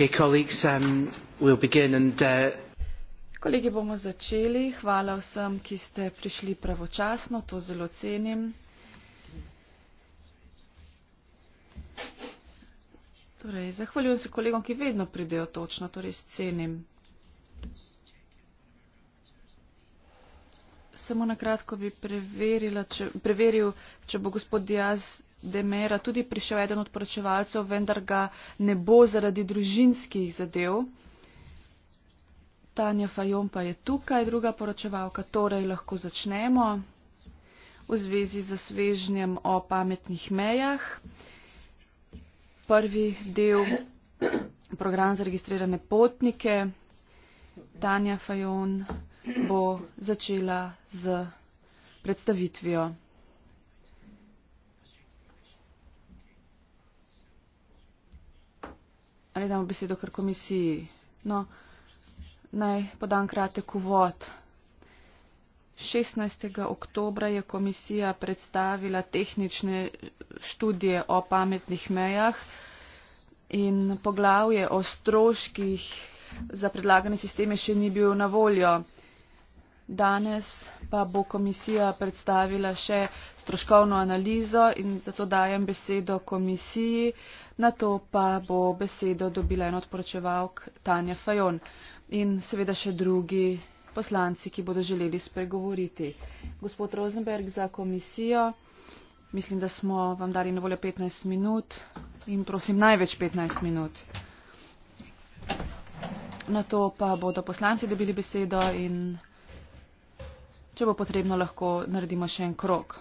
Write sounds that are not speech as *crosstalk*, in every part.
Um, uh, Kolegi bomo začeli. Hvala vsem, ki ste prišli pravočasno. To zelo cenim. Torej, zahvaljujem se kolegom, ki vedno pridejo točno. To res cenim. Samo na kratko bi preveril, če bo gospod Diaz Demera tudi prišel eden od poročevalcev, vendar ga ne bo zaradi družinskih zadev. Tanja Fajon pa je tukaj, druga poročevalka, torej lahko začnemo v zvezi z svežnjem o pametnih mejah. Prvi del program za registrirane potnike. Tanja Fajon bo začela z predstavitvijo. ali damo besedo kar komisiji. No, naj podam kratek uvod. 16. oktober je komisija predstavila tehnične študije o pametnih mejah in poglavje o stroških za predlagane sisteme še ni bil na voljo. Danes pa bo komisija predstavila še stroškovno analizo in zato dajem besedo komisiji, na to pa bo besedo dobila en odporočevalk Tanja Fajon in seveda še drugi poslanci, ki bodo želeli spregovoriti. Gospod Rosenberg za komisijo, mislim, da smo vam dali na voljo 15 minut in prosim največ 15 minut. Na to pa bodo poslanci dobili besedo in Če bo potrebno, lahko naredimo še en krok.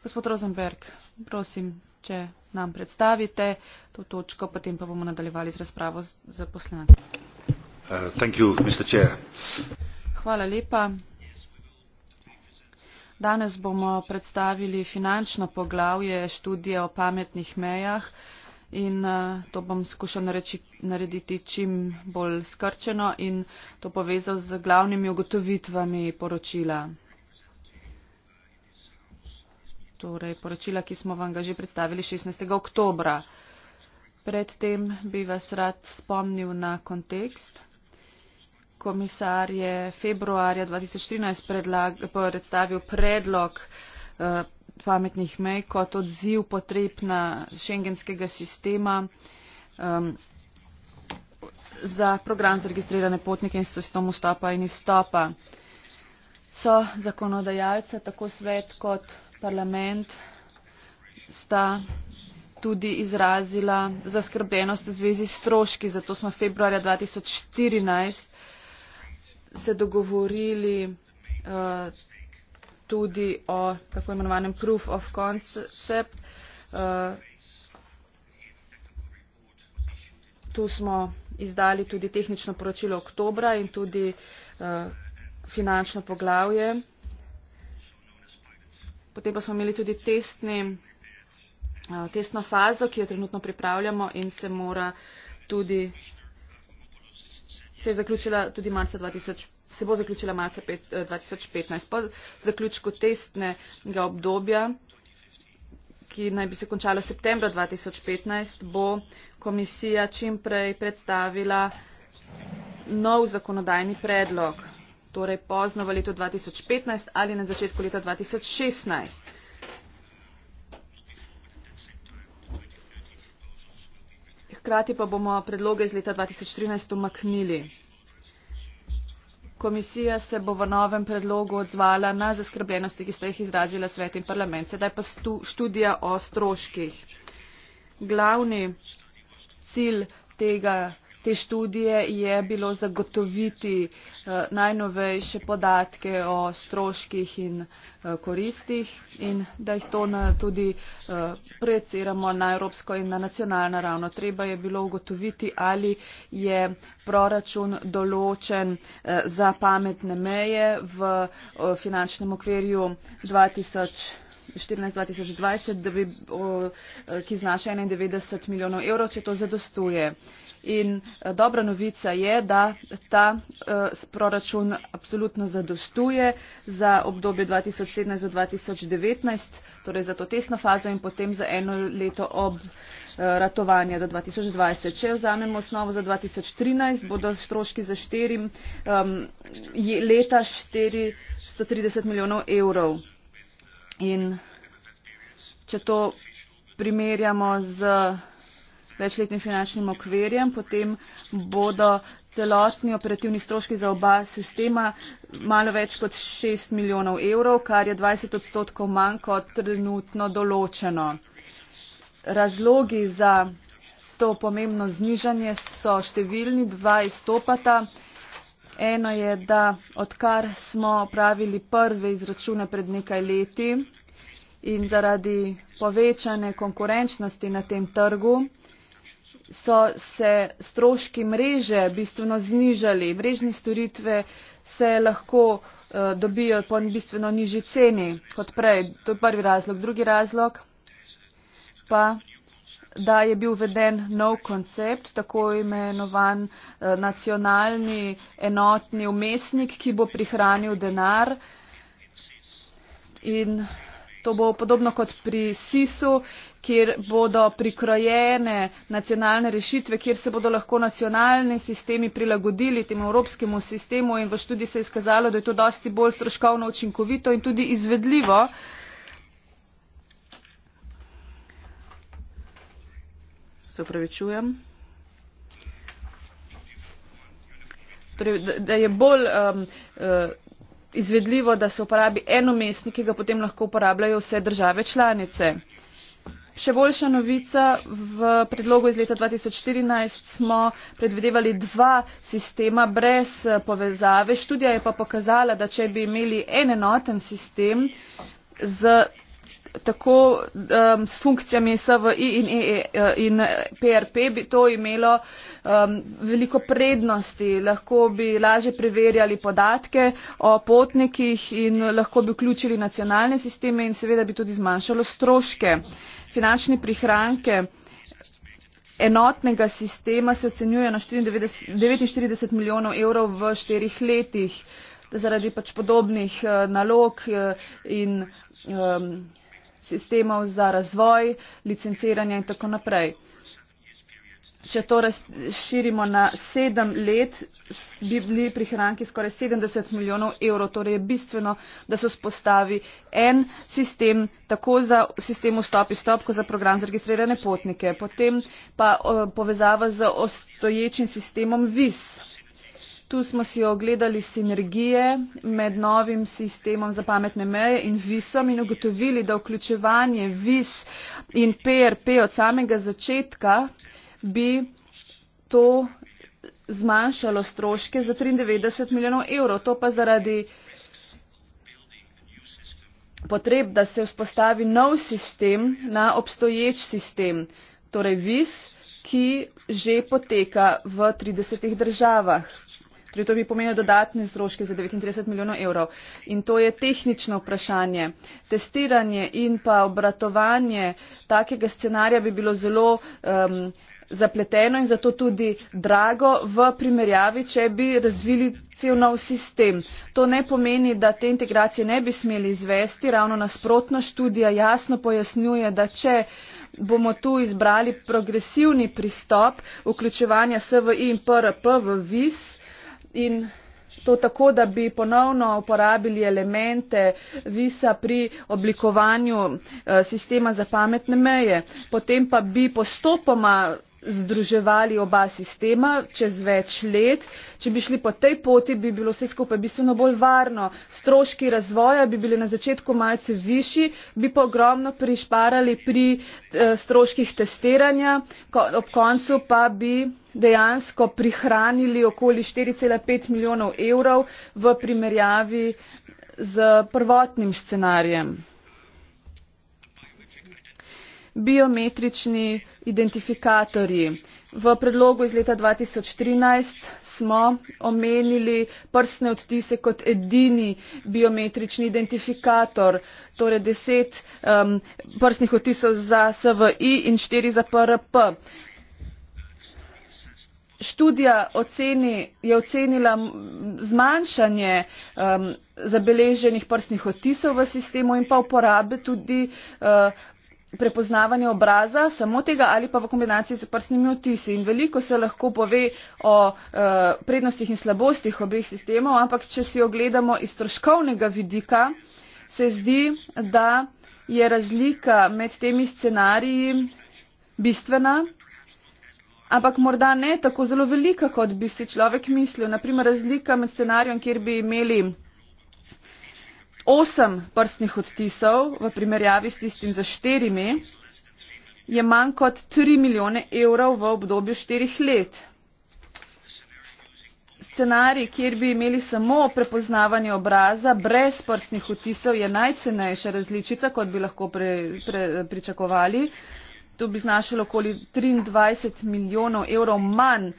Gospod Rosenberg, prosim, če nam predstavite to točko, potem pa bomo nadaljevali z razpravo za poslance. Uh, Hvala lepa. Danes bomo predstavili finančno poglavje študije o pametnih mejah. Uh, in uh, to bom skušal nareči, narediti čim bolj skrčeno in to povezal z glavnimi ugotovitvami poročila. Torej, poročila, ki smo vam ga že predstavili 16. oktobra. Predtem bi vas rad spomnil na kontekst. Komisar je februarja 2013 predlag, predstavil predlog eh, pametnih mej kot odziv potreb na šengenskega sistema um, za program za registrirane potnike in sistem vstopa in izstopa. So zakonodajalce, tako svet kot parlament, sta tudi izrazila zaskrbljenost v zvezi s stroški, zato smo februarja 2014 se dogovorili uh, tudi o tako imenovanem proof of concept. Eh, tu smo izdali tudi tehnično poročilo oktobra in tudi eh, finančno poglavje. Potem pa smo imeli tudi testni, eh, testno fazo, ki jo trenutno pripravljamo in se mora tudi, se je zaključila tudi marca 2015 se bo zaključila marca pet, 2015. Eh, po zaključku testnega obdobja, ki naj bi se končalo septembra 2015, bo komisija čimprej predstavila nov zakonodajni predlog, torej pozno v letu 2015 ali na začetku leta 2016. Hkrati pa bomo predloge iz leta 2013 umaknili. Komisija se bo v novem predlogu odzvala na zaskrbljenosti, ki ste jih izrazila svet in parlament. Sedaj pa stu, študija o stroških. Glavni cilj tega te študije je bilo zagotoviti eh, najnovejše podatke o stroških in eh, koristih in da jih to tudi eh, projeciramo na evropsko in na nacionalno ravno. Treba je bilo ugotoviti, ali je proračun določen za pametne meje v finančnem okvirju 2000. 2014-2020, ki znaša 91 milijonov evrov, če to zadostuje. In eh, dobra novica je, da ta uh, proračun absolutno zadostuje za obdobje 2017-2019, torej za to tesno fazo in potem za eno leto ob uh, eh, ratovanja do 2020. Če vzamemo osnovo za 2013, bodo stroški za štirim um, leta 430 milijonov evrov. In če to primerjamo z večletnim finančnim okvirjem, potem bodo celotni operativni stroški za oba sistema malo več kot 6 milijonov evrov, kar je 20 odstotkov manj kot trenutno določeno. Razlogi za to pomembno znižanje so številni, dva izstopata. Eno je, da odkar smo pravili prve izračune pred nekaj leti in zaradi povečane konkurenčnosti na tem trgu, so se stroški mreže bistveno znižali, mrežne storitve se lahko uh, dobijo po bistveno nižji ceni kot prej. To je prvi razlog. Drugi razlog pa, da je bil uveden nov koncept, tako imenovan uh, nacionalni enotni umestnik, ki bo prihranil denar. In To bo podobno kot pri SIS-u, kjer bodo prikrojene nacionalne rešitve, kjer se bodo lahko nacionalni sistemi prilagodili tem evropskemu sistemu in v študiji se je izkazalo, da je to dosti bolj stroškovno učinkovito in tudi izvedljivo. Se upravičujem. Torej, da, da je bolj. Um, uh, izvedljivo, da se uporabi en umestnik, ki ga potem lahko uporabljajo vse države članice. Še boljša novica, v predlogu iz leta 2014 smo predvidevali dva sistema brez eh, povezave. Študija je pa pokazala, da če bi imeli en enoten sistem z tako um, s funkcijami SVI in, e, e, uh, in PRP uh, bi to imelo um, veliko prednosti. Lahko bi laže preverjali podatke o potnikih in lahko bi vključili nacionalne sisteme in seveda bi tudi zmanjšalo stroške. Finančne prihranke enotnega sistema se ocenjuje na 49, 49 milijonov evrov v štirih letih zaradi pač podobnih uh, nalog uh, in um, sistemov za razvoj, licenciranje in tako naprej. Če to razširimo na sedem let, bi bili prihranki skoraj 70 milijonov evrov. Torej je bistveno, da se spostavi en sistem, tako za sistem vstop in stop, kot za program za registrirane potnike. Potem pa eh, povezava z ostoječim sistemom VIS. Tu smo si ogledali sinergije med novim sistemom za pametne meje in visom in ugotovili, da vključevanje vis in PRP od samega začetka bi to zmanjšalo stroške za 93 milijonov evrov. To pa zaradi potreb, da se vzpostavi nov sistem na obstoječ sistem, torej vis, ki že poteka v 30 državah ker to bi pomenilo dodatne stroške za 39 milijonov evrov. In to je tehnično vprašanje. Testiranje in pa obratovanje takega scenarija bi bilo zelo. Um, zapleteno in zato tudi drago v primerjavi, če bi razvili cel nov sistem. To ne pomeni, da te integracije ne bi smeli izvesti, ravno nasprotno študija jasno pojasnjuje, da če bomo tu izbrali progresivni pristop vključevanja SVI in PRP v VIS, in to tako, da bi ponovno uporabili elemente visa pri oblikovanju eh, sistema za pametne meje. Potem pa bi postopoma združevali oba sistema čez več let. Če bi šli po tej poti, bi bilo vse skupaj bistveno bolj varno. Stroški razvoja bi bili na začetku malce višji, bi pa ogromno prišparali pri eh, stroških testiranja, ob koncu pa bi dejansko prihranili okoli 4,5 milijonov evrov v primerjavi z prvotnim scenarijem. Biometrični identifikatorji. V predlogu iz leta 2013 smo omenili prstne odtise kot edini biometrični identifikator, torej deset um, prstnih odtisov za SVI in štiri za PRP. Študija oceni, je ocenila zmanjšanje um, zabeleženih prstnih odtisov v sistemu in pa uporabe tudi uh, prepoznavanje obraza, samo tega ali pa v kombinaciji z prstnimi otisi. In veliko se lahko pove o uh, prednostih in slabostih obeh sistemov, ampak če si ogledamo iz troškovnega vidika, se zdi, da je razlika med temi scenariji bistvena, ampak morda ne tako zelo velika, kot bi si človek mislil. Naprimer, razlika med scenarijem, kjer bi imeli osem prstnih odtisov v primerjavi s tistim za štirimi je manj kot tri milijone evrov v obdobju štirih let. Scenarij, kjer bi imeli samo prepoznavanje obraza brez prstnih odtisov, je najcenejša različica, kot bi lahko pre, pre, pričakovali. To bi znašalo okoli 23 milijonov evrov manj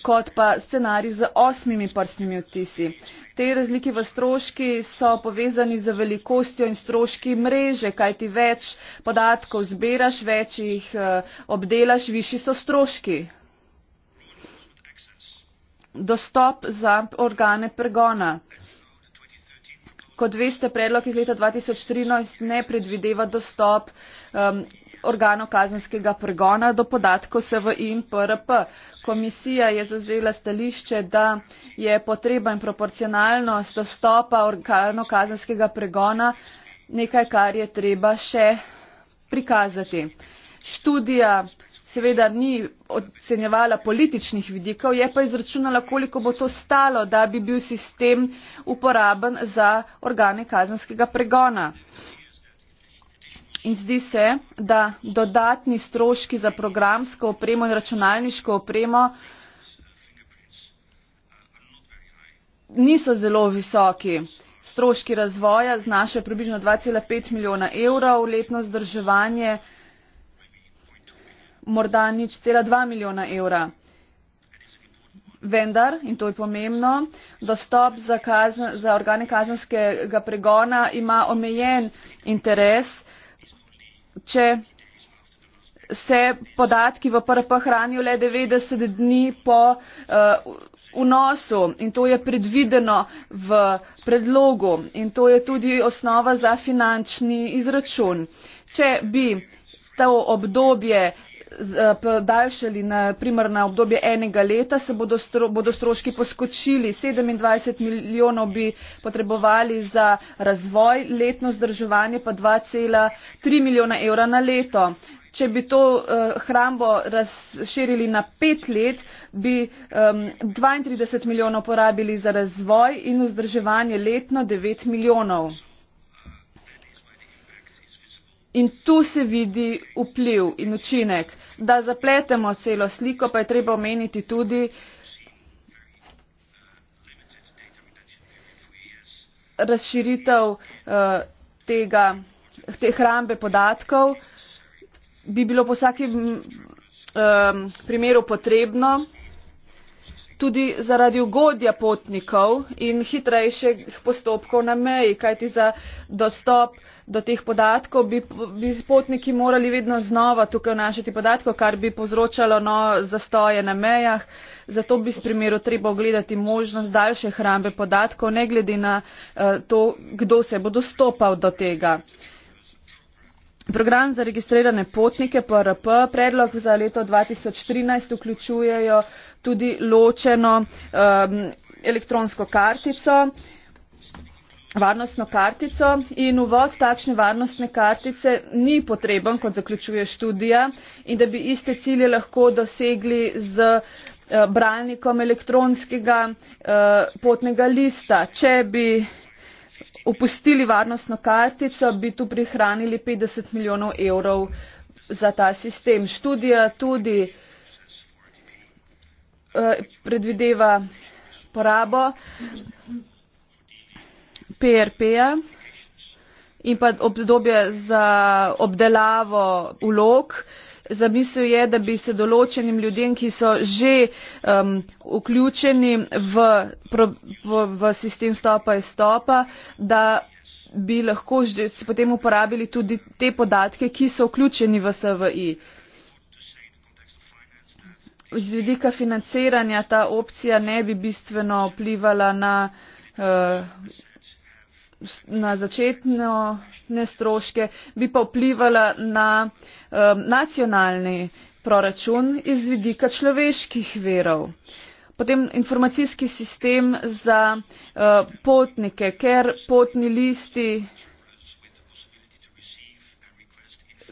kot pa scenarij z osmimi prstnimi odtisi. Te razlike v stroški so povezani z velikostjo in stroški mreže, kajti več podatkov zbiraš, več jih eh, obdelaš, višji so stroški. Dostop za organe pregona. Kot veste, predlog iz leta 2013 ne predvideva dostop um, organov kazenskega pregona do podatkov SVI in PRP. Komisija je zauzela stališče, da je potreba in proporcionalnost dostopa organov kazenskega pregona nekaj, kar je treba še prikazati. Študija seveda ni ocenjevala političnih vidikov, je pa izračunala, koliko bo to stalo, da bi bil sistem uporaben za organe kazenskega pregona in zdi se, da dodatni stroški za programsko opremo in računalniško opremo niso zelo visoki. Stroški razvoja znašajo približno 2,5 milijona evrov, letno zdrževanje morda nič cela 2 milijona evra. Vendar, in to je pomembno, dostop za, kazen, za organe kazenskega pregona ima omejen interes, uh, če se podatki v PRP hranijo le 90 dni po eh, vnosu in to je predvideno v predlogu in to je tudi osnova za finančni izračun. Če bi to obdobje Eh, podaljšali na primarna obdobje enega leta, se bodo, stro, bodo stroški poskočili. 27 milijonov bi potrebovali za razvoj, letno zdrževanje pa 2,3 milijona evra na leto. Če bi to uh, hrambo razširili na pet let, bi um, 32 milijonov porabili za razvoj in vzdrževanje letno 9 milijonov. In tu se vidi vpliv in učinek. Da zapletemo celo sliko, pa je treba omeniti tudi razširitev uh, tega, te hrambe podatkov. Bi bilo po vsakem um, primeru potrebno tudi zaradi ugodja potnikov in hitrejših postopkov na meji, kajti za dostop do teh podatkov bi, bi potniki morali vedno znova tukaj vnašati podatko, kar bi povzročalo no, zastoje na mejah. Zato bi v primeru treba ogledati možnost daljše hrambe podatkov, ne glede na uh, to, kdo se bo dostopal do tega. Uh, Program za registrirane potnike PRP, predlog za leto 2013 vključujejo tudi ločeno um, elektronsko kartico, varnostno kartico in uvod takšne varnostne kartice ni potreben, kot zaključuje študija, in da bi iste cilje lahko dosegli z uh, bralnikom elektronskega uh, potnega lista. Če bi uh, opustili varnostno kartico, bi tu prihranili 50 milijonov evrov za ta sistem. Študija tudi eh, predvideva porabo PRP-ja in pa obdobje za obdelavo vlog zamislil je, da bi se določenim ljudem, ki so že um, vključeni v, pro, v, v sistem stopa in stopa, da bi lahko že, potem uporabili tudi te podatke, ki so vključeni v SVI. Z vidika financiranja ta opcija ne bi bistveno vplivala na. Uh, na začetno nestroške, bi pa vplivala na um, nacionalni proračun iz vidika človeških verov. Potem informacijski sistem za uh, potnike, ker potni listi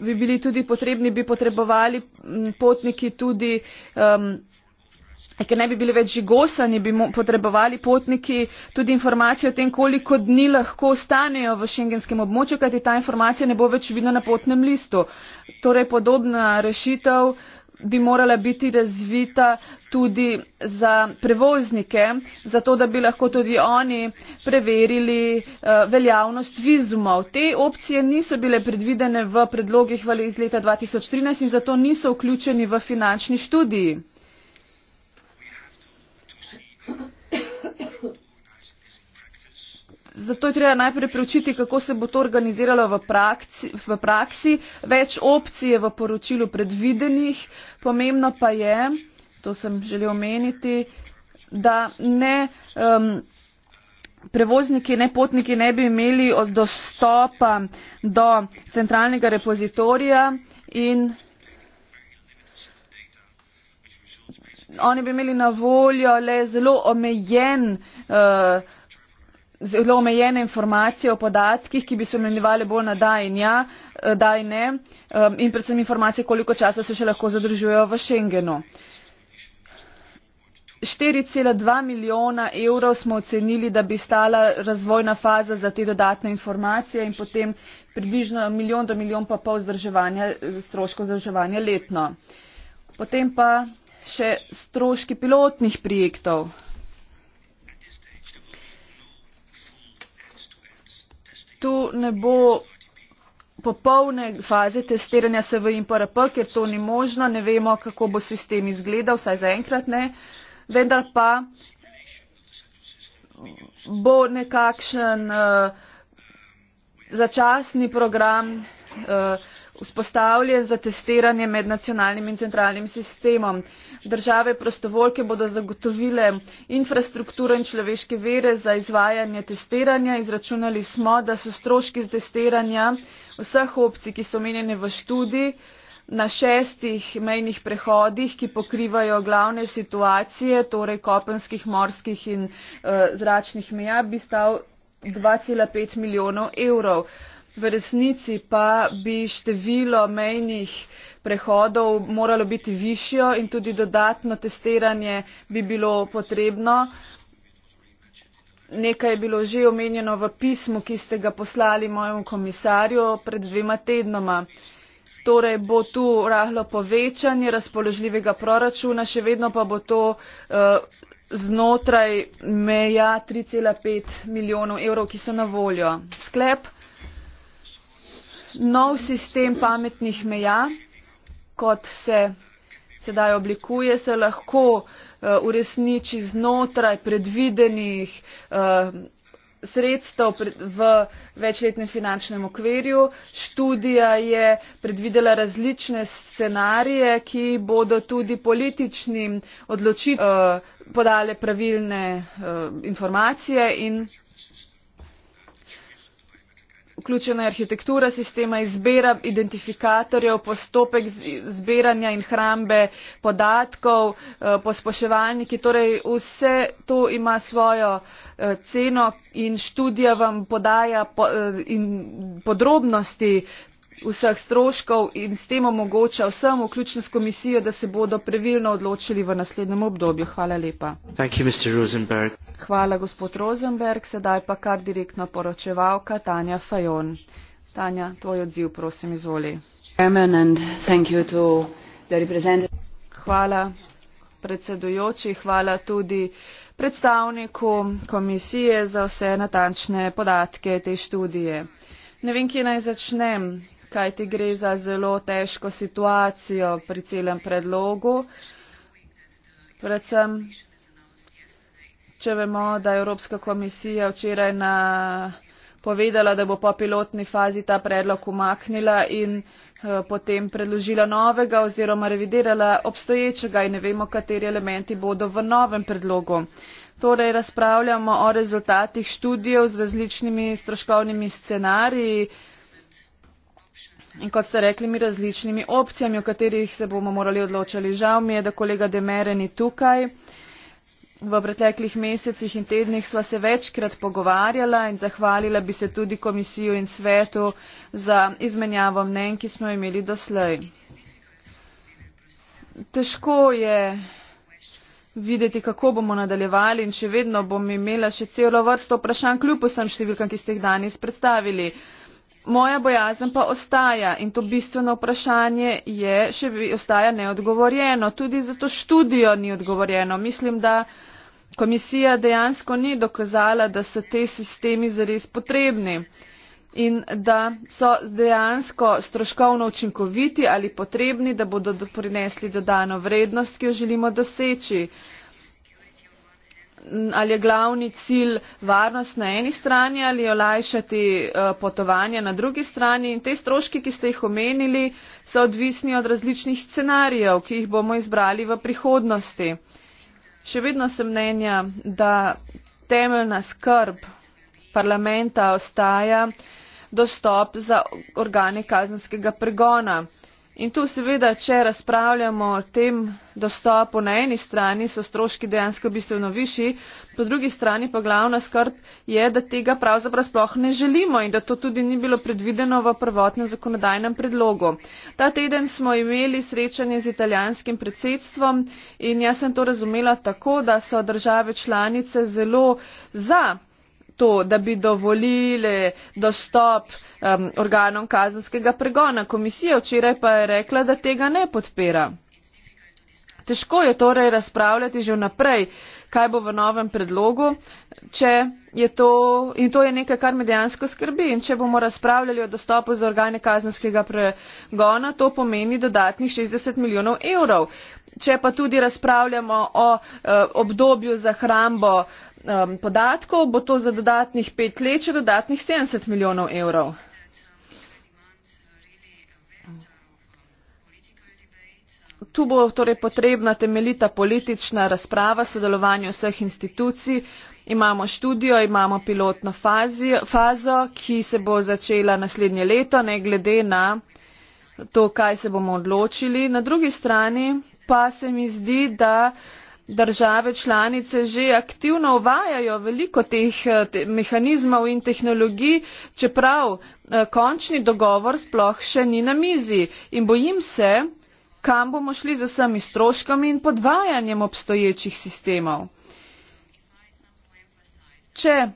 bi bili tudi potrebni, bi potrebovali potniki tudi um, ker ne bi bili več žigosani, bi potrebovali potniki tudi informacije o tem, koliko dni lahko ostanejo v šengenskem območju, kajti ta informacija ne bo več vidna na potnem listu. Torej podobna rešitev bi morala biti razvita tudi za prevoznike, zato da bi lahko tudi oni preverili uh, veljavnost vizumov. Te opcije niso bile predvidene v predlogih iz leta 2013 in zato niso vključeni v finančni študiji. Zato je treba najprej preučiti, kako se bo to organiziralo v praksi, v praksi. Več opcij je v poročilu predvidenih. Pomembno pa je, to sem želel omeniti, da ne um, prevozniki, ne potniki ne bi imeli od dostopa do centralnega repozitorija in oni bi imeli na voljo le zelo omejen. Uh, zelo omejene informacije o podatkih, ki bi se omenjevali bolj na da in ja, eh, da in ne eh, in predvsem informacije, koliko časa se še lahko zadržujejo v Schengenu. 4,2 milijona evrov smo ocenili, da bi stala razvojna faza za te dodatne informacije in potem približno milijon do milijon pa pol zdrževanja, stroškov zdrževanja letno. Potem pa še stroški pilotnih projektov. Tu ne bo popolne faze testiranja SV in PRP, ker to ni možno, ne vemo, kako bo sistem izgledal, saj zaenkrat ne, vendar pa bo nekakšen uh, začasni program. Uh, vzpostavljen za testiranje med nacionalnim in centralnim sistemom. Države prostovoljke bodo zagotovile infrastrukturo in človeške vere za izvajanje testiranja. Izračunali smo, da so stroški z testiranja vseh opcij, ki so omenjene v študiji, na šestih mejnih prehodih, ki pokrivajo glavne situacije, torej kopenskih, morskih in uh, zračnih meja, bi stal 2,5 milijonov evrov. V resnici pa bi število mejnih prehodov moralo biti višjo in tudi dodatno testiranje bi bilo potrebno. Nekaj je bilo že omenjeno v pismu, ki ste ga poslali mojemu komisarju pred dvema tednoma. Torej bo tu rahlo povečanje razpoložljivega proračuna, še vedno pa bo to uh, znotraj meja 3,5 milijonov evrov, ki so na voljo. Sklep nov sistem pametnih meja, kot se sedaj oblikuje, se lahko eh, uresniči znotraj predvidenih eh, sredstev v večletnem finančnem okvirju. Študija je predvidela različne scenarije, ki bodo tudi političnim odločitvam eh, podale pravilne informacije in vključena je arhitektura sistema izbira identifikatorjev postopek zbiranja in hrambe podatkov eh, pospoševalniki torej vse to ima svojo eh, ceno in študija vam podaja po, eh, in podrobnosti vseh stroškov in s tem omogoča vsem, vključno s komisijo, da se bodo pravilno odločili v naslednjem obdobju. Hvala lepa. You, Hvala, gospod Rosenberg. Sedaj pa kar direktno poročevalka Tanja Fajon. Tanja, tvoj odziv, prosim, izvoli. Hvala predsedujoči, hvala tudi predstavniku komisije za vse natančne podatke te študije. Ne vem, kje naj začnem kajti gre za zelo težko situacijo pri celem predlogu. Predvsem, če vemo, da je Evropska komisija včeraj na povedala, da bo po pilotni fazi ta predlog umaknila in uh, potem predložila novega oziroma revidirala obstoječega in ne vemo, kateri elementi bodo v novem predlogu. Torej, razpravljamo o rezultatih študijev z različnimi stroškovnimi scenariji, uh, In kot ste rekli, mi različnimi opcijami, o katerih se bomo morali odločali. Žal mi je, da kolega Demere ni tukaj. V preteklih mesecih in tednih sva se večkrat pogovarjala in zahvalila bi se tudi komisijo in svetu za izmenjavo mnen, ki smo imeli doslej. Težko je videti, kako bomo nadaljevali in še vedno bom imela še celo vrsto vprašanj, kljub vsem številkam, ki ste jih danes predstavili moja bojazen pa ostaja in to bistveno vprašanje je še ostaja neodgovorjeno tudi zato študijo ni odgovorjeno mislim da komisija dejansko ni dokazala da so ti sistemi zares potrebni in da so dejansko stroškovno učinkoviti ali potrebni da bodo prinesli dodano vrednost ki jo želimo doseči ali je glavni cilj varnost na eni strani ali olajšati eh, potovanje na drugi strani in te stroški, ki ste jih omenili, so odvisni od različnih scenarijev, ki jih bomo izbrali v prihodnosti. Še vedno sem mnenja, da temeljna skrb parlamenta ostaja dostop za organe kazenskega pregona. In tu seveda, če razpravljamo o tem dostopu, na eni strani so stroški dejansko bistveno višji, po drugi strani pa glavna skrb je, da tega pravzaprav sploh ne želimo in da to tudi ni bilo predvideno v prvotnem zakonodajnem predlogu. Ta teden smo imeli srečanje z italijanskim predsedstvom in jaz sem to razumela tako, da so države članice zelo za to, da bi dovolili dostop um, organom kazenskega pregona. Komisija včeraj pa je rekla, da tega ne podpira. Težko je torej razpravljati že vnaprej. Uh, kaj bo v novem predlogu. To, in to je nekaj, kar me dejansko skrbi. In če bomo razpravljali o dostopu za organe kazenskega pregona, to pomeni dodatnih 60 milijonov evrov. Če pa tudi razpravljamo o eh, obdobju za hrambo eh, podatkov, bo to za dodatnih pet let še dodatnih 70 milijonov evrov. tu bo torej potrebna temeljita politična razprava, sodelovanje vseh institucij. Imamo študijo, imamo pilotno fazi, fazo, ki se bo začela naslednje leto, ne glede na to, kaj se bomo odločili. Na drugi strani pa se mi zdi, da države članice že aktivno uvajajo veliko teh te, mehanizmov in tehnologij, čeprav eh, končni dogovor sploh še ni na mizi. In bojim se, kam bomo šli z vsemi stroškami in podvajanjem obstoječih sistemov. Če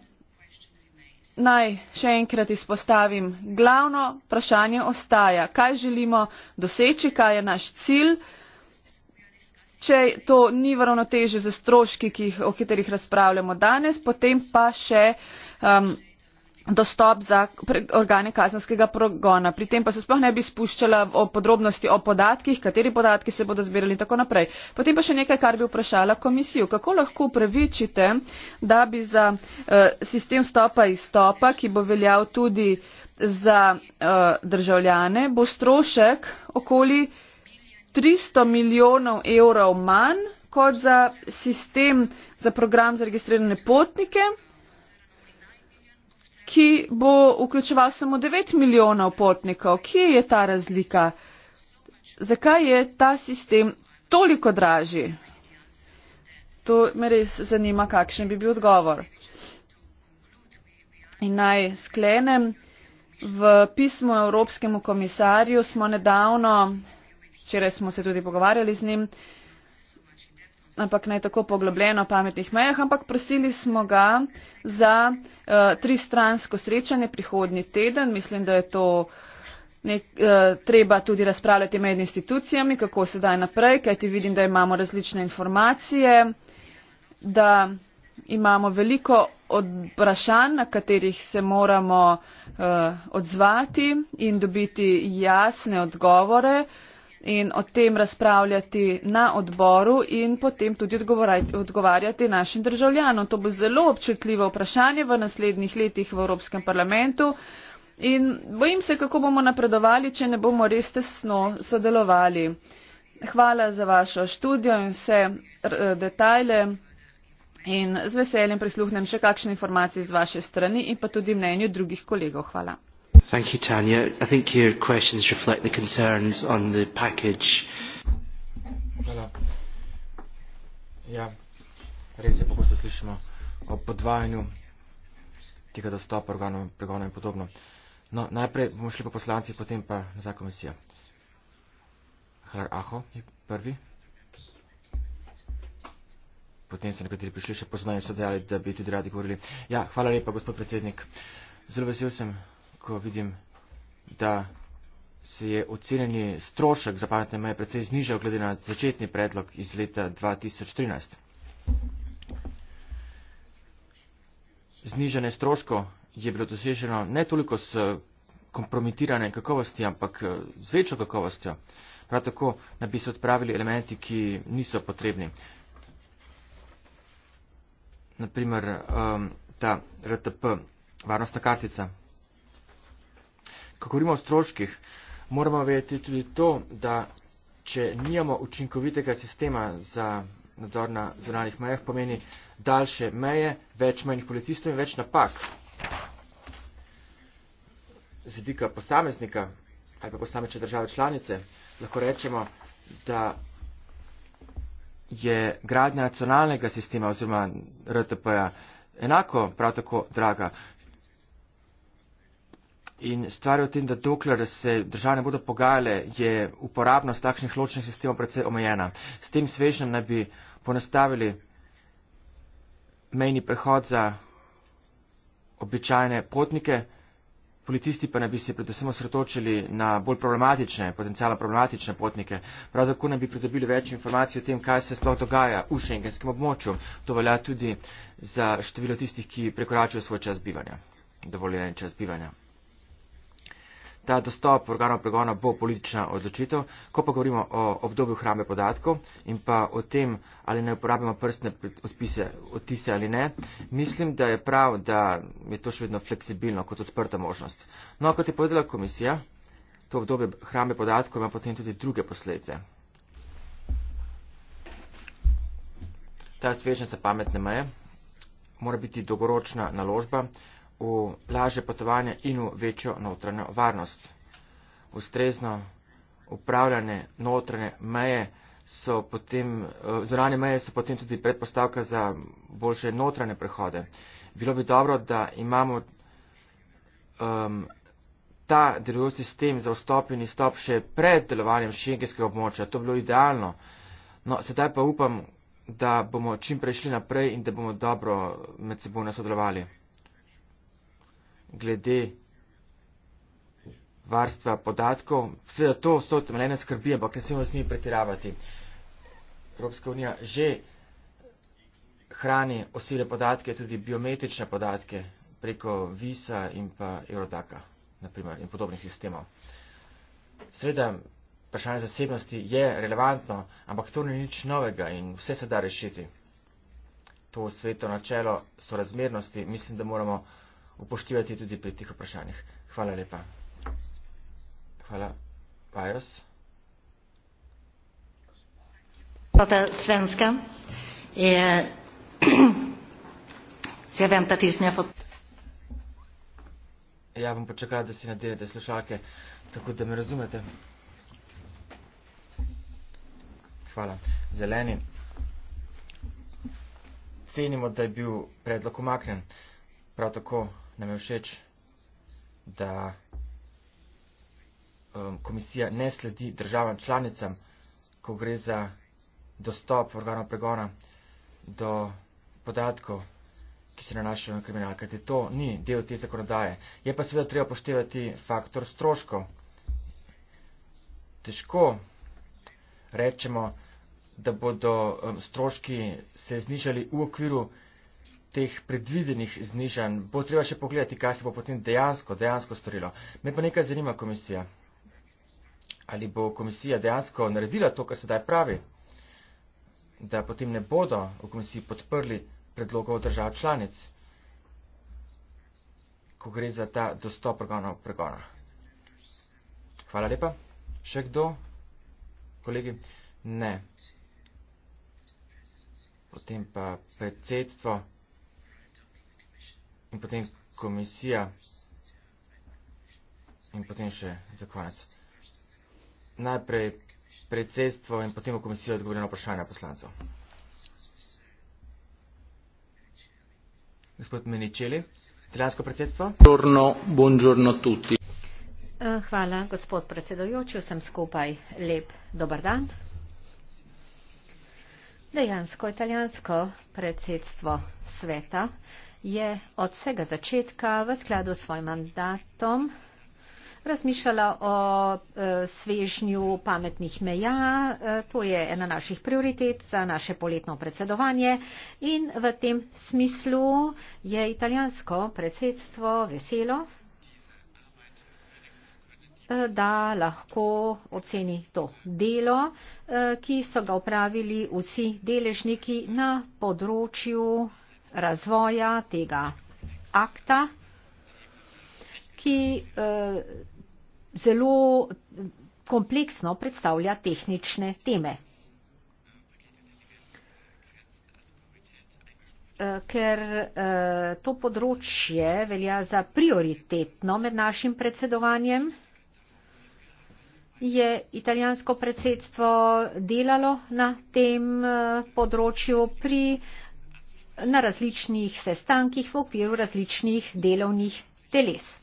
naj še enkrat izpostavim, glavno vprašanje ostaja, kaj želimo doseči, kaj je naš cilj, če to ni v ravnoteže z stroški, ki, o katerih razpravljamo danes, potem pa še. Um, dostop za organe kazenskega pregona pri tem pa se sploh ne bi spuščala v podrobnosti o podatkih kateri podatki se bodo zbirali in tako naprej potem pa še nekaj kar bi vprašala komisijo kako lahko upravičite da bi za eh, sistem stopa izstopa ki bo veljal tudi za eh, državljane bo strošek okoli 300 milijonov evrov manj kot za sistem za program za registrirane potnike ki bo vključeval samo 9 milijonov potnikov. Kje je ta razlika? Zakaj je ta sistem toliko dražji? To me res zanima, kakšen bi bil odgovor. In naj sklenem. V pismu Evropskemu komisarju smo nedavno, včeraj smo se tudi pogovarjali z njim, uh, ampak ne tako poglobljeno o pametnih mejah, ampak prosili smo ga za uh, tristransko srečanje prihodnji teden. Mislim, da je to nek, uh, treba tudi razpravljati med institucijami, kako se daj naprej, kajti vidim, da imamo različne informacije, da imamo veliko vprašanj, na katerih se moramo uh, odzvati in dobiti jasne odgovore. Uh, in o tem razpravljati na odboru in potem tudi odgovarjati našim državljanom. To bo zelo občutljivo vprašanje v naslednjih letih v Evropskem parlamentu in bojim se, kako bomo napredovali, če ne bomo res tesno sodelovali. Hvala za vašo študijo in vse eh, detajle in z veseljem prisluhnem še kakšne informacije z vaše strani in pa tudi mnenju drugih kolegov. Hvala. Thank you, Tanya. I think your questions reflect the concerns on the package. Voilà. Ja, res je, pogosto slišimo o podvajanju tega dostopa organov pregona in podobno. No, najprej bomo šli pa poslanci, potem pa za komisija. Hrar Aho je prvi. Potem so nekateri prišli še poznanje, so dejali, da bi tudi radi govorili. Ja, hvala lepa, gospod predsednik. Zelo vesel sem, ko vidim, da se je ocenjeni strošek za pametne meje precej znižal, glede na začetni predlog iz leta 2013. Znižanje stroškov je bilo doseženo ne toliko s kompromitirane kakovosti, ampak z večjo kakovostjo. Prav tako naj bi se odpravili elementi, ki niso potrebni. Naprimer, um, ta RTP, varnostna kartica, ko govorimo o stroških, moramo vedeti tudi to, da če nijamo učinkovitega sistema za nadzor na zvonanih mejah, pomeni daljše meje, več manjih policistov in več napak. Z vidika posameznika ali pa posamečne države članice lahko rečemo, da je gradnja nacionalnega sistema oziroma RTP-ja enako prav tako draga. In stvar je v tem, da dokler se države ne bodo pogajale, je uporabnost takšnih ločnih sistemov predvsej omejena. S tem svežnjem naj bi ponastavili mejni prehod za običajne potnike, policisti pa naj bi se predvsem osredotočili na bolj problematične, potencijalno problematične potnike. Prav tako naj bi pridobili več informacij o tem, kaj se sploh dogaja v šengenskem območju. To velja tudi za število tistih, ki prekoračujejo svoj čas bivanja, dovoljen čas bivanja ta dostop organov pregona bo politična odločitev. Ko pa govorimo o obdobju hrame podatkov in pa o tem, ali ne uporabimo prstne odpise, odtise ali ne, mislim, da je prav, da je to še vedno fleksibilno kot odprta možnost. No, kot je povedala komisija, to obdobje hrame podatkov ima potem tudi druge posledice. Ta svežnja za pametne meje mora biti dolgoročna naložba v laže potovanje in v večjo notranjo varnost. Ustrezno upravljanje notranje meje so potem, eh, zorane meje so potem tudi predpostavka za boljše notranje prehode. Bilo bi dobro, da imamo um, ta delujoč sistem za vstop in izstop še pred delovanjem šengenskega območja. To bi bilo idealno. No, sedaj pa upam, da bomo čim prej šli naprej in da bomo dobro med seboj nasodelovali glede varstva podatkov. Vse to so temeljene skrbi, ampak ne smemo z njimi pretiravati. Evropska unija že hrani osebne podatke, tudi biometrične podatke preko Visa in pa Eurodaka naprimer, in podobnih sistemov. Sveda, vprašanje zasebnosti je relevantno, ampak to ni nič novega in vse se da rešiti. To sveto načelo sorazmernosti mislim, da moramo upoštevati tudi pri teh vprašanjih. Hvala lepa. Hvala. Pajos. Prata svenska je *clears throat* se venta tisne fot. Ja bom počakal, da si nadirate slušalke, tako da me razumete. Hvala. Zeleni. Cenimo, da je bil predlog umaknen. Prav tako nam je všeč, da um, komisija ne sledi državam članicam, ko gre za dostop organov pregona do podatkov, ki se nanašajo na kriminal, kajte to ni del te zakonodaje. Je pa seveda treba poštevati faktor stroškov. Težko rečemo, da bodo um, stroški se znižali v okviru teh predvidenih znižanj. Bo treba še pogledati, kaj se bo potem dejansko, dejansko storilo. Me pa nekaj zanima komisija. Ali bo komisija dejansko naredila to, kar se daj pravi, da potem ne bodo v komisiji podprli predlogov držav članic, ko gre za ta dostop organov pregona. Hvala lepa. Še kdo? Kolegi? Ne. Potem pa predsedstvo in potem komisija in potem še za konec. Najprej predsedstvo in potem v komisijo odgovorijo na vprašanja poslancev. Gospod Meničeli, italijansko predsedstvo. Buongiorno, buongiorno tutti. Eh, hvala, gospod predsedojoči, vsem skupaj lep dobar dan. Dejansko italijansko predsedstvo sveta je od vsega začetka v skladu s svojim mandatom razmišljala o e, svežnju pametnih meja, e, to je ena naših prioritet za naše poletno predsedovanje in v tem smislu je italijansko predsedstvo veselo, e, da lahko oceni to delo, ki so ga upravili vsi deležniki na področju razvoja tega akta, ki eh, zelo kompleksno predstavlja tehnične teme. Eh, ker eh, to področje velja za prioritetno med našim predsedovanjem, je italijansko predsedstvo delalo na tem eh, področju pri eh, na različnih sestankih v okviru različnih delovnih teles.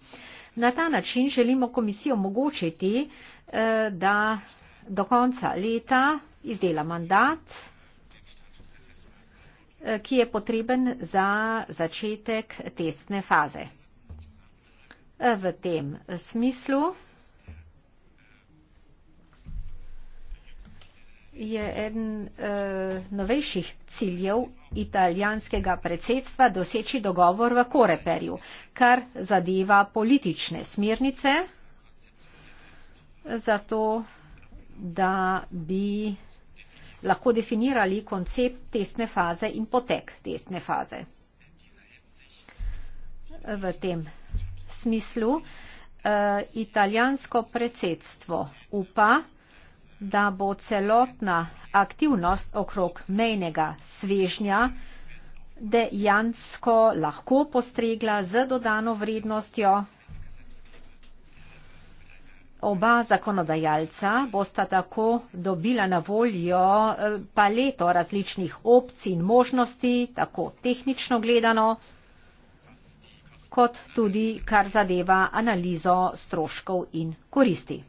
Na ta način želimo komisijo omogočiti, eh, da do konca leta izdela mandat, eh, ki je potreben za začetek testne faze. Eh, v tem smislu je eden novejših ciljev italijanskega predsedstva doseči dogovor v Koreperju, kar zadeva politične smernice, zato da bi lahko definirali koncept testne faze in potek testne faze. V tem smislu eh, italijansko predsedstvo upa, da bo celotna aktivnost okrog mejnega svežnja dejansko lahko postregla z dodano vrednostjo. Oba zakonodajalca bosta tako dobila na voljo eh, paleto različnih opcij in možnosti, tako tehnično gledano, kot tudi kar zadeva analizo stroškov in koristi.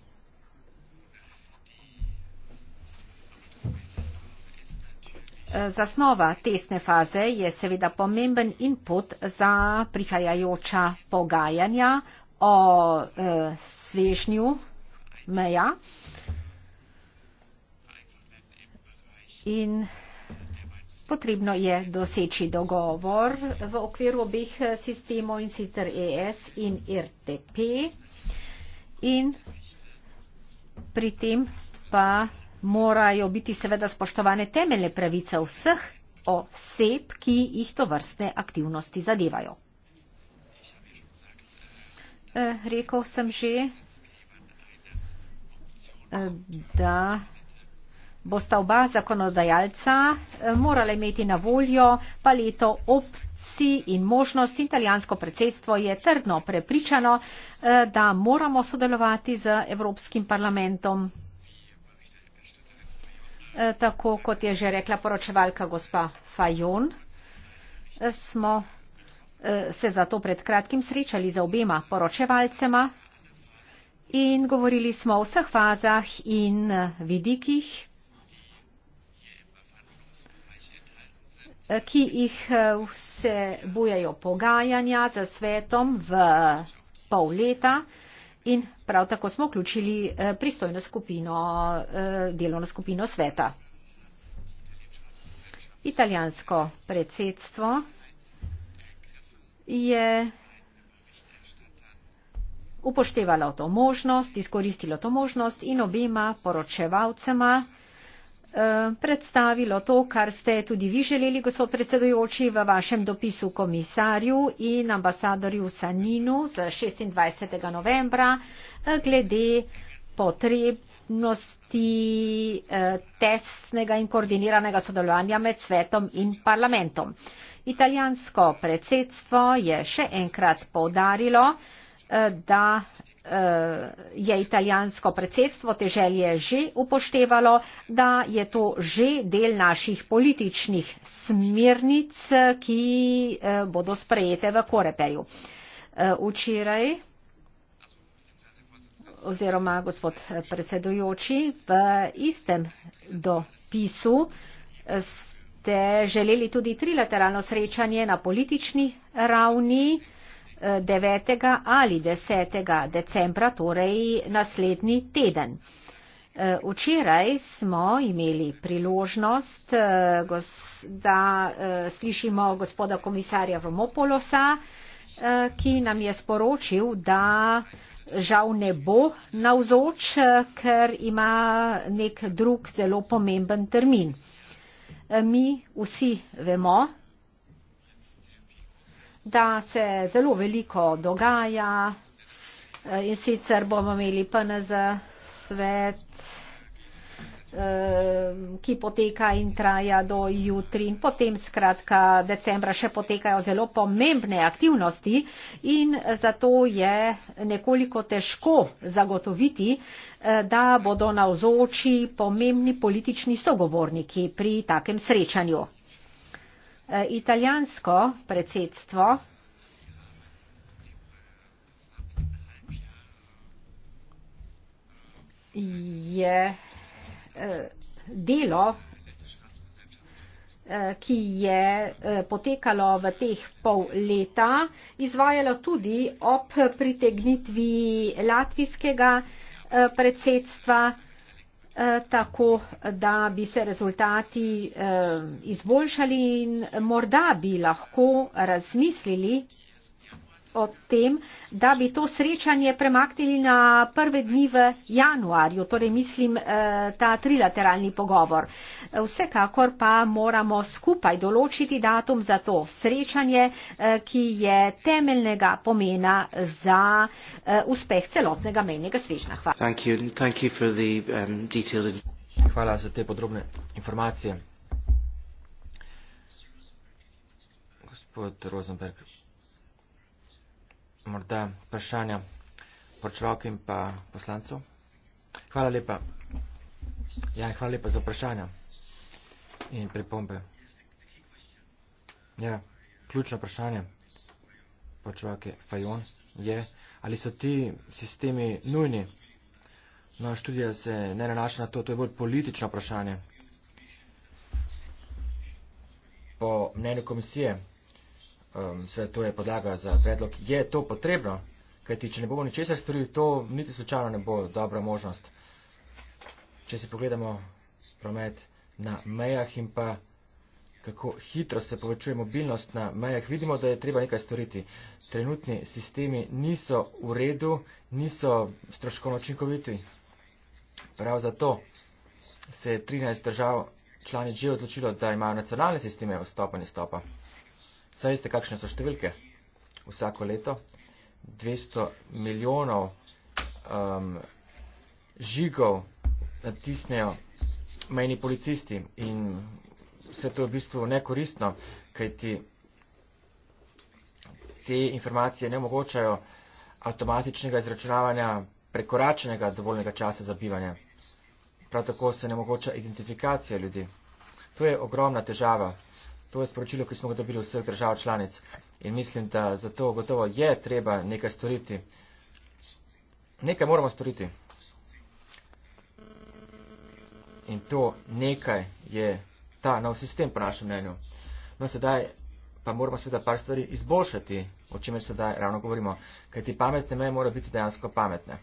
Zasnova tesne faze je seveda pomemben input za prihajajoča pogajanja o eh, svežnju meja in potrebno je doseči dogovor v okviru obeh e, sistemov in sicer ES in RTP in pri tem pa morajo biti seveda spoštovane temeljne pravice vseh oseb, ki jih to vrstne aktivnosti zadevajo. Eh, Rekl sem že, eh, da bosta oba zakonodajalca eh, morala imeti na voljo paleto opcij in možnosti. Italijansko predsedstvo je trdno prepričano, da moramo sodelovati z Evropskim parlamentom. Eh, tako kot je že rekla poročevalka gospa Fajon, eh, smo eh, se zato pred kratkim srečali za obema poročevalcema in govorili smo o vseh fazah in vidikih, ki jih vse bujajo pogajanja za svetom v pol leta in prav tako smo vključili eh, pristojno skupino, eh, delovno skupino sveta. Italijansko predsedstvo je upoštevalo to možnost, izkoristilo to možnost in obima poročevalcema Eh, predstavilo to, kar ste tudi vi želeli, gospod predsedujoči, v vašem dopisu komisarju in ambasadorju Saninu z 26. novembra eh, glede potrebnosti eh, tesnega in koordiniranega sodelovanja med svetom in parlamentom. Italijansko predsedstvo je še enkrat povdarilo, da je italijansko predsedstvo te želje že upoštevalo, da je to že del naših političnih smernic, ki eh, bodo sprejete v Koreperju. Eh, včeraj oziroma gospod eh, predsedujoči v istem dopisu ste želeli tudi trilateralno srečanje na politični ravni 9. ali 10. decembra, torej naslednji teden. E, včeraj smo imeli priložnost, e, da e, slišimo gospoda komisarja Vomopolosa, ki nam je sporočil, da žal ne bo navzoč, ker ima nek drug zelo pomemben termin. Mi vsi vemo, da se zelo veliko dogaja eh, in sicer bomo imeli PNZ svet, eh, ki poteka in traja do jutri in potem skratka decembra še potekajo zelo pomembne aktivnosti in zato je nekoliko težko zagotoviti, eh, da bodo navzoči pomembni politični sogovorniki pri takem srečanju. Eh, italijansko predsedstvo je eh, delo, eh, ki je potekalo v teh pol leta, izvajalo tudi ob pritegnitvi latvijskega predsedstva. Eh, tako da bi se rezultati eh, izboljšali in morda bi lahko razmislili, o tem, da bi to srečanje premaknili na prve dni v januarju, torej mislim eh, ta trilateralni pogovor. Vsekakor pa moramo skupaj določiti datum za to srečanje, eh, ki je temeljnega pomena za eh, uspeh celotnega menjega svežna. Hvala. Thank you. Thank you for the, um, detailed... Hvala za te podrobne informacije. Gospod Rosenberg morda vprašanja poročevalke in pa poslancev. Hvala lepa. Ja, hvala lepa za vprašanja in pripombe. Ja, ključno vprašanje poročevalke Fajon je, ali so ti sistemi nujni? No, študija se ne nanaša na to, to je bolj politično vprašanje. Po mnenju komisije, Vse um, to je podlaga za predlog. Je to potrebno, kajti če ne bomo ničesar storili, to niti slučajno ne bo dobra možnost. Če si pogledamo promet na mejah in pa kako hitro se povečuje mobilnost na mejah, vidimo, da je treba nekaj storiti. Trenutni sistemi niso v redu, niso stroškovno učinkoviti. Prav zato se je 13 držav članic že odločilo, da imajo nacionalne sisteme vstopa in izstopa. In Saj veste, kakšne so številke vsako leto? 200 milijonov um, žigov natisnejo mejni policisti in vse to je v bistvu nekoristno, kajti te informacije ne omogočajo avtomatičnega izračunavanja prekoračenega dovoljnega časa za bivanje. Prav tako se ne mogoča identifikacija ljudi. To je ogromna težava. To je sporočilo, ki smo ga dobili vseh držav članic in mislim, da za to gotovo je treba nekaj storiti. Nekaj moramo storiti. In to nekaj je ta nov sistem, po našem mnenju. No, sedaj pa moramo seveda par stvari izboljšati, o čemer sedaj ravno govorimo, kaj ti pametne meje morajo biti dejansko pametne.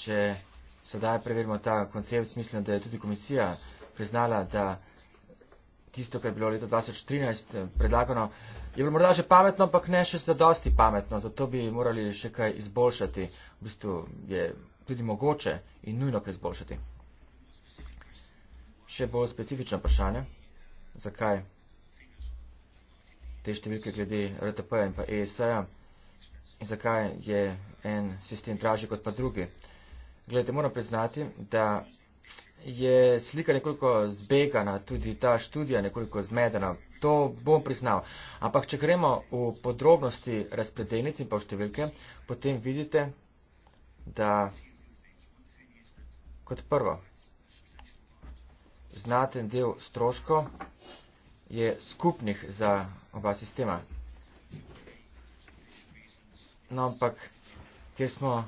Če sedaj preverimo ta koncept, mislim, da je tudi komisija priznala, da tisto, kar je bilo leta 2013 eh, predlagano, je bilo morda še pametno, ampak ne še zadosti pametno, zato bi morali še kaj izboljšati. V bistvu je tudi mogoče in nujno kaj izboljšati. Še bolj specifično vprašanje, zakaj te številke glede RTP-ja in pa ESA-ja in zakaj je en sistem dražji kot pa drugi. Glede, moram priznati, da je slika nekoliko zbegana, tudi ta študija nekoliko zmedena. To bom priznal. Ampak, če gremo v podrobnosti razpredeljnic in pa v številke, potem vidite, da kot prvo, znaten del stroško je skupnih za oba sistema. No, ampak, ker smo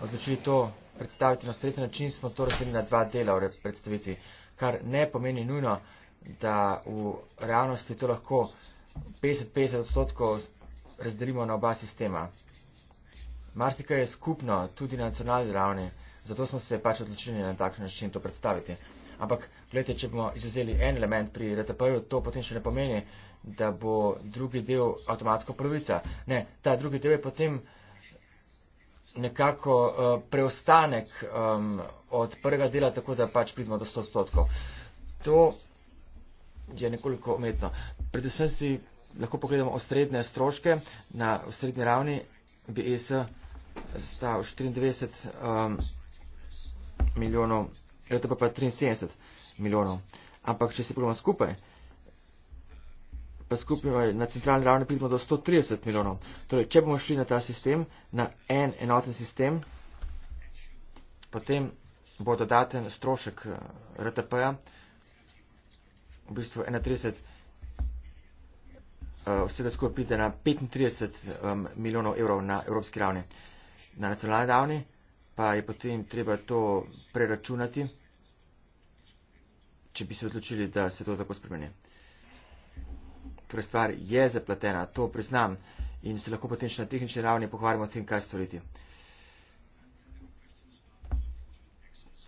odločili to predstaviti na ustrezen način, smo to razdelili na dva dela v predstavitvi, kar ne pomeni nujno, da v realnosti to lahko 50-50 odstotkov razdelimo na oba sistema. Marsika je skupno tudi na nacionalni ravni, zato smo se pač odločili na takšen način to predstaviti. Ampak, gledajte, če bomo izuzeli en element pri RTP-ju, to potem še ne pomeni, da bo drugi del avtomatsko prvica. Ne, ta drugi del je potem nekako eh, preostanek od prvega dela, tako da pač pridemo do 100 odstotkov. To je nekoliko umetno. Predvsem si lahko pogledamo osrednje stroške. Na osrednji ravni bi ES stal 94 um, milijonov, RTP pa 73 milijonov. Ampak če se pogledamo skupaj, skupaj na centralni ravni pridemo do 130 milijonov. Torej, če bomo šli na ta sistem, na en enoten sistem, potem bo dodaten strošek eh, RTP-ja, v bistvu 31, eh, vsega skupaj pride na 35 milijonov evrov na evropski ravni. Na nacionalni ravni pa je potem treba to preračunati, če bi se odločili, da se to tako spremeni torej stvar je zapletena, to priznam in se lahko potem še na tehnični ravni pohvarjamo o tem, kaj storiti.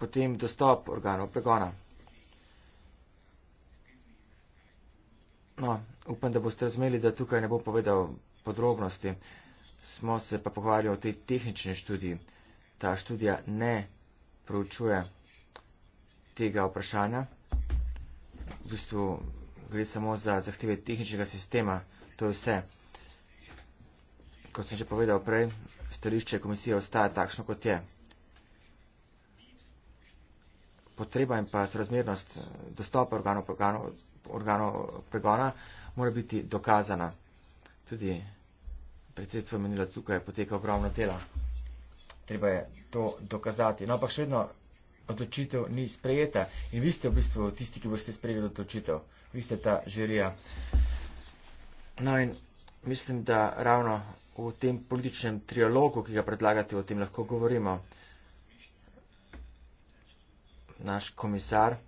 Potem dostop organov pregona. No, upam, da boste razumeli, da tukaj ne bom povedal podrobnosti. Smo se pa pohvalili o tej tehnični študiji. Ta študija ne proučuje tega vprašanja. V bistvu gre samo za zahteve tehničnega sistema, to je vse. Kot sem že povedal prej, stališče komisije ostaja takšno, kot je. Potreba in pa srazmernost dostopa organov, organov, organov pregona mora biti dokazana. Tudi predsedstvo menilo tukaj poteka ogromno dela. Treba je to dokazati. No, ampak še vedno odločitev ni sprejeta in vi ste v bistvu tisti, ki boste sprejeli odločitev, vi ste ta žirija. No in mislim, da ravno v tem političnem trialogu, ki ga predlagate, o tem lahko govorimo. Naš komisar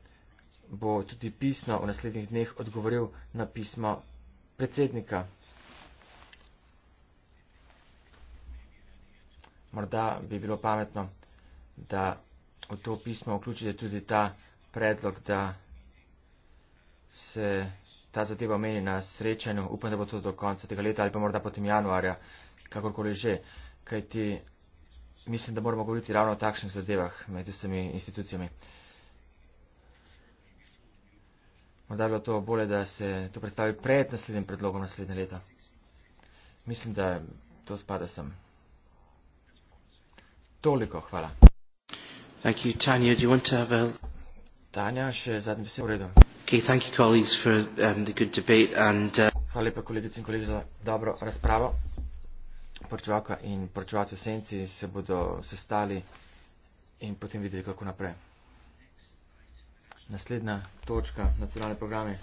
bo tudi pisno v naslednjih dneh odgovoril na pismo predsednika. Morda bi bilo pametno, da v to pismo vključili tudi ta predlog, da se ta zadeva meni na srečanju. Upam, da bo to do konca tega leta ali pa morda potem januarja, kakorkoli že. Kaj ti mislim, da moramo govoriti ravno o takšnih zadevah med vsemi institucijami. Morda bi bilo to bolje, da se to predstavi pred naslednjim predlogom naslednje leta. Mislim, da to spada sem. Toliko, hvala. Thank you, Tanya. Do you want to have a? Tanya, še zadnji besed. Uredo. Okay, thank you, colleagues, for um, the good debate and. Uh, Hvala lepa kolegici in kolegi za dobro razpravo. Porčevalka in porčevalci v senci se bodo sestali in potem videli, kako naprej. Naslednja točka, nacionalne programe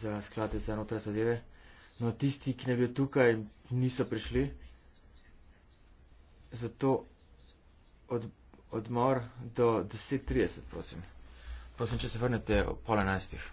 za sklade za notranje zadeve. No, tisti, ki ne bi tukaj, niso prišli. Zato od, odmor do 10.30, prosim. Prosim, če se vrnete ob pol enajstih.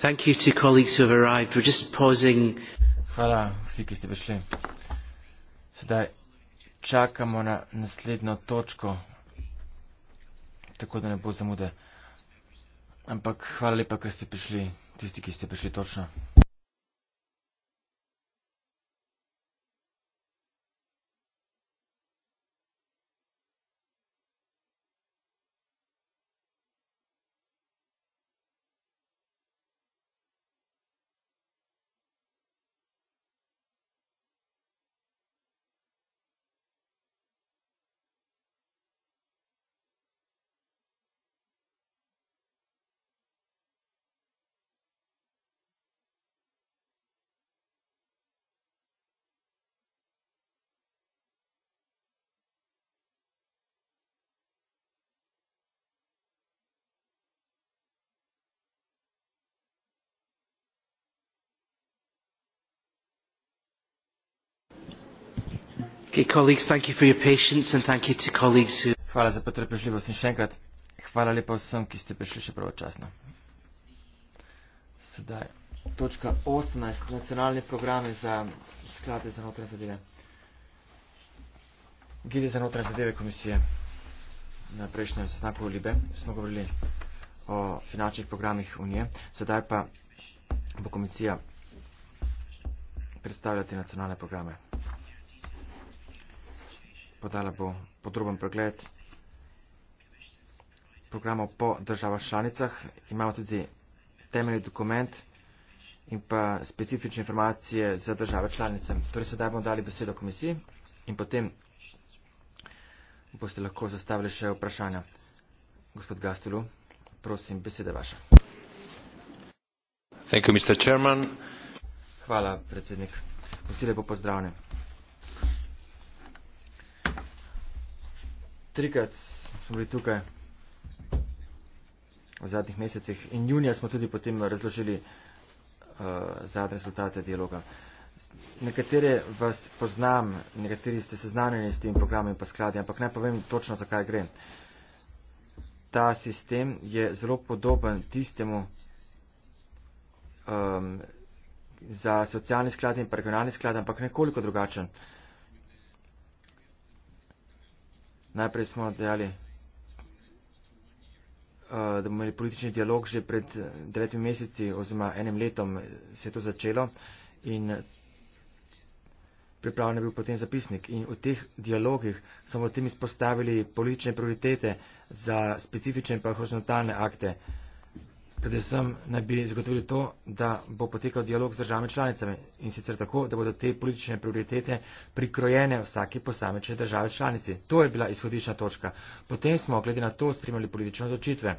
Thank you to colleagues who have arrived. We're just pausing. Hvala vsi, ki ste prišli. Sedaj čakamo na naslednjo točko, tako da ne bo zamude. Ampak hvala lepa, ker ste prišli, tisti, ki ste prišli točno. Hvala za potrpežljivost in še enkrat. Hvala lepa vsem, ki ste prišli še pravočasno. Sedaj, točka 18, nacionalni programe za sklade za notranje zadeve. Gide za notranje zadeve komisije na prejšnjem sestanku v Libe smo govorili o finančnih programih Unije. Sedaj pa bo komisija predstavljati nacionalne programe podala bo podroben pregled programov po državah članicah. Imamo tudi temeljni dokument in pa specifične informacije za države članice. Torej sedaj bomo dali besedo komisiji in potem boste lahko zastavili še vprašanja. Gospod Gastelu, prosim, besede vaše. Thank you, Mr. Chairman. Hvala, predsednik. Vsi lepo pozdravljeni. trikrat smo bili tukaj v zadnjih mesecih in junija smo tudi potem razložili uh, zadnje rezultate dialoga. Nekateri vas poznam, nekateri ste seznanjeni s tem programom in pa skladi, ampak naj povem točno, zakaj gre. Ta sistem je zelo podoben tistemu um, za socialni sklad in pa regionalni sklad, ampak nekoliko drugačen. Uh, najprej smo dejali, eh, da bomo imeli politični dialog že pred eh, devetimi meseci oziroma enim letom se je to začelo in pripravljen je bil potem zapisnik. In v teh dialogih smo v tem izpostavili politične prioritete za specifične pa horizontalne akte. Predvsem naj bi zagotovili to, da bo potekal dialog z državami članicami in sicer tako, da bodo te politične prioritete prikrojene vsaki posamečne države članici. To je bila izhodišna točka. Potem smo, glede na to, spremljali politične odločitve.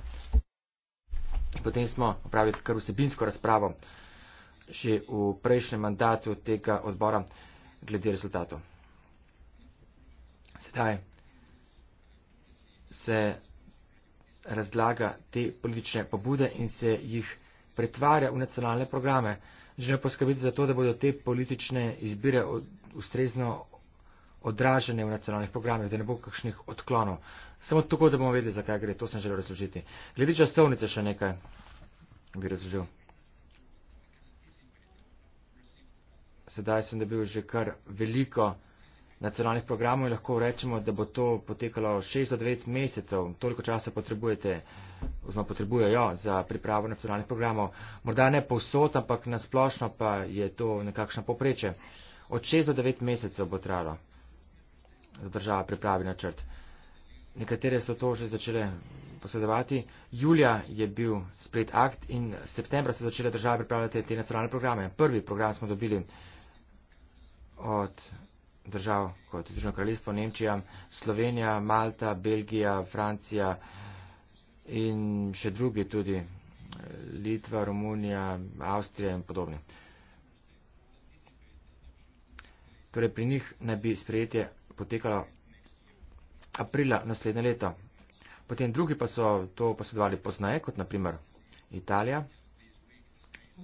Potem smo opravili kar vsebinsko razpravo še v prejšnjem mandatu tega odbora glede rezultatov. Sedaj se razlaga te politične pobude in se jih pretvarja v nacionalne programe. Želijo poskrbeti za to, da bodo te politične izbire ustrezno odražene v nacionalnih programih, da ne bo kakšnih odklonov. Samo tako, da bomo vedeli, zakaj gre, to sem želel razložiti. Glede časovnice še nekaj bi razložil. Sedaj sem dobil že kar veliko nacionalnih programov in lahko rečemo, da bo to potekalo 6 do 9 mesecev, toliko časa potrebujete, oziroma potrebujejo za pripravo nacionalnih programov. Morda ne povsod, ampak nasplošno pa je to nekakšno poprečje. Od 6 do 9 mesecev bo trajalo, da država pripravi načrt. Nekatere so to že začele posredovati. Julija je bil sprejet akt in septembra so začele države pripravljati te nacionalne programe. Prvi program smo dobili od držav kot Združeno kraljestvo, Nemčija, Slovenija, Malta, Belgija, Francija in še drugi tudi eh, Litva, Romunija, Avstrija in podobne. Torej pri njih naj bi sprejetje potekalo aprila naslednje leto. Potem drugi pa so to posedovali poznaje, kot naprimer Italija,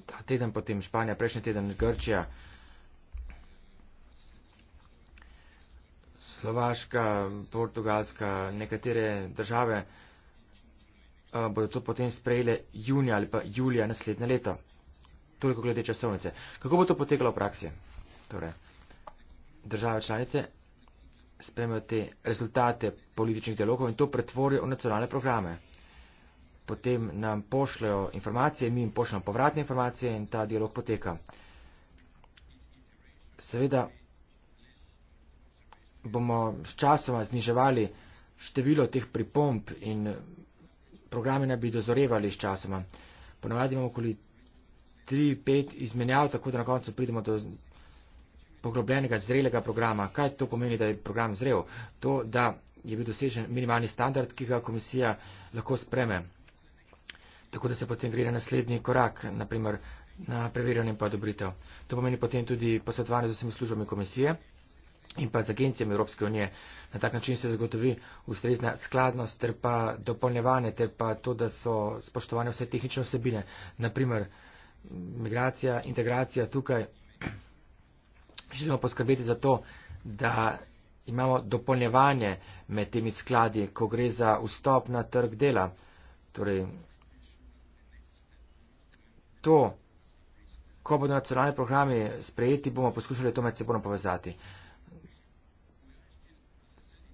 ta teden potem Španija, prejšnji teden Grčija, Slovaška, Portugalska, nekatere države eh, bodo to potem sprejele junija ali pa julija naslednje leto. Toliko glede časovnice. Kako bo to potekalo v praksi? Torej, države članice spremljajo te rezultate političnih dialogov in to pretvorijo v nacionalne programe. Potem nam pošljajo informacije, mi jim pošljamo povratne informacije in ta dialog poteka. Seveda bomo s časoma zniževali število teh pripomb in programe naj bi dozorevali s časoma. Ponavadi imamo okoli 3-5 izmenjav, tako da na koncu pridemo do poglobljenega, zrelega programa. Kaj to pomeni, da je program zrel? To, da je bil dosežen minimalni standard, ki ga komisija lahko spreme. Tako da se potem gre na naslednji korak, naprimer na preverjanje pa dobritev. To pomeni potem tudi posvetovanje z vsemi službami komisije in pa z agencijami Evropske unije. Na tak način se zagotovi ustrezna skladnost ter pa dopolnjevanje ter pa to, da so spoštovane vse tehnične osebine. Naprimer, migracija, integracija tukaj. *clears throat* Želimo poskrbeti za to, da imamo dopolnjevanje med temi skladi, ko gre za vstop na trg dela. Torej, to, ko bodo nacionalni programi sprejeti, bomo poskušali to med seboj povezati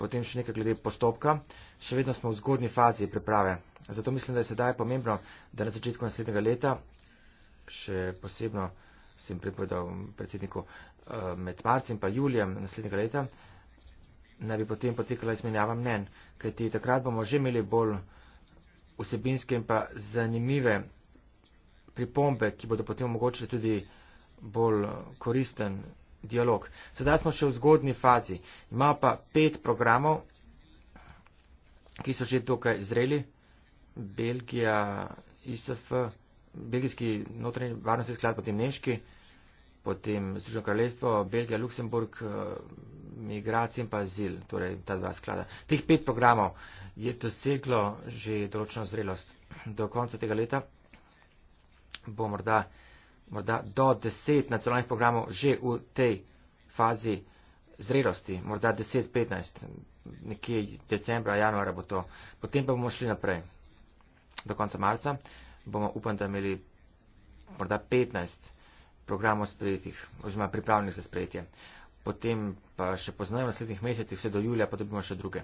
potem še nekaj glede postopka. Še vedno smo v zgodni fazi priprave. Zato mislim, da je sedaj pomembno, da na začetku naslednjega leta, še posebno sem pripovedal predsedniku eh, med marcem in julijem naslednjega leta, naj bi potem potekala izmenjava mnen, kajti takrat bomo že imeli bolj vsebinske in pa zanimive pripombe, ki bodo potem omogočile tudi bolj koristen dialog. Sedaj smo še v zgodni fazi. Ima pa pet programov, ki so že dokaj zreli. Belgija, ISF, belgijski notranji varnostni sklad, potem neški, potem Združeno kraljestvo, Belgija, Luksemburg, eh, migracije in pa zil, torej ta dva sklada. Teh pet programov je doseglo že določeno zrelost. Do konca tega leta bo morda morda do deset nacionalnih programov že v tej fazi zrelosti, morda deset, petnajst, nekje decembra, januara bo to. Potem pa bomo šli naprej. Do konca marca bomo upam, da imeli morda petnajst programov sprejetih, oziroma pripravljenih za sprejetje. Potem pa še poznajo v naslednjih mesecih, vse do julija, pa dobimo še druge,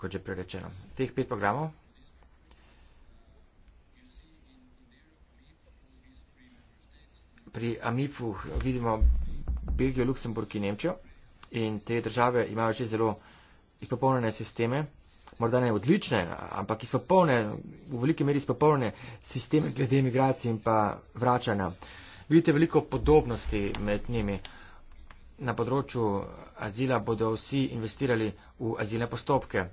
kot že prerečeno. Teh pet programov pri Amipu vidimo Belgijo, Luksemburg in Nemčijo in te države imajo že zelo izpopolnjene sisteme, morda ne odlične, ampak izpopolne, v veliki meri izpopolne sisteme glede migracij in pa vračanja. Vidite veliko podobnosti med njimi. Na področju azila bodo vsi investirali v azilne postopke.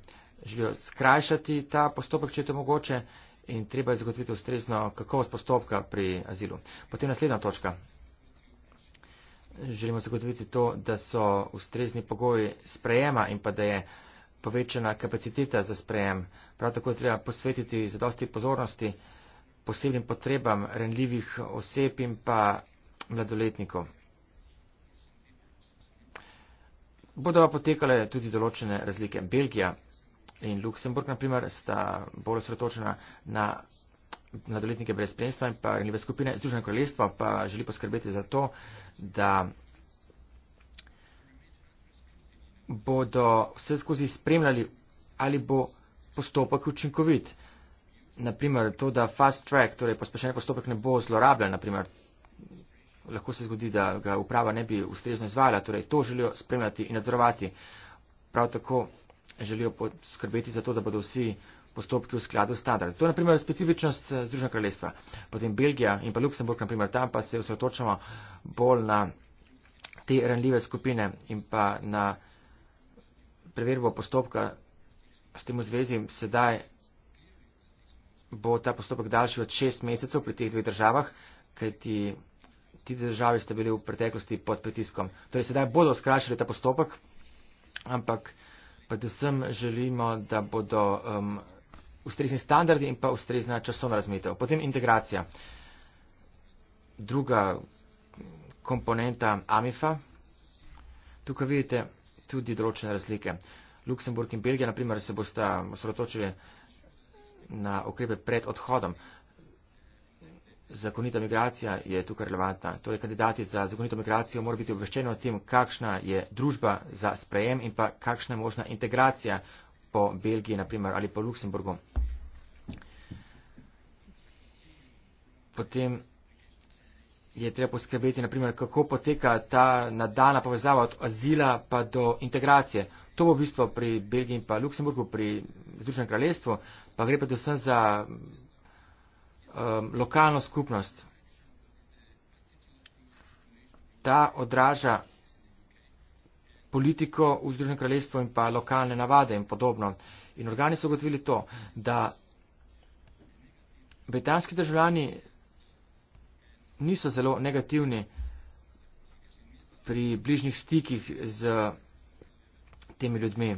Želijo skrajšati ta postopek, če je to mogoče, in treba je zagotoviti ustrezno kakovost postopka pri azilu. Potem naslednja točka. Želimo zagotoviti to, da so ustrezni pogoji sprejema in pa da je povečana kapaciteta za sprejem. Prav tako je treba posvetiti zadosti pozornosti posebnim potrebam renljivih oseb in pa mladoletnikov. Bodo pa potekale tudi določene razlike. Belgija in Luksemburg, naprimer, sta bolj osredotočena na mladoletnike brez spremstva in pa renljive skupine. Združeno kraljestvo pa želi poskrbeti za to, da bodo vse skozi spremljali, ali bo postopek učinkovit. Naprimer, to, da fast track, torej pospešen postopek, ne bo zlorabljen, naprimer, lahko se zgodi, da ga uprava ne bi ustrezno izvajala, torej to želijo spremljati in nadzorovati. Prav tako želijo poskrbeti za to, da bodo vsi postopki v skladu standard. To je naprimer specifičnost eh, Združenega kraljestva. Potem Belgija in pa Luksemburg, naprimer tam pa se osredotočamo bolj na te ranljive skupine in pa na preverbo postopka s tem v zvezi. Sedaj bo ta postopek daljši od šest mesecev pri teh dveh državah, kajti ti države ste bili v preteklosti pod pritiskom. Torej sedaj bodo skrajšali ta postopek, ampak predvsem želimo, da bodo um, ustrezni standardi in pa ustrezna časovna razmetev. Potem integracija. Druga komponenta AMIFA. Tukaj vidite tudi določene razlike. Luksemburg in Belgija, naprimer, se bosta osredotočili na ukrepe pred odhodom zakonita migracija je tukaj relevantna. Torej, kandidati za zakonito migracijo morajo biti obveščeni o tem, kakšna je družba za sprejem in pa kakšna je možna integracija po Belgiji, naprimer, ali po Luksemburgu. Potem je treba poskrbeti, naprimer, kako poteka ta nadaljna povezava od azila pa do integracije. To bo v bistvu pri Belgiji in pa Luksemburgu, pri Združenem kraljestvu, pa gre predvsem za um, lokalno skupnost. Ta odraža politiko v Združenem kraljestvu in pa lokalne navade in podobno. In organi so ugotovili to, da britanski državljani niso zelo negativni pri bližnjih stikih z temi ljudmi.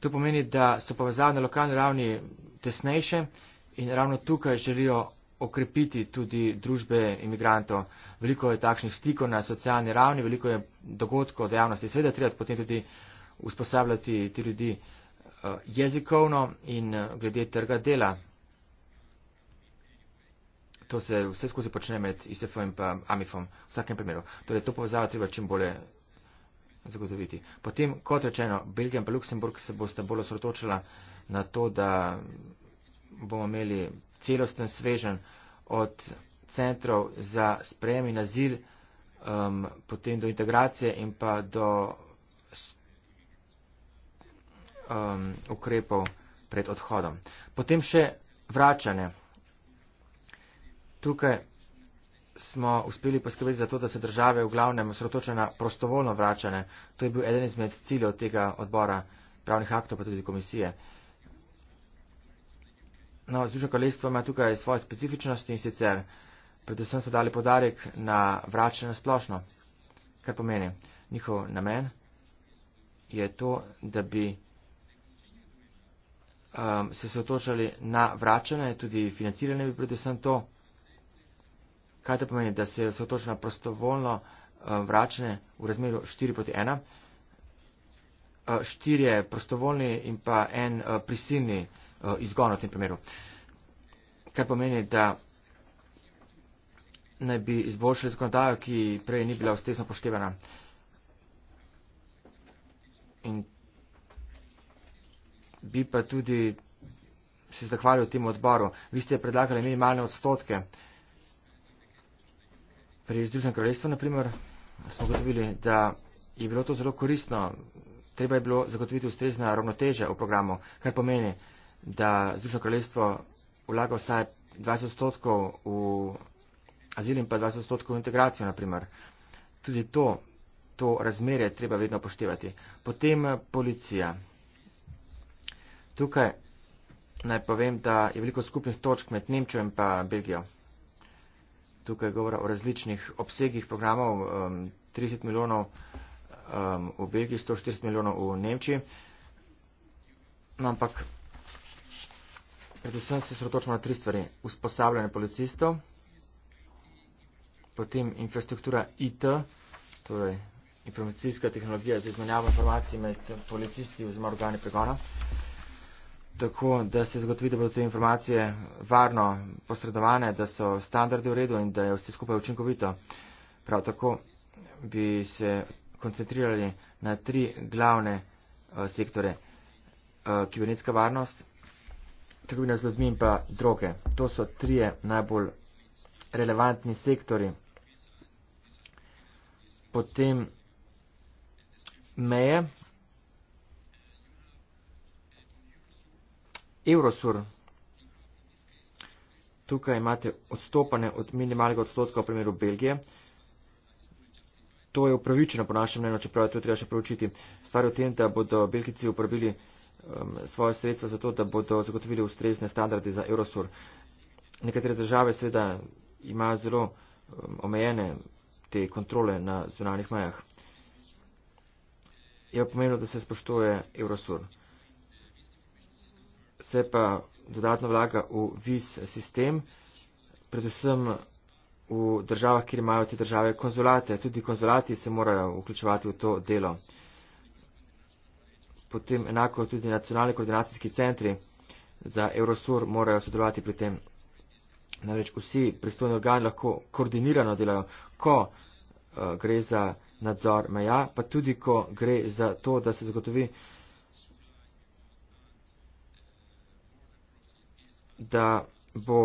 To pomeni, da so povezave na lokalni ravni tesnejše In ravno tukaj želijo okrepiti tudi družbe imigrantov. Veliko je takšnih stikov na socialni ravni, veliko je dogodkov, dejavnosti. Seveda treba potem tudi usposabljati ti ljudi eh, jezikovno in eh, glede trga dela. To se vse skozi počne med ISF in pa AMIFom, v vsakem primeru. Torej, to povezavo treba čim bolje zagotoviti. Potem, kot rečeno, Belgija in pa Luksemburg se bosta bolj osredotočila na to, da bomo imeli celosten svežen od centrov za sprejem in azil, um, potem do integracije in pa do um, ukrepov pred odhodom. Potem še vračanje. Tukaj smo uspeli poskrbeti za to, da se države v glavnem osredotočajo na prostovoljno vračanje. To je bil eden izmed ciljev tega odbora pravnih aktov, pa tudi komisije. Uh, No, Združeno kraljestvo ima tukaj svoje specifičnosti in sicer predvsem so dali podarek na vračanje splošno, kar pomeni njihov namen je to, da bi um, se sotočali na vračanje, tudi financiranje bi predvsem to, kaj to pomeni, da se sotoča na prostovoljno um, vračanje v razmeru 4 proti 1. Uh, 4 je prostovoljni in pa en uh, prisilni. Uh, izgona v tem primeru. Kar pomeni, da naj bi izboljšali zakonodajo, ki prej ni bila ustrezno poštevana. In bi pa tudi se zahvalil temu odboru. Vi ste predlagali minimalne odstotke. Pri Združenem kraljestvu, naprimer, smo gotovili, da je bilo to zelo koristno. Treba je bilo zagotoviti ustrezna ravnoteža v programu, kar pomeni, da Združeno kraljestvo vlaga vsaj 20 odstotkov v azil in pa 20 odstotkov v integracijo, naprimer. Tudi to, to razmerje treba vedno poštevati. Potem eh, policija. Tukaj naj povem, da je veliko skupnih točk med Nemčijo in pa Belgijo. Tukaj govora o različnih obsegih programov, 30 milijonov v Belgiji, 140 milijonov v Nemčiji. No, ampak predvsem se sredotočimo na tri stvari. Usposabljanje policistov, potem infrastruktura IT, torej informacijska tehnologija za izmenjavo informacij med policisti oziroma organi pregona, tako da se zagotovi, da bodo te informacije varno posredovane, da so standardi v redu in da je vse skupaj učinkovito. Prav tako bi se koncentrirali na tri glavne uh, sektore. Uh, kibernetska varnost, trgovina z ljudmi in pa droge. To so trije najbolj relevantni sektori. Potem meje. Eurosur. Tukaj imate odstopanje od minimalnega odstotka v primeru Belgije. To je upravičeno po našem mnenju, čeprav je to treba še preučiti. Stvar je v tem, da bodo Belgici uporabili um, svoje sredstva za to, da bodo zagotovili ustrezne standarde za Eurosur. Nekatere države seveda imajo zelo um, omejene te kontrole na zunanih mejah. Je pomembno, da se spoštuje Eurosur. Se pa dodatno vlaga v viz sistem, predvsem v državah, kjer imajo te države konzulate. Tudi konzulati se morajo vključevati v to delo potem enako tudi nacionalni koordinacijski centri za Eurosur morajo sodelovati pri tem. Namreč vsi pristojni organi lahko koordinirano delajo, ko eh, gre za nadzor meja, pa tudi ko gre za to, da se zagotovi, da bo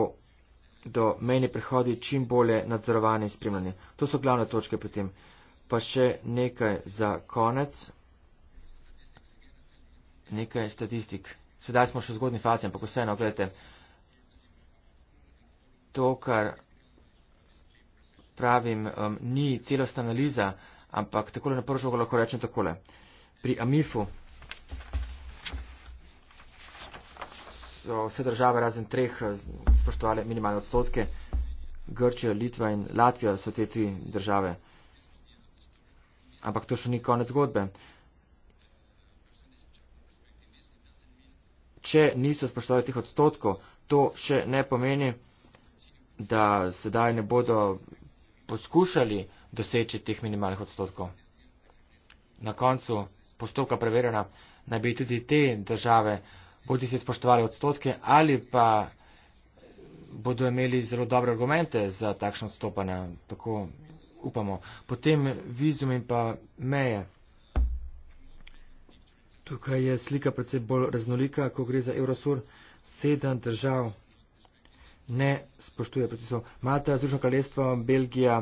do meni prihodi čim bolje nadzorovane in spremljanje. To so glavne točke potem. Pa še nekaj za konec nekaj statistik. Sedaj smo še v zgodni fazi, ampak vseeno, gledajte, to, kar pravim, um, ni celostna analiza, ampak takole na prvo žogo lahko rečem takole. Pri Amifu so vse države razen treh spoštovale minimalne odstotke. Grčija, Litva in Latvija so te tri države. Ampak to še ni konec zgodbe. če niso spoštovali teh odstotkov, to še ne pomeni, da sedaj ne bodo poskušali doseči teh minimalnih odstotkov. Na koncu postopka preverjena naj bi tudi te države bodi si spoštovali odstotke ali pa bodo imeli zelo dobre argumente za takšno odstopanje. Tako upamo. Potem vizum in pa meje. Tukaj je slika predvsej bolj raznolika, ko gre za Eurosur. Sedem držav ne spoštuje predpisov. Malta, Združeno kraljestvo, Belgija,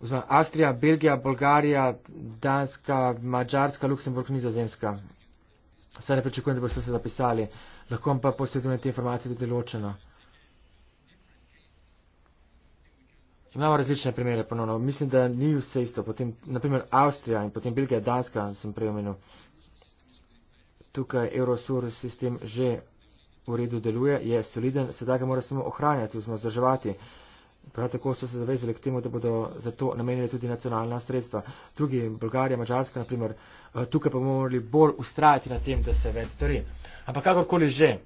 oziroma Avstrija, Belgija, Bolgarija, Danska, Mačarska, Luksemburg, Nizozemska. Sedaj ne pričakujem, da boste se zapisali. Lahko vam pa posredujem te informacije, da je ločeno. Imamo različne primere ponovno. Mislim, da ni vse isto. Potem, naprimer Avstrija in potem Belgija, Danska sem preomenil. Tukaj Eurosur sistem že v redu deluje, je soliden, sedaj ga mora samo ohranjati, vzmo zdrževati. Prav tako so se zavezali k temu, da bodo za to namenili tudi nacionalna sredstva. Drugi, Bolgarija, Mačarska, naprimer, eh, tukaj pa bomo morali bolj ustrajati na tem, da se več stori. Ampak kakorkoli že.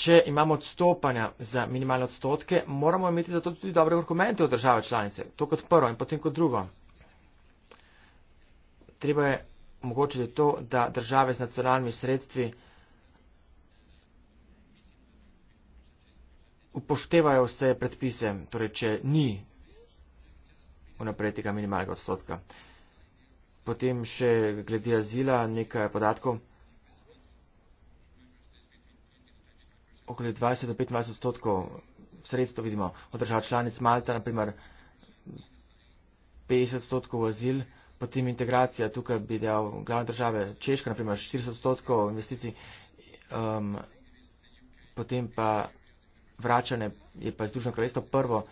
Če imamo odstopanja za minimalne odstotke, moramo imeti zato tudi dobre argumente od države članice. To kot prvo in potem kot drugo. Treba je omogočiti to, da države z nacionalnimi sredstvi upoštevajo vse predpise, torej če ni vnaprej tega minimalnega odstotka. Potem še glede azila nekaj podatkov. okoli 20 do 25 odstotkov sredstev vidimo od držav članic Malta, naprimer 50 odstotkov azil, potem integracija, tukaj bi dal glavne države Češka, naprimer 40 odstotkov investicij, um, potem pa vračanje je pa Združeno kraljestvo prvo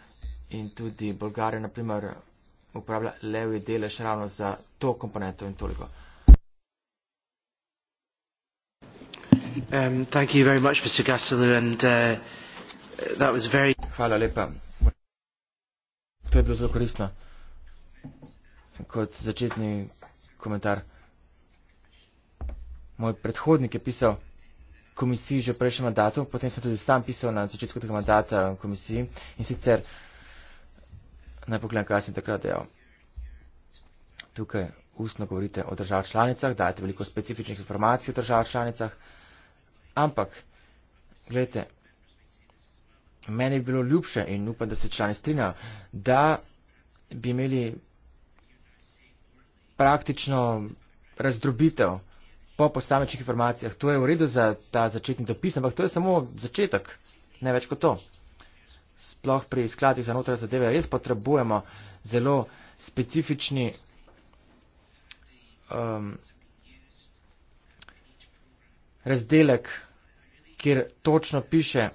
in tudi Bolgarija, naprimer, uporablja levi delež ravno za to komponento in toliko. Um, thank you very much, Mr. Gasolu, and uh, that was very. Hvala lepa. To je bilo zelo koristno. Kot začetni komentar. Moj predhodnik je pisal komisiji že v prejšnjem mandatu, potem sem tudi sam pisal na začetku tega mandata komisiji in sicer naj pogledam, kaj sem takrat dejal. Tukaj ustno govorite o državah članicah, dajete veliko specifičnih informacij o državah članicah. Ampak, gledajte, meni bi bilo ljubše in upam, da se člani strinjajo, da bi imeli praktično razdrobitev po posamečnih informacijah. To je v redu za ta začetni dopis, ampak to je samo začetek, ne več kot to. Sploh pri skladih za notranje zadeve res potrebujemo zelo specifični um, razdelek kjer točno piše,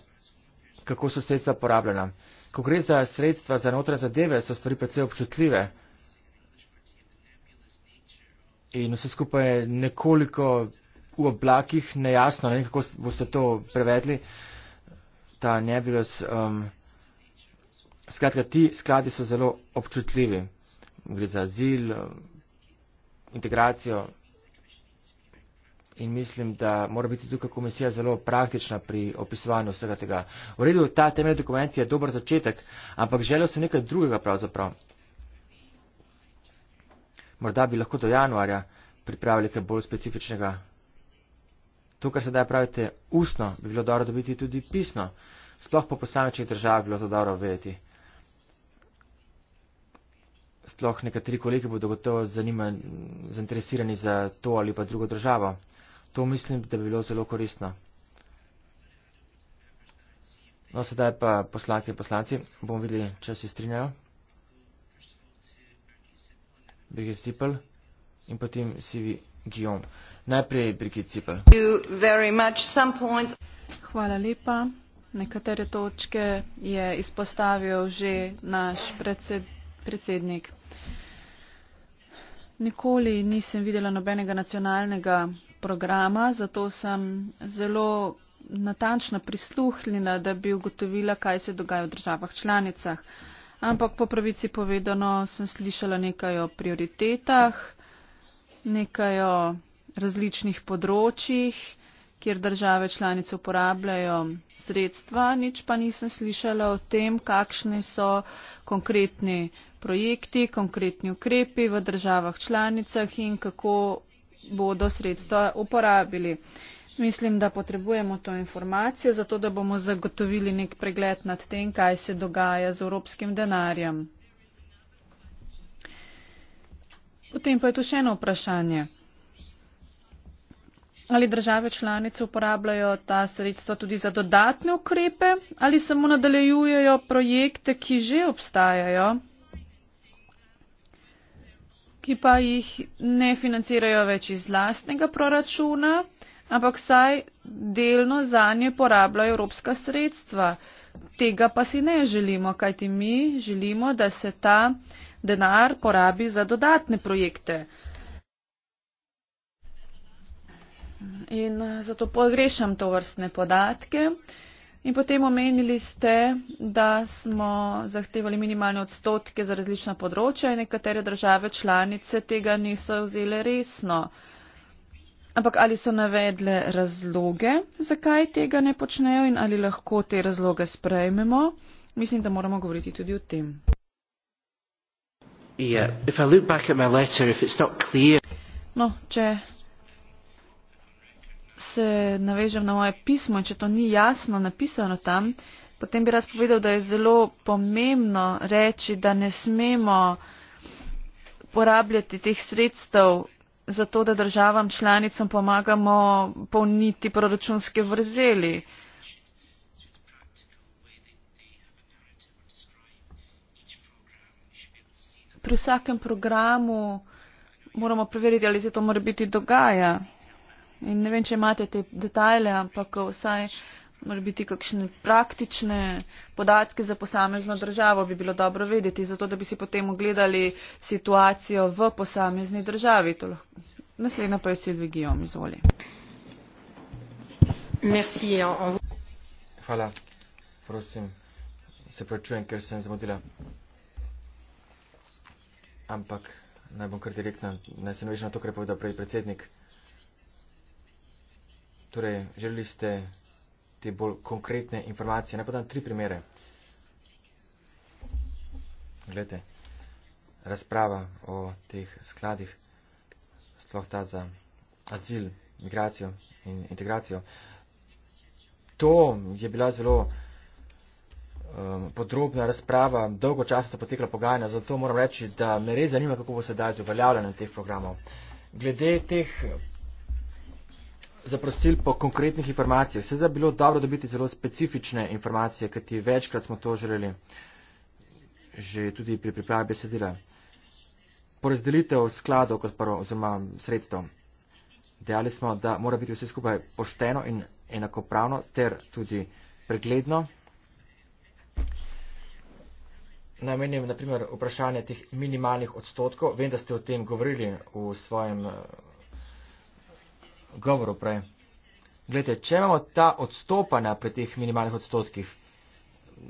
kako so sredstva porabljena. Ko gre za sredstva za notranje zadeve, so stvari precej občutljive in vse skupaj je nekoliko v oblakih, nejasno, ne vem, kako boste to prevedli, ta nebulous. Um, skratka, ti skladi so zelo občutljivi. Gre za azil, um, integracijo in mislim, da mora biti tukaj komisija zelo praktična pri opisovanju vsega tega. V redu, ta temeljni dokument je dober začetek, ampak želel sem nekaj drugega pravzaprav. Morda bi lahko do januarja pripravili kaj bolj specifičnega. To, kar sedaj pravite ustno, bi bilo dobro dobiti tudi pisno. Sploh po posamečnih državah bi bilo to dobro vedeti. Sploh nekateri kolegi bodo gotovo zanima, zainteresirani za to ali pa drugo državo to mislim, da bi bilo zelo koristno. No, sedaj pa poslanke in poslanci, bom videli, če se strinjajo. Brigitte Cipel in potem Sivi Gijom. Najprej Brigitte Cipel. Hvala lepa. Nekatere točke je izpostavil že naš predsed, predsednik. Nikoli nisem videla nobenega nacionalnega programa, zato sem zelo natančno prisluhnila, da bi ugotovila, kaj se dogaja v državah članicah. Ampak po pravici povedano sem slišala nekaj o prioritetah, nekaj o različnih področjih, kjer države članice uporabljajo sredstva, nič pa nisem slišala o tem, kakšni so konkretni projekti, konkretni ukrepi v državah članicah in kako bodo sredstva uporabili. Mislim, da potrebujemo to informacijo, zato da bomo zagotovili nek pregled nad tem, kaj se dogaja z evropskim denarjem. Potem pa je tu še eno vprašanje. Ali države članice uporabljajo ta sredstva tudi za dodatne ukrepe ali samo nadaljujejo projekte, ki že obstajajo? ki pa jih ne financirajo več iz lastnega proračuna, ampak vsaj delno za nje porabljajo evropska sredstva. Tega pa si ne želimo, kajti mi želimo, da se ta denar porabi za dodatne projekte. In eh, zato pogrešam to vrstne podatke. Uh, In potem omenili ste, da smo zahtevali minimalne odstotke za različna področja in nekatere države članice tega niso vzele resno. Ampak ali so navedle razloge, zakaj tega ne počnejo in ali lahko te razloge sprejmemo? Mislim, da moramo govoriti tudi o tem. Yeah. Letter, clear... No, če se navežem na moje pismo, če to ni jasno napisano tam, potem bi rad povedal, da je zelo pomembno reči, da ne smemo porabljati teh sredstev za to, da državam članicam pomagamo polniti proračunske vrzeli. Pri vsakem programu moramo preveriti, ali se to mora biti dogaja. In ne vem, če imate te detajle, ampak vsaj mora biti kakšne praktične podatke za posamezno državo, bi bilo dobro vedeti, zato da bi si potem ogledali situacijo v posamezni državi. Naslednja pa je Silvi Gijom, izvoli. Merci. Hvala. Prosim, se prečujem, ker sem zamudila. Ampak naj bom kar direktna, naj se navežem na to, kar je povedal prej predsednik torej, želeli ste te bolj konkretne informacije. Naj podam tri primere. Glede, razprava o teh skladih, sploh ta za azil, migracijo in integracijo. To je bila zelo um, podrobna razprava, dolgo časa so potekla pogajanja, zato moram reči, da me res zanima, kako bo se dalje uveljavljanje teh programov. Glede teh zaprosili po konkretnih informacijah. Sedaj je bilo dobro dobiti zelo specifične informacije, kaj ti večkrat smo to želeli, že tudi pri pripravi besedila. Porazdelitev skladov kot prvo, oziroma sredstev. Dejali smo, da mora biti vse skupaj pošteno in enakopravno ter tudi pregledno. Najmenim, naprimer, vprašanje teh minimalnih odstotkov. Vem, da ste o tem govorili v svojem eh, govoru prej. Glede, če imamo ta odstopanja pri teh minimalnih odstotkih,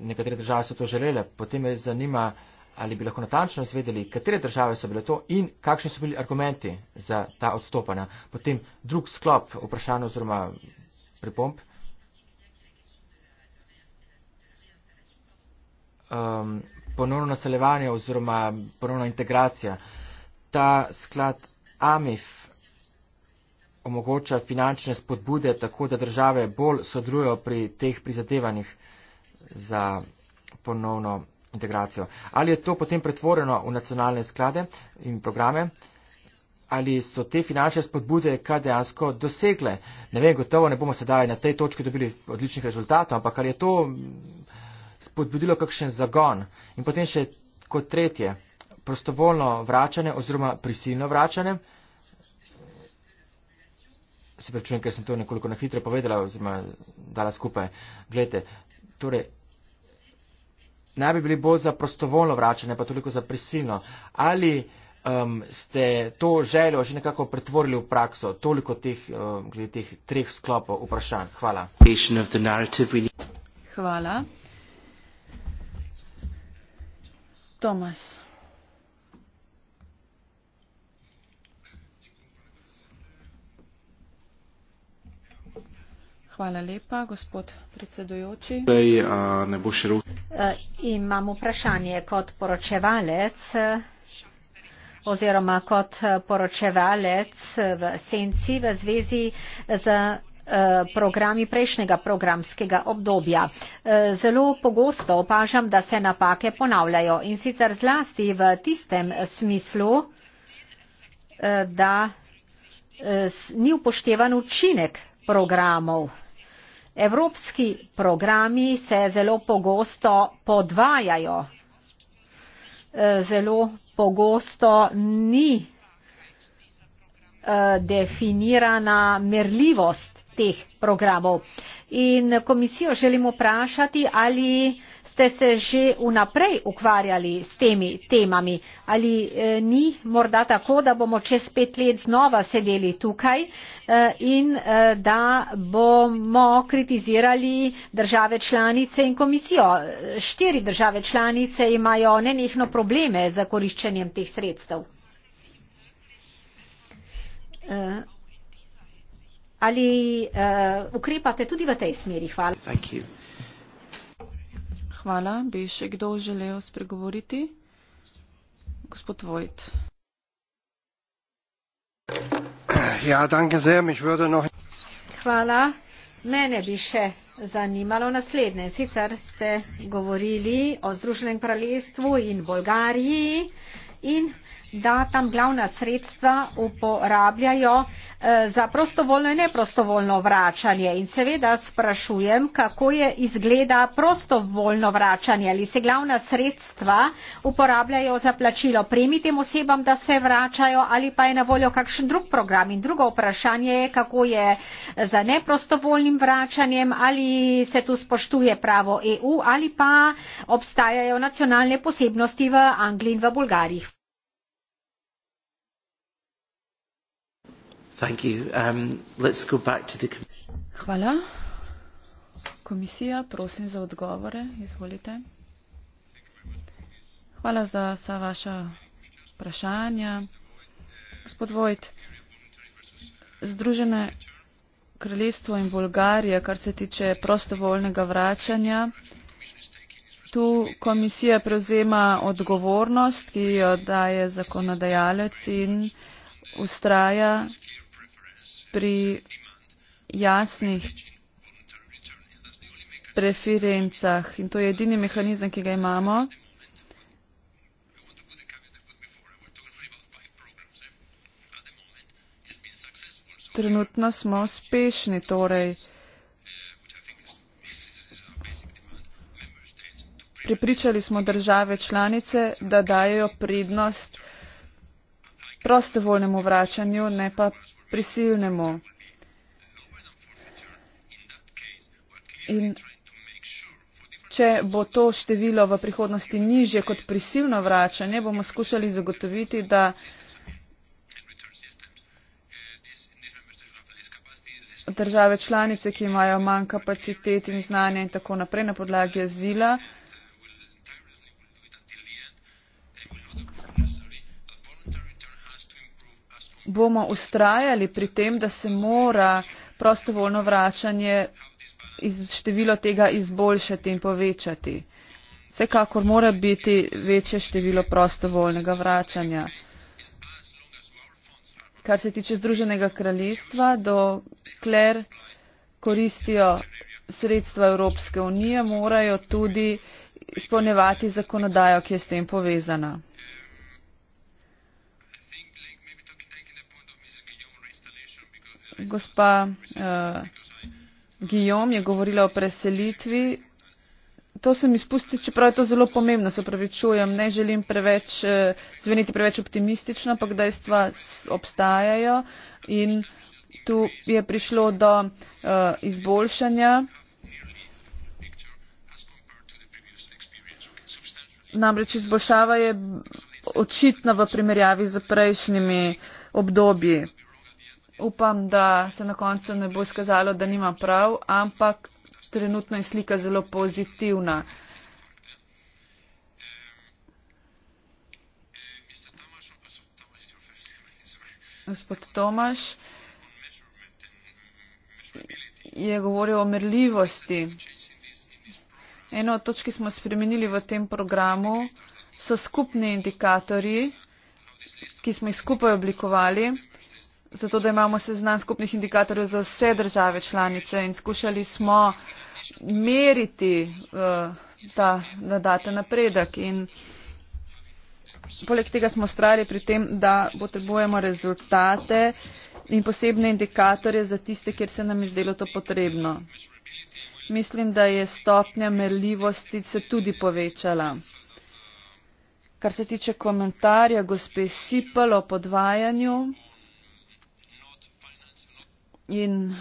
nekatere države so to želele, potem me zanima, ali bi lahko natančno izvedeli, katere države so bile to in kakšni so bili argumenti za ta odstopanja. Potem drug sklop vprašanj oziroma pripomp. Um, ponovno naseljevanje oziroma ponovna integracija. Ta sklad AMIF uh, omogoča finančne spodbude, tako da države bolj sodrujo pri teh prizadevanjih za ponovno integracijo. Ali je to potem pretvoreno v nacionalne sklade in programe? Ali so te finančne spodbude kaj dejansko dosegle? Ne vem, gotovo ne bomo sedaj na tej točki dobili odličnih rezultatov, ampak ali je to spodbudilo kakšen zagon? In potem še kot tretje, prostovoljno vračanje oziroma prisilno vračanje se pričujem, ker sem to nekoliko na hitro povedala oziroma dala skupaj. Glede, torej, naj bi bili bolj za prostovoljno vračanje, pa toliko za prisilno. Ali um, ste to željo že nekako pretvorili v prakso? Toliko teh, um, glede teh treh sklopov vprašanj. Hvala. Hvala. Tomas. Hvala lepa, gospod predsedujoči. Zdaj, a, eh, ne bo širo. E, eh, imam vprašanje kot poročevalec eh, oziroma kot poročevalec v senci v zvezi z programi prejšnjega programskega obdobja. Zelo pogosto opažam, da se napake ponavljajo in sicer zlasti v tistem smislu, da ni upoštevan učinek programov. Evropski programi se zelo pogosto podvajajo. E, zelo pogosto ni e, definirana merljivost teh programov. In komisijo želim vprašati, ali ste se že vnaprej ukvarjali s temi temami, ali eh, ni morda tako, da bomo čez pet let znova sedeli tukaj eh, in eh, da bomo kritizirali države članice in komisijo. Štiri države članice imajo nenehno probleme z koriščenjem teh sredstev. Eh, Ali uh, ukrepate tudi v tej smeri? Hvala. Hvala. Bi še kdo želel spregovoriti? Gospod Vojt. Ja, danke sehr, mich würde noch... Hvala. Mene bi še zanimalo naslednje. Sicer ste govorili o Združenem kraljestvu in Bolgariji in da tam glavna sredstva uporabljajo eh, za prostovoljno in neprostovoljno vračanje. In seveda sprašujem, kako je izgleda prostovoljno vračanje, ali se glavna sredstva uporabljajo za plačilo premitim osebam, da se vračajo ali pa je na voljo kakšen drug program. In drugo vprašanje je, kako je za neprostovoljnim vračanjem, ali se tu spoštuje pravo EU ali pa obstajajo nacionalne posebnosti v Angliji in v Bolgariji. Um, Hvala. Komisija, prosim za odgovore. Izvolite. Hvala za vsa vaša vprašanja. Gospod Vojt, Združene kraljestvo in Bolgarija, kar se tiče prostovoljnega vračanja, tu komisija prevzema odgovornost, ki jo daje zakonodajalec in ustraja pri jasnih preferencah. In to je edini mehanizem, ki ga imamo. Trenutno smo uspešni, torej. Pripričali smo države članice, da dajo prednost prostovoljnemu vračanju, ne pa prisilnemu. In če bo to število v prihodnosti nižje kot prisilno vračanje, bomo skušali zagotoviti, da države članice, ki imajo manj kapacitet in znanja in tako naprej na podlagi azila, bomo ustrajali pri tem, da se mora prostovoljno vračanje iz število tega izboljšati in povečati. Vsekakor mora biti večje število prostovoljnega vračanja. Kar se tiče Združenega kraljestva, dokler koristijo sredstva Evropske unije, morajo tudi izpolnevati zakonodajo, ki je s tem povezana. Gospa uh, Guillaume je govorila o preselitvi. To sem izpustil, čeprav je to zelo pomembno, se pravičujem. Ne želim preveč, uh, eh, zveniti preveč optimistično, ampak dejstva obstajajo in tu je prišlo do uh, izboljšanja. Namreč izboljšava je očitna v primerjavi z prejšnjimi obdobji upam, da se na koncu ne bo skazalo, da nima prav, ampak trenutno je slika zelo pozitivna. Gospod Tomaš je govoril o merljivosti. Eno od točk, ki smo spremenili v tem programu, so skupni indikatorji, ki smo jih skupaj oblikovali zato da imamo seznam skupnih indikatorjev za vse države članice in skušali smo meriti uh, ta nadaten napredek. In poleg tega smo strali pri tem, da potrebujemo rezultate in posebne indikatorje za tiste, kjer se nam je zdelo to potrebno. Mislim, da je stopnja merljivosti se tudi povečala. Kar se tiče komentarja gospe Sipalo o podvajanju, In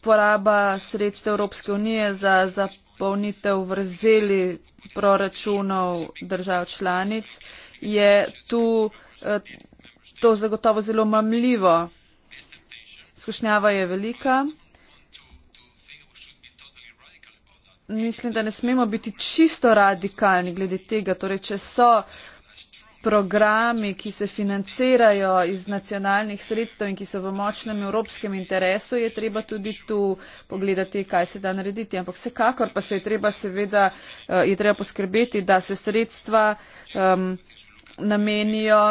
poraba sredstev Evropske unije za zapolnitev vrzeli proračunov držav članic je tu eh, to zagotovo zelo mamljivo. Skušnjava je velika. Mislim, da ne smemo biti čisto radikalni glede tega. Torej, če so uh, programi, ki se financirajo iz nacionalnih sredstev in ki so v močnem evropskem interesu, je treba tudi tu pogledati, kaj se da narediti. Ampak vsekakor pa se je treba seveda eh, je treba poskrbeti, da se sredstva um, namenijo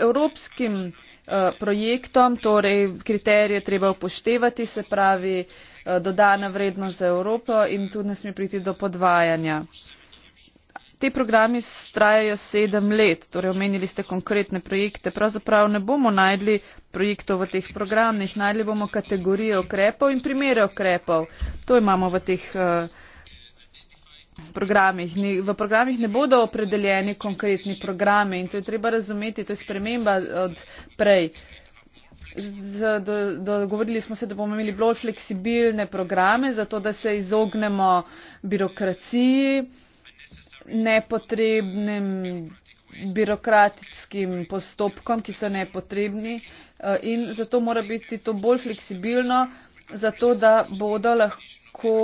evropskim eh, projektom, torej kriterije treba upoštevati, se pravi eh, dodana vrednost za Evropo in tu ne sme priti do podvajanja ti programi trajajo sedem let, torej omenili ste konkretne projekte. Pravzaprav ne bomo najdli projektov v teh programih, najdli bomo kategorije okrepov in primere okrepov. To imamo v teh. Uh, Programih. V programih ne bodo opredeljeni konkretni programe in to je treba razumeti, to je sprememba od prej. Z, do, do, govorili smo se, da bomo imeli bolj fleksibilne programe, zato da se izognemo birokraciji. Uh, nepotrebnim birokratskim postopkom, ki so nepotrebni eh, in zato mora biti to bolj fleksibilno, zato da bodo lahko,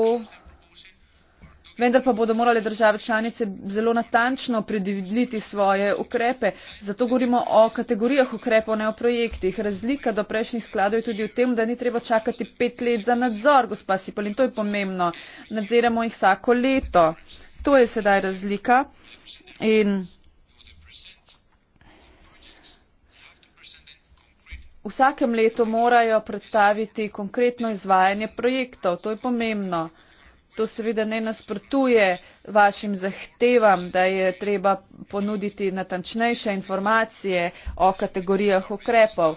vendar pa bodo morali države članice zelo natančno predvideti svoje ukrepe. Zato govorimo o kategorijah ukrepov, ne o projektih. Razlika do prejšnjih skladov je tudi v tem, da ni treba čakati pet let za nadzor, gospa Sipol, in to je pomembno. Nadziramo jih vsako leto. To je sedaj razlika in vsakem letu morajo predstaviti konkretno izvajanje projektov. To je pomembno. To seveda ne nasprotuje vašim zahtevam, da je treba ponuditi natančnejše informacije o kategorijah ukrepov.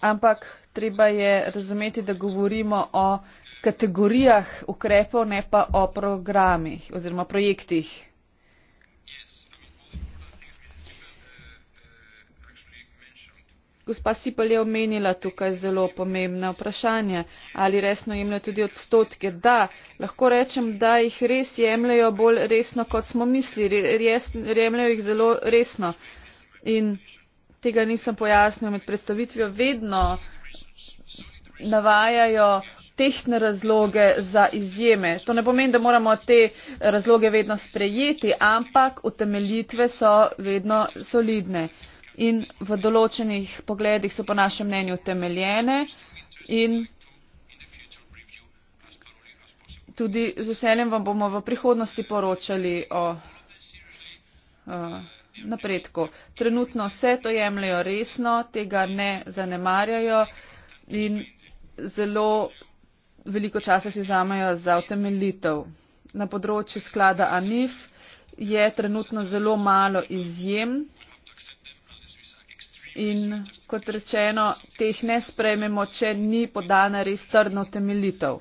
Ampak treba je razumeti, da govorimo o kategorijah ukrepov, ne pa o programih oziroma projektih. Gospa Sipal je omenila tukaj zelo pomembne vprašanje, ali resno jemljajo tudi odstotke. Da, lahko rečem, da jih res jemljajo bolj resno, kot smo mislili. Jemljajo jih zelo resno. In tega nisem pojasnil med predstavitvijo. Vedno navajajo tehtne razloge za izjeme. To ne pomeni, da moramo te razloge vedno sprejeti, ampak utemeljitve so vedno solidne in v določenih pogledih so po našem mnenju utemeljene in tudi z veseljem vam bomo v prihodnosti poročali o. o Napredko. Trenutno vse to jemljajo resno, tega ne zanemarjajo in zelo veliko časa si vzamejo za utemeljitev. Na področju sklada ANIF je trenutno zelo malo izjem in kot rečeno, teh ne sprejmemo, če ni podana res trdno utemeljitev.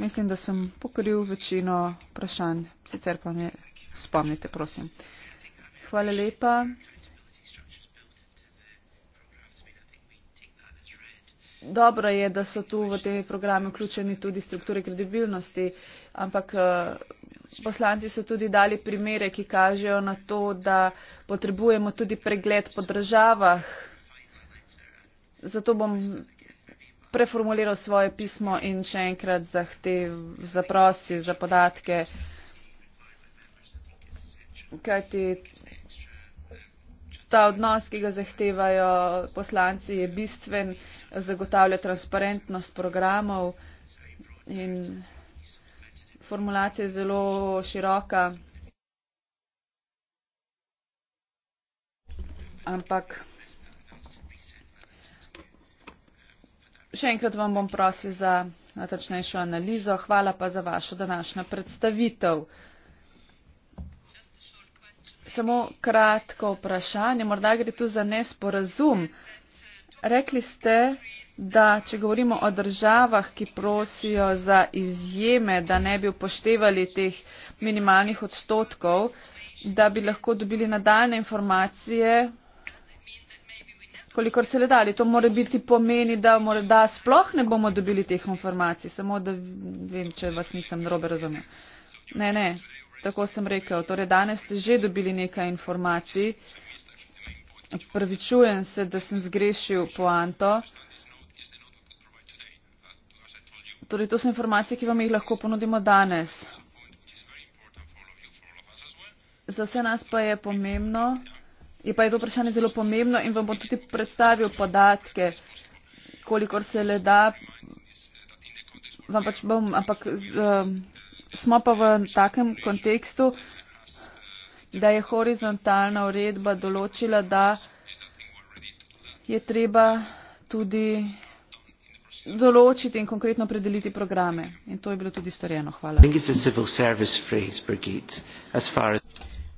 Mislim, da sem pokril večino vprašanj, sicer pa me spomnite, prosim. Hvala lepa. dobro je, da so tu v tem programu vključeni tudi strukture kredibilnosti, ampak eh, poslanci so tudi dali primere, ki kažejo na to, da potrebujemo tudi pregled po državah. Zato bom preformuliral svoje pismo in še enkrat zahtev, zaprosil za podatke. Kajti ta odnos, ki ga zahtevajo poslanci, je bistven zagotavlja transparentnost programov in formulacija je zelo široka. Ampak še enkrat vam bom prosil za natačnejšo analizo. Hvala pa za vašo današnjo predstavitev. Samo kratko vprašanje, morda gre tu za nesporazum. Rekli ste, da če govorimo o državah, ki prosijo za izjeme, da ne bi upoštevali teh minimalnih odstotkov, da bi lahko dobili nadaljne informacije, kolikor se le dali. To mora biti pomeni, da morda sploh ne bomo dobili teh informacij, samo da vem, če vas nisem robe razumel. Ne, ne, tako sem rekel. Torej, danes ste že dobili nekaj informacij. Uh, Opravičujem se, da sem zgrešil poanto. Torej, to so informacije, ki vam jih lahko ponudimo danes. Za vse nas pa je pomembno, je pa je to vprašanje zelo pomembno in vam bom tudi predstavil podatke, kolikor se le da. Pač bom, ampak um, smo pa v takem kontekstu, uh, da je horizontalna uredba določila, da je treba tudi določiti in konkretno predeliti programe. In to je bilo tudi storjeno. Hvala.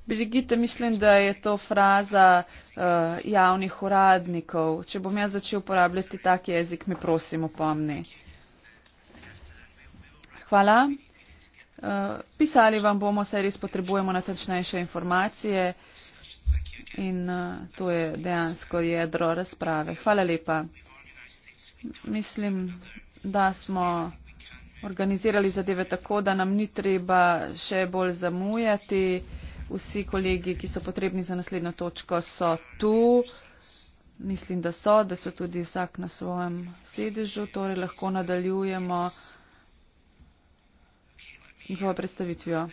Brigitte, mislim, da je to fraza uh, javnih uradnikov. Če bom jaz začel uporabljati tak jezik, mi prosim opomni. Hvala. Eh, pisali vam bomo, saj res potrebujemo natančnejše informacije in uh, to je dejansko jedro razprave. Hvala lepa. Mislim, da smo organizirali zadeve tako, da nam ni treba še bolj zamujati. Vsi kolegi, ki so potrebni za naslednjo točko, so tu. Mislim, da so, da so tudi vsak na svojem sedežu, torej lahko nadaljujemo njihovo predstavitvijo.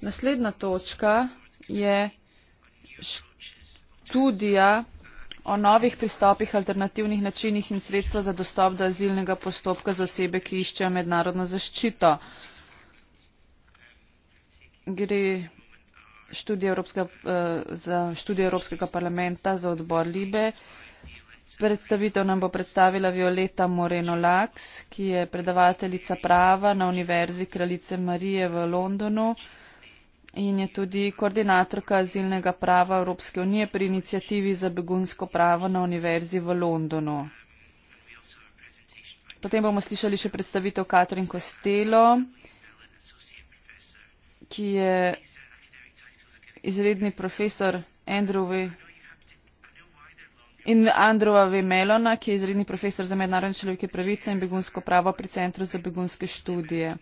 Naslednja točka je študija o novih pristopih, alternativnih načinih in sredstva za dostop do azilnega postopka za osebe, ki iščejo mednarodno zaščito. Gre študij Evropskega, eh, za študijo Evropskega parlamenta za odbor Libe. Predstavitev nam bo predstavila Violeta Moreno-Laks, ki je predavateljica prava na Univerzi Kraljice Marije v Londonu in je tudi koordinatorka azilnega prava Evropske unije pri inicijativi za begunsko pravo na Univerzi v Londonu. Potem bomo slišali še predstavitev Katrin Kostelo, ki je izredni profesor Andrewa in Andrewa V. Melona, ki je izredni profesor za mednarodne človeške pravice in begunsko pravo pri Centru za begunske študije.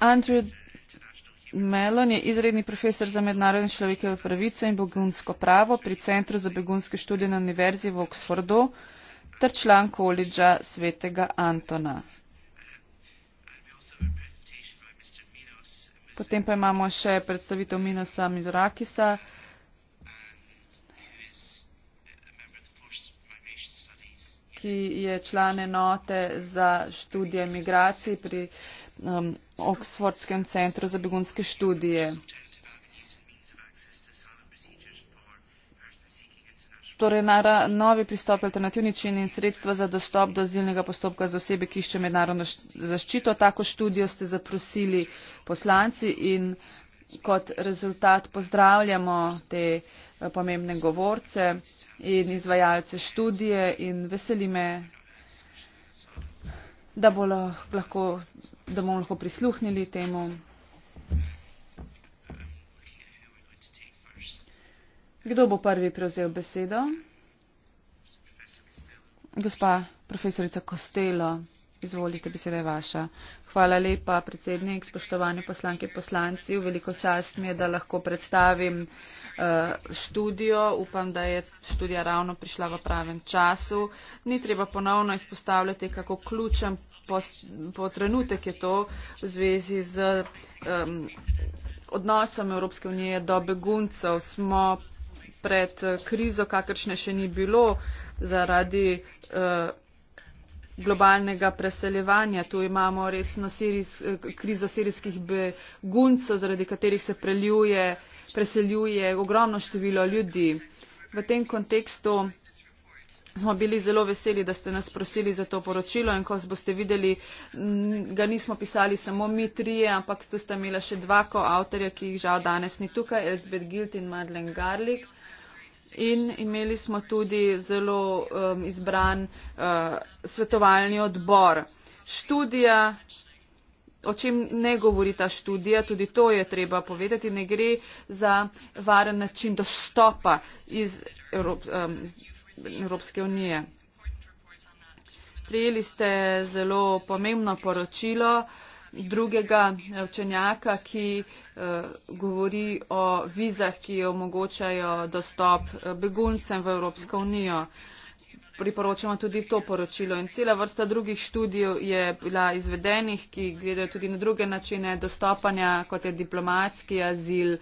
Andrew Melon je izredni profesor za mednarodne človekove pravice in begunsko pravo pri Centru za begunske študije na Univerzi v Oksfordu ter član koledža svetega Antona. Potem pa imamo še predstavitev Minosa Midorakisa. ki je član enote za študije migracij pri um, Oxfordskem centru za begunske študije. torej nara, novi pristop, alternativni čin in sredstva za dostop do zilnega postopka za osebe, ki išče mednarodno zaščito. Tako študijo ste zaprosili poslanci in kot rezultat pozdravljamo te eh, pomembne govorce in izvajalce študije in veseli me, da bomo lahko, lahko prisluhnili temu. Kdo bo prvi prevzel besedo? Gospa profesorica Kostelo, izvolite, beseda je vaša. Hvala lepa, predsednik, spoštovani poslanke in poslanci. V veliko čast mi je, da lahko predstavim uh, študijo. Upam, da je študija ravno prišla v pravem času. Ni treba ponovno izpostavljati, kako ključen po, po trenutek je to v zvezi z um, odnosom Evropske unije do beguncev. Smo pred krizo, kakršne še ni bilo zaradi eh, globalnega preseljevanja. Tu imamo resno siris, krizo sirijskih beguncov, zaradi katerih se preljuje, preseljuje ogromno število ljudi. V tem kontekstu smo bili zelo veseli, da ste nas prosili za to poročilo in ko boste videli, ga nismo pisali samo mi trije, ampak tu sta imela še dva koavtorja, ki jih žal danes ni tukaj, Elizabeth Gilt in Madeleine Garlick in imeli smo tudi zelo um, izbran uh, svetovalni odbor. Študija, o čem ne govori ta študija, tudi to je treba povedati, ne gre za varen način dostopa iz, Evrop, um, iz Evropske unije. Prijeli ste zelo pomembno poročilo. Uh, drugega eh, učenjaka, ki eh, govori o vizah, ki omogočajo dostop eh, beguncem v Evropsko unijo priporočamo tudi to poročilo. In cela vrsta drugih študij je bila izvedenih, ki gledajo tudi na druge načine dostopanja, kot je diplomatski azil,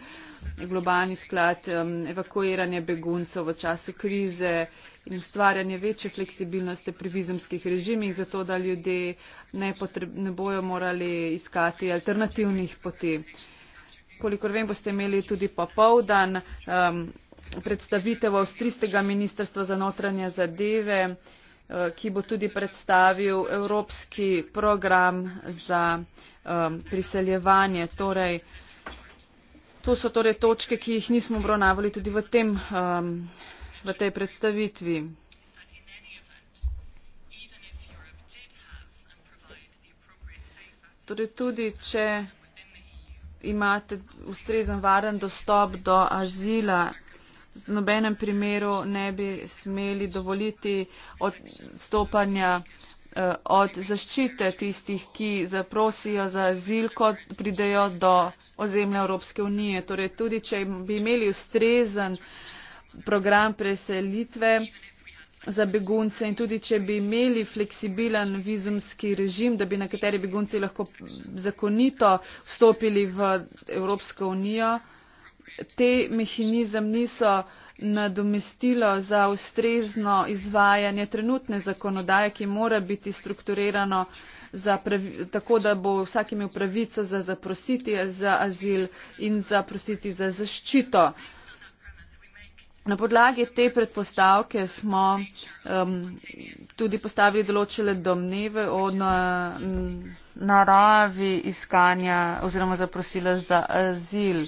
globalni sklad, evakuiranje beguncev v času krize in ustvarjanje večje fleksibilnosti pri vizumskih režimih, zato da ljudje ne, potreb, ne bojo morali iskati alternativnih poti. Kolikor vem, boste imeli tudi popovdan. Um, predstavitev avstrijskega ministrstva za notranje zadeve eh, ki bo tudi predstavil evropski program za um, priseljevanje. Torej, to so torej točke, ki jih nismo obravnavali tudi v, tem, um, v tej predstavitvi. Torej, tudi če imate ustrezen varen dostop do azila v nobenem primeru ne bi smeli dovoliti odstopanja eh, od zaščite tistih, ki zaprosijo za azil, ko pridejo do ozemlja Evropske unije. Torej, tudi če bi imeli ustrezen program preselitve za begunce in tudi če bi imeli fleksibilen vizumski režim, da bi nekateri begunci lahko zakonito vstopili v Evropsko unijo, te mehinizem niso nadomestilo za ustrezno izvajanje trenutne zakonodaje, ki mora biti strukturirano pravi, tako, da bo vsak imel pravico za zaprositi za azil in zaprositi za zaščito. Na podlagi te predpostavke smo um, tudi postavili določene domneve o na, naravi iskanja oziroma zaprosila za azil.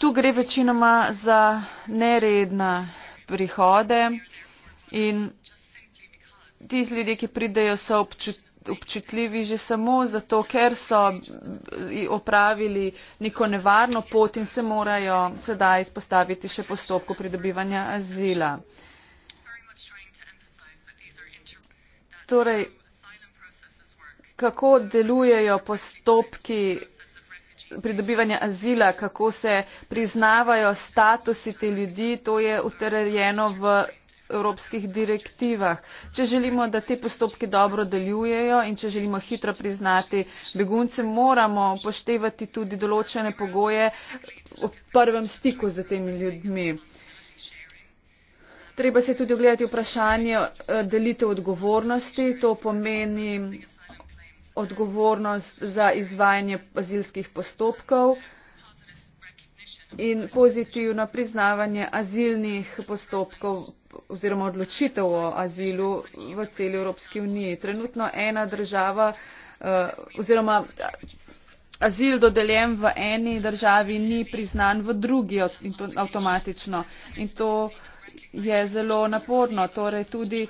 Tu gre večinoma za neredna prihode in ti ljudje, ki pridejo, so občutili občutljivi že samo zato, ker so opravili neko nevarno pot in se morajo sedaj izpostaviti še postopku pridobivanja azila. Torej, kako delujejo postopki pridobivanja azila, kako se priznavajo statusi te ljudi, to je utrjeno v evropskih direktivah. Če želimo, da te postopki dobro delujejo in če želimo hitro priznati begunce, moramo poštevati tudi določene pogoje v prvem stiku z temi ljudmi. Treba se tudi ogledati vprašanje eh, delitev odgovornosti. To pomeni odgovornost za izvajanje azilskih postopkov in pozitivno priznavanje azilnih postopkov oziroma odločitev o azilu v celi Evropski uniji. Trenutno ena država eh, oziroma eh, azil dodeljen v eni državi ni priznan v drugi in to avtomatično. In to je zelo naporno. Torej tudi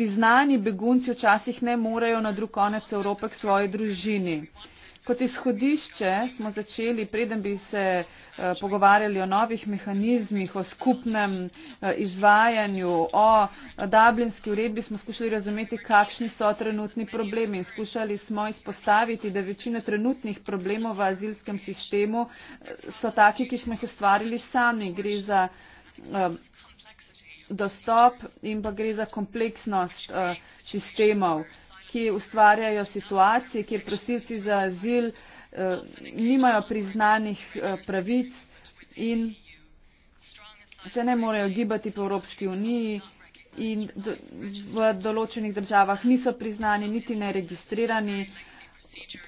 priznani begunci včasih ne morejo na drug konec Evrope k svoji družini. Kot izhodišče smo začeli, preden bi se eh, pogovarjali o novih mehanizmih, o skupnem eh, izvajanju, o dablinski uredbi, smo skušali razumeti, kakšni so trenutni problemi. Skušali smo izpostaviti, da večina trenutnih problemov v azilskem sistemu eh, so taki, ki smo jih ustvarili sami. Gre za Um, dostop in pa gre za kompleksnost uh, sistemov, ki ustvarjajo situacije, kjer prosilci za azil uh, nimajo priznanih uh, pravic in se ne morejo gibati po Evropski uniji in v določenih državah niso priznani, niti ne registrirani.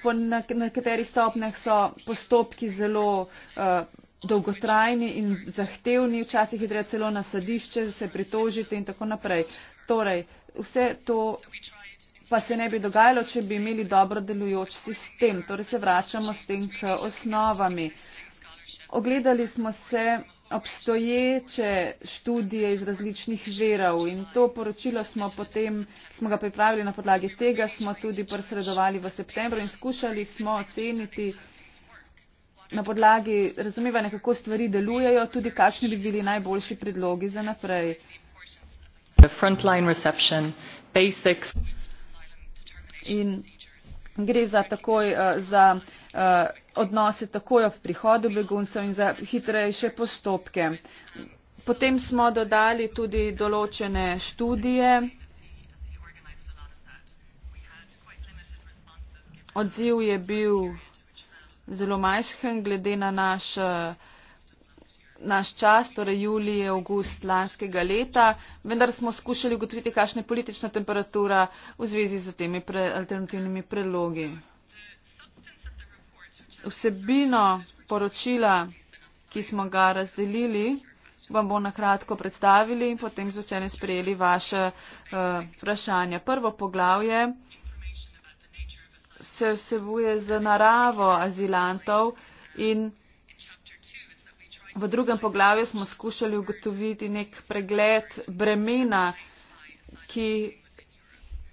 Po nekaterih stopnjah so postopki zelo dolgotrajni in zahtevni, včasih je treba celo na sadišče se pritožiti in tako naprej. Torej, vse to pa se ne bi dogajalo, če bi imeli dobro delujoč sistem. Torej, se vračamo s tem k osnovami. Ogledali smo se obstoječe študije iz različnih verov in to poročilo smo potem, smo ga pripravili na podlagi tega, smo tudi presredovali v septembru in skušali smo oceniti, na podlagi razumevanja, kako stvari delujejo, tudi kakšni bi bili najboljši predlogi za naprej. In gre za takoj eh, za eh, odnose takoj ob prihodu beguncev in za hitrejše postopke. Potem smo dodali tudi določene študije. Odziv je bil zelo majhen, glede na naš, eh, naš čas, torej julij, avgust lanskega leta, vendar smo skušali ugotoviti, kakšna je politična temperatura v zvezi z temi pre, alternativnimi predlogi. Vsebino poročila, ki smo ga razdelili, vam bom nakratko predstavili in potem z vsemi sprejeli vaše uh, eh, vprašanje. Prvo poglavje se vsebuje z naravo azilantov in v drugem poglavju smo skušali ugotoviti nek pregled bremena, ki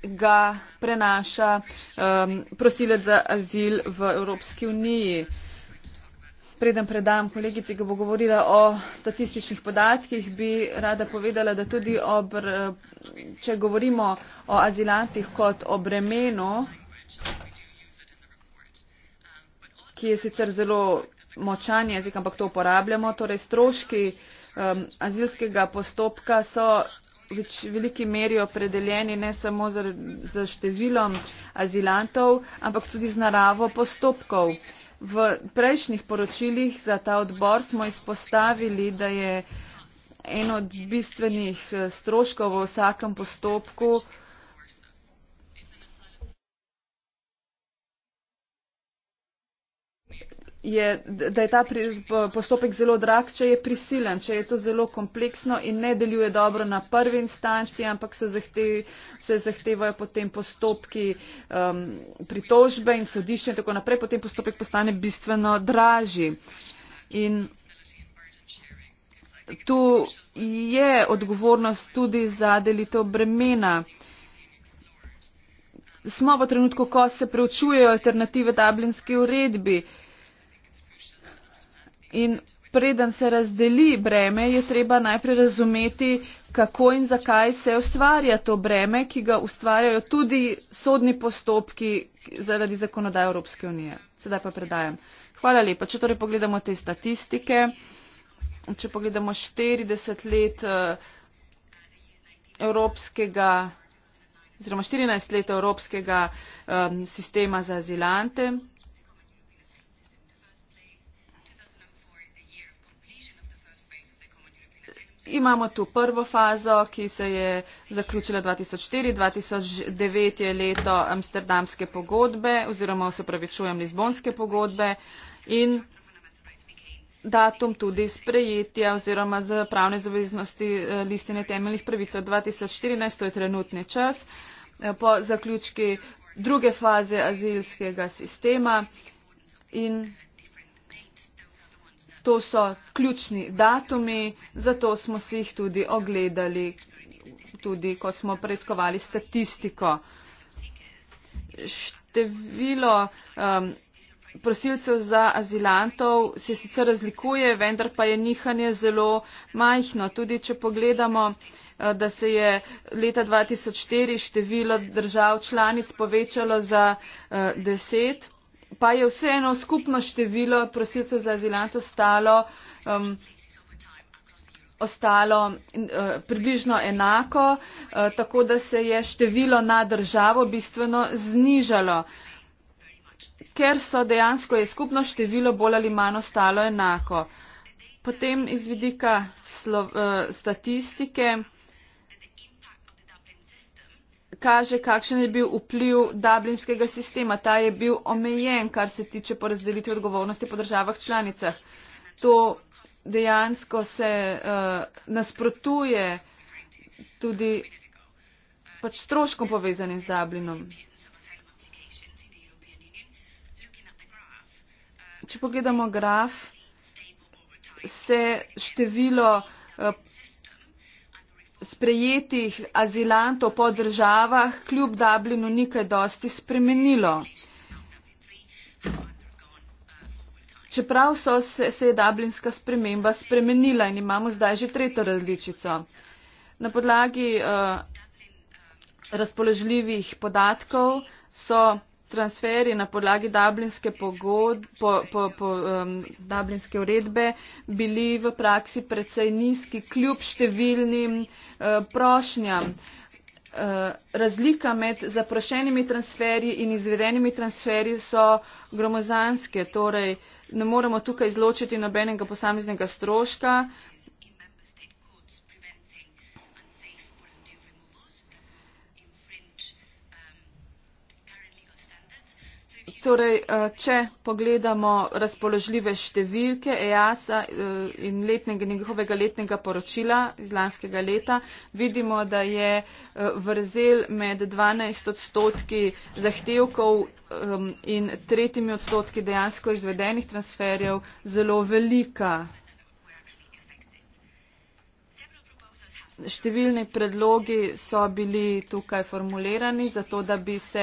ga prenaša um, prosilec za azil v Evropski uniji. Preden predam kolegici, ki bo govorila o statističnih podatkih, bi rada povedala, da tudi ob, eh, če govorimo o azilantih kot o bremenu, ki je sicer zelo močan jezik, ampak to uporabljamo. Torej, stroški um, azilskega postopka so v veliki meri opredeljeni ne samo za, za številom azilantov, ampak tudi z naravo postopkov. V prejšnjih poročilih za ta odbor smo izpostavili, da je en od bistvenih eh, stroškov v vsakem postopku je, da je ta pri, postopek zelo drag, če je prisilen, če je to zelo kompleksno in ne deluje dobro na prvi instanci, ampak se, zahtev, se zahtevajo potem postopki um, pritožbe in sodišče in tako naprej, potem postopek postane bistveno dražji. In tu je odgovornost tudi za delitev bremena. Smo v trenutku, ko se preučujejo alternative Dublinski uredbi. In preden se razdeli breme, je treba najprej razumeti, kako in zakaj se ustvarja to breme, ki ga ustvarjajo tudi sodni postopki zaradi zakonodaje Evropske unije. Sedaj pa predajam. Hvala lepa. Če torej pogledamo te statistike, če pogledamo 40 eh, let evropskega, oziroma 14 let evropskega sistema za azilante, Imamo tu prvo fazo, ki se je zaključila 2004. 2009 je leto Amsterdamske pogodbe oziroma se pravi čujem Lizbonske pogodbe in datum tudi sprejetja oziroma z pravne zaveznosti eh, listine temeljnih pravic od 2014, to je trenutni čas, eh, po zaključki druge faze azilskega sistema in To so ključni datumi, zato smo si jih tudi ogledali, tudi ko smo preiskovali statistiko. Število um, prosilcev za azilantov se sicer razlikuje, vendar pa je nihanje zelo majhno. Tudi če pogledamo, uh, da se je leta 2004 število držav članic povečalo za 10. Uh, pa je vseeno skupno število prosilcev za azilant ostalo, um, ostalo uh, približno enako, uh, tako da se je število na državo bistveno znižalo. Ker so dejansko je skupno število bolj ali manj ostalo enako. Potem iz vidika slo, uh, statistike kaže, kakšen je bil vpliv dublinskega sistema. Ta je bil omejen, kar se tiče porazdelitve odgovornosti po državah članicah. To dejansko se uh, nasprotuje tudi pač stroškom povezanim z Dublinom. Če pogledamo graf, se število. Uh, sprejetih azilantov po državah kljub Dublinu ni kaj dosti spremenilo. Čeprav so se, se je dublinska sprememba spremenila in imamo zdaj že tretjo različico. Na podlagi uh, razpoložljivih podatkov so transferi na podlagi dublinske, pogod, po, po, po, um, dublinske uredbe bili v praksi predvsej nizki, kljub številnim uh, prošnjam. Uh, razlika med zaprošenimi transferi in izvedenimi transferi so gromozanske, torej ne moremo tukaj izločiti nobenega posameznega stroška. Uh, Torej, eh, če pogledamo razpoložljive številke EASA eh, in letnega, njihovega letnega poročila iz lanskega leta, vidimo, da je eh, vrzel med 12 odstotki zahtevkov ehm, in tretjimi odstotki dejansko izvedenih transferjev zelo velika. številni predlogi so bili tukaj formulirani, zato da bi se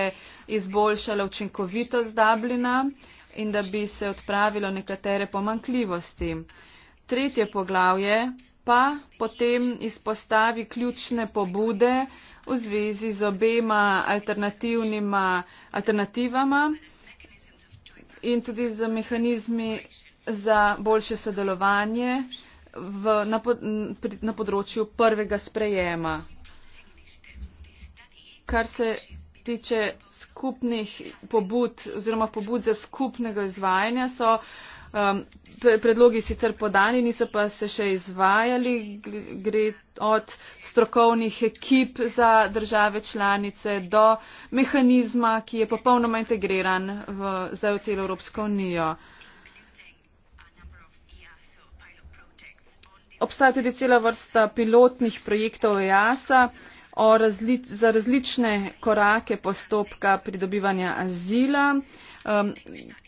izboljšala učinkovitost Dublina in da bi se odpravilo nekatere pomankljivosti. Tretje poglavje pa potem izpostavi ključne pobude v zvezi z obema alternativnima alternativama in tudi z mehanizmi za boljše sodelovanje v, na, na področju prvega sprejema. Kar se tiče skupnih pobud oziroma pobud za skupnega izvajanja, so um, predlogi sicer podani, niso pa se še izvajali, gre od strokovnih ekip za države članice do mehanizma, ki je popolnoma integriran v, za celo Evropsko unijo. Um, obstaja tudi cela vrsta pilotnih projektov EASA razli za različne korake postopka pridobivanja azila, um,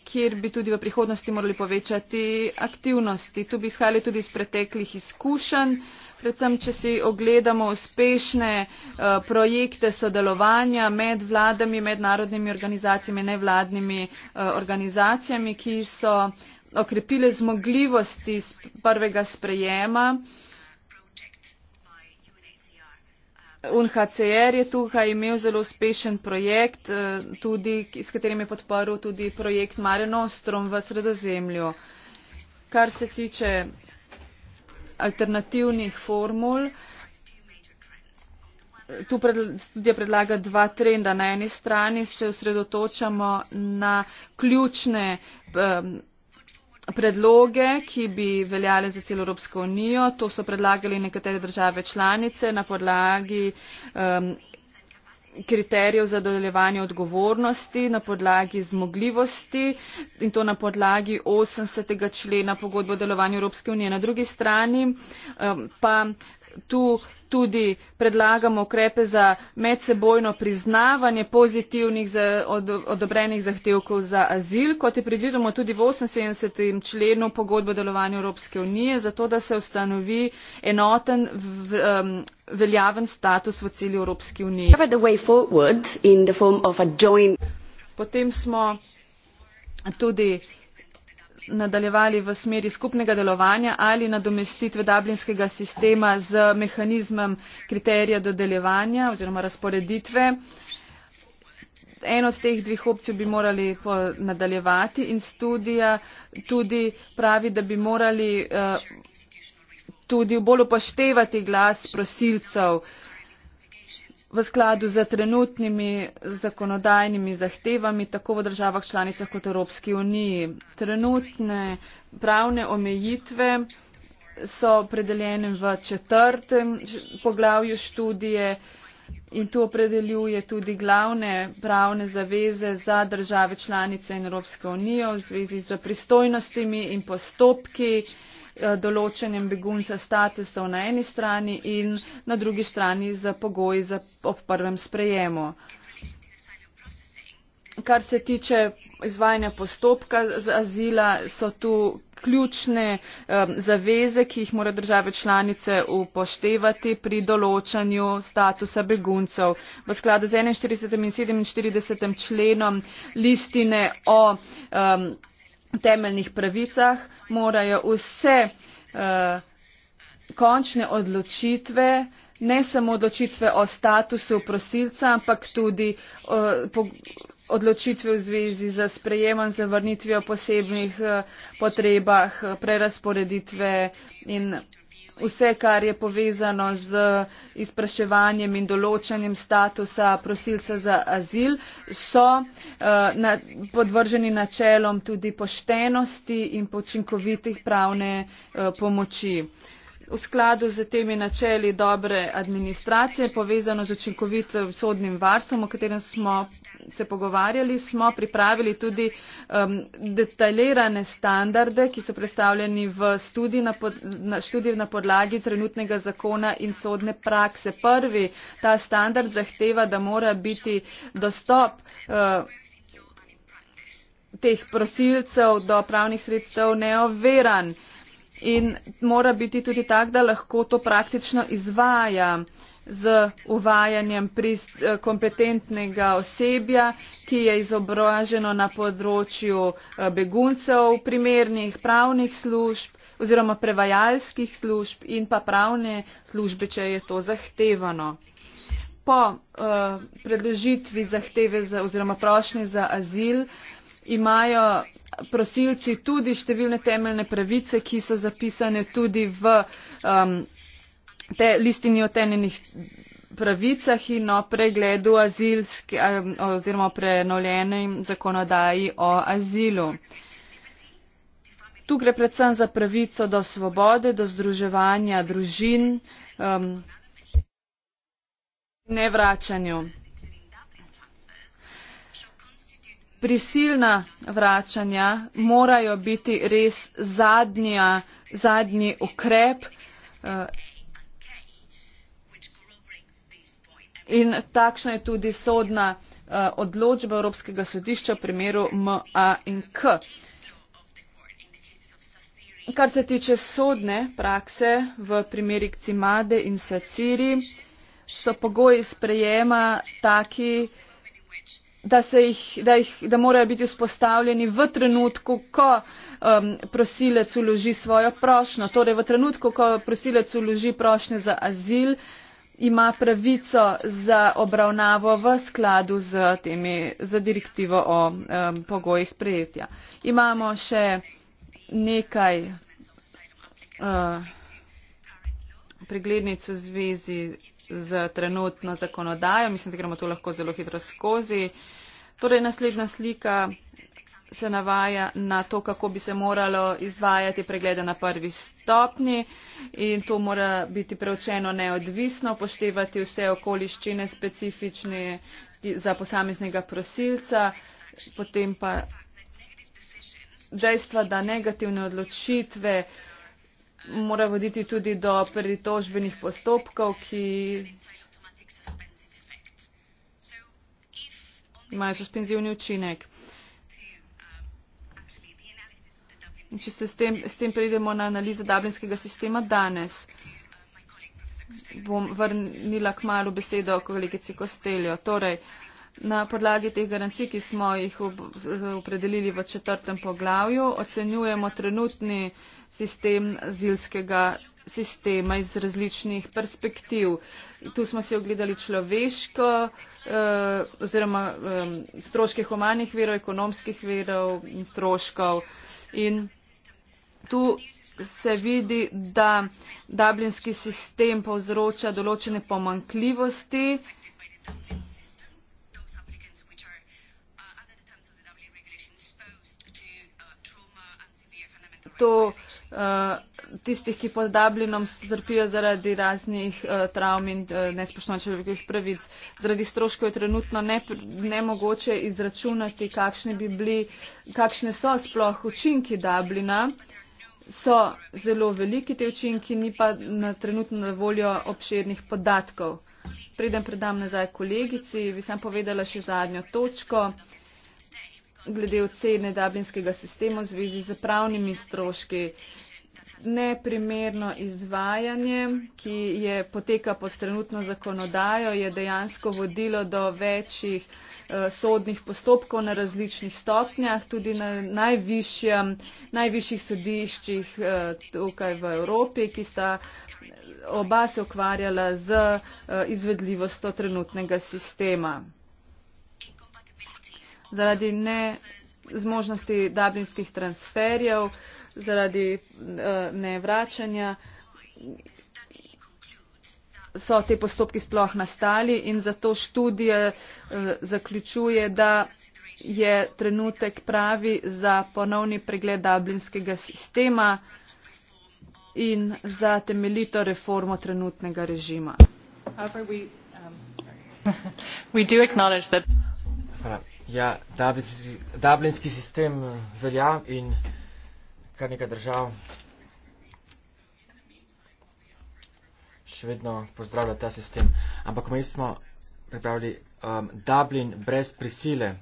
kjer bi tudi v prihodnosti morali povečati aktivnosti. Tu bi izhajali tudi iz preteklih izkušenj. Predvsem, če si ogledamo uspešne uh, projekte sodelovanja med vladami, mednarodnimi organizacijami, nevladnimi uh, organizacijami, ki so uh, okrepile zmogljivosti iz prvega sprejema. UNHCR je tukaj imel zelo uspešen projekt, eh, tudi, s katerim je podporil tudi projekt Mare Nostrum v sredozemlju. Kar se tiče alternativnih formul, tu študija predlaga dva trenda. Na eni strani se osredotočamo na ključne um, predloge, ki bi veljale za celo Evropsko unijo. To so predlagali nekatere države članice na podlagi um, kriterijev za dodeljevanje odgovornosti, na podlagi zmogljivosti in to na podlagi 80. člena pogodbe o delovanju Evropske unije. Na drugi strani um, pa tu tudi predlagamo ukrepe za medsebojno priznavanje pozitivnih odobrenih zahtevkov za azil kot je predvideno tudi v oseminsedemdeset členu pogodbe o delovanju evropske unije zato da se ustanovi enoten v, um, veljaven status v celi evropski uniji. potem smo tudi nadaljevali v smeri skupnega delovanja ali nadomestitve dublinskega sistema z mehanizmom kriterija dodeljevanja oziroma razporeditve eno od teh dveh opcij bi morali nadaljevati in študija tudi pravi da bi morali uh, tudi bolj upoštevati glas prosilcev uh, v skladu z trenutnimi zakonodajnimi zahtevami tako v državah članicah kot Evropski uniji. Trenutne pravne omejitve so predeljene v četrtem poglavju študije in tu opredeljuje tudi glavne pravne zaveze za države članice in Evropske unije v zvezi z pristojnostimi in postopki. Eh, določenjem begunca statusov na eni strani in na drugi strani za pogoj za ob prvem sprejemu. Kar se tiče izvajanja postopka za azila, so tu ključne um, zaveze, ki jih mora države članice upoštevati pri določanju statusa beguncev. V skladu z 41. in 47. členom listine o um, temeljnih pravicah, morajo vse uh, končne odločitve, ne samo odločitve o statusu prosilca, ampak tudi uh, odločitve v zvezi za sprejemom, zavrnitvijo posebnih uh, potrebah, uh, prerasporeditve in vse, kar je povezano z izpraševanjem in določanjem statusa prosilca za azil, so uh, na, podvrženi načelom tudi poštenosti in počinkovitih pravne uh, pomoči. Uh, v skladu z temi načeli dobre administracije, povezano z učinkovitim sodnim varstvom, o katerem smo se pogovarjali, smo pripravili tudi um, detaljirane standarde, ki so predstavljeni v študiji na, pod, na, študij na podlagi trenutnega zakona in sodne prakse. Prvi ta standard zahteva, da mora biti dostop. Uh, teh prosilcev do pravnih sredstev neoveran. Uh, in mora biti tudi tak, da lahko to praktično izvaja z uvajanjem eh, kompetentnega osebja, ki je izobraženo na področju eh, beguncev, primernih pravnih služb oziroma prevajalskih služb in pa pravne službe, če je to zahtevano. Po uh, predložitvi zahteve za, oziroma prošnje za azil uh, imajo prosilci tudi številne temeljne pravice, ki so zapisane tudi v um, te listini otenjenih pravicah in o pregledu azilske um, oziroma prenovljenem zakonodaji o azilu. Tu gre predvsem za pravico do svobode, do združevanja družin, um, nevračanju. prisilna vračanja morajo biti res zadnja, zadnji ukrep. Eh, in takšna je tudi sodna eh, odločba Evropskega sodišča v primeru MA in K. Kar se tiče sodne prakse v primeri Cimade in Saciri, so pogoji sprejema taki, da, jih, da, jih, da morajo biti vzpostavljeni v trenutku, ko um, prosilec uloži svojo prošnjo. Torej, v trenutku, ko prosilec uloži prošnjo za azil, ima pravico za obravnavo v skladu z, temi, z direktivo o um, pogojih sprejetja. Imamo še nekaj uh, preglednic v zvezi z trenutno zakonodajo. Mislim, da gremo to lahko zelo hitro skozi. Torej, naslednja slika se navaja na to, kako bi se moralo izvajati preglede na prvi stopni in to mora biti preučeno neodvisno, poštevati vse okoliščine specifične za posameznega prosilca, potem pa dejstva, da negativne odločitve mora voditi tudi do pritožbenih postopkov, ki imajo suspenzivni učinek. Če se s tem, s tem pridemo na analizo dublinskega sistema danes, bom vrnila k malu besedo kolegici Kosteljo. Torej, uh, Na podlagi teh garancij, ki smo jih opredelili v četrtem poglavju, ocenjujemo trenutni sistem zilskega sistema iz različnih perspektiv. Tu smo si ogledali človeško eh, oziroma eh, stroške humanih verov, ekonomskih verov in stroškov. In tu se vidi, da dublinski sistem povzroča določene pomankljivosti. to uh, tistih, ki pod Dublinom strpijo zaradi raznih uh, travm in uh, nespoštovanja človekovih pravic. Zaradi stroškov je trenutno nemogoče ne izračunati, kakšne, bi bili, kakšne so sploh učinki Dublina. So zelo veliki te učinki, ni pa na trenutno na voljo obširnih podatkov. Preden predam nazaj kolegici, bi sem povedala še zadnjo točko glede ocene dublinskega sistema v zvezi z pravnimi stroški. Neprimerno izvajanje, ki je poteka pod trenutno zakonodajo, je dejansko vodilo do večjih eh, sodnih postopkov na različnih stopnjah, tudi na najvišjem, najvišjih sodiščih eh, tukaj v Evropi, ki sta eh, oba se ukvarjala z izvedljivostjo trenutnega sistema zaradi ne zmožnosti dablinskih transferjev, zaradi uh, nevračanja so te postopki sploh nastali in zato študija eh, zaključuje, da je trenutek pravi za ponovni pregled dablinskega sistema in za temeljito reformo trenutnega režima. Um, *laughs* Hvala. Ja, dublinski sistem eh, velja in kar nekaj držav še vedno pozdravlja ta sistem. Ampak mi smo pripravili um, Dublin brez prisile.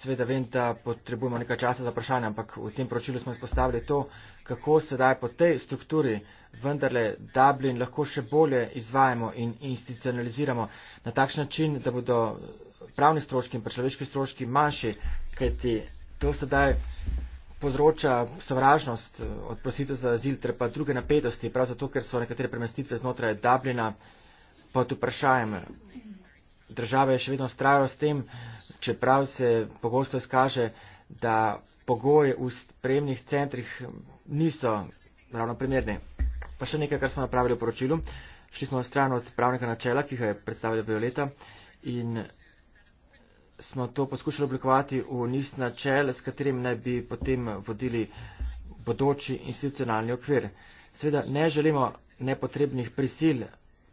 Sveda vem, da potrebujemo nekaj časa za vprašanje, ampak v tem poročilu smo izpostavili to, kako sedaj po tej strukturi vendarle Dublin lahko še bolje izvajamo in institucionaliziramo na takšen način, da bodo pravni stroški in pa človeški stroški manjši, kajti to sedaj povzroča sovražnost eh, od prositev za azil ter pa druge napetosti, prav zato, ker so nekatere premestitve znotraj Dublina pod vprašajem. Države še vedno strajajo s tem, čeprav se pogosto skaže, da pogoje v spremnih centrih niso ravno primerni. Pa še nekaj, kar smo napravili v poročilu. Šli smo v stran od pravnega načela, ki ga je predstavila Violeta in smo to poskušali oblikovati v nis načel, s katerim naj bi potem vodili bodoči institucionalni okvir. Sveda ne želimo nepotrebnih prisil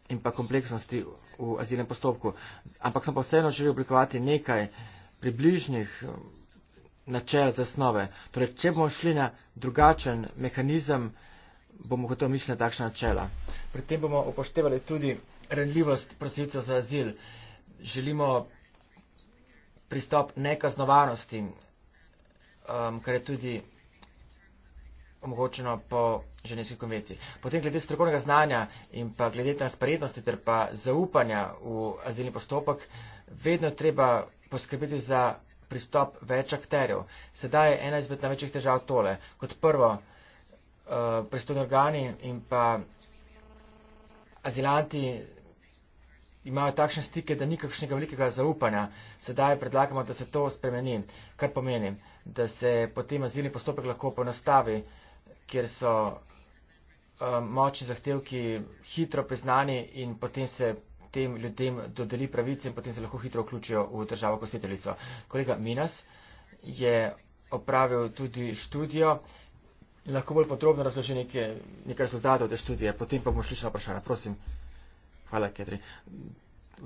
in pa kompleksnosti v azilnem postopku, ampak smo pa vseeno želeli oblikovati nekaj približnih um, načel zasnove. Torej, če bomo šli na drugačen mehanizem, bomo hotel misliti na takšna načela. Pri tem bomo upoštevali tudi renljivost prosilcev za azil. Želimo pristop nekaznovanosti, um, kar je tudi omogočeno po ženevski konvenciji. Potem glede strokovnega znanja in pa glede transparentnosti ter pa zaupanja v azilni postopek, vedno treba poskrbeti za pristop več akterjev. Sedaj je ena izmed največjih težav tole. Kot prvo, uh, pristojni organi in pa azilanti imajo takšne stike, da ni kakšnega velikega zaupanja. Sedaj predlagamo, da se to spremeni, kar pomeni, da se potem azilni postopek lahko ponastavi, kjer so uh, močni zahtevki hitro priznani in potem se tem ljudem dodeli pravice in potem se lahko hitro vključijo v državo gostiteljico. Kolega Minas je opravil tudi študijo, lahko bolj podrobno razloži nekaj rezultatov te študije, potem pa bomo šli še na vprašanje. Prosim. Hvala, Ketri.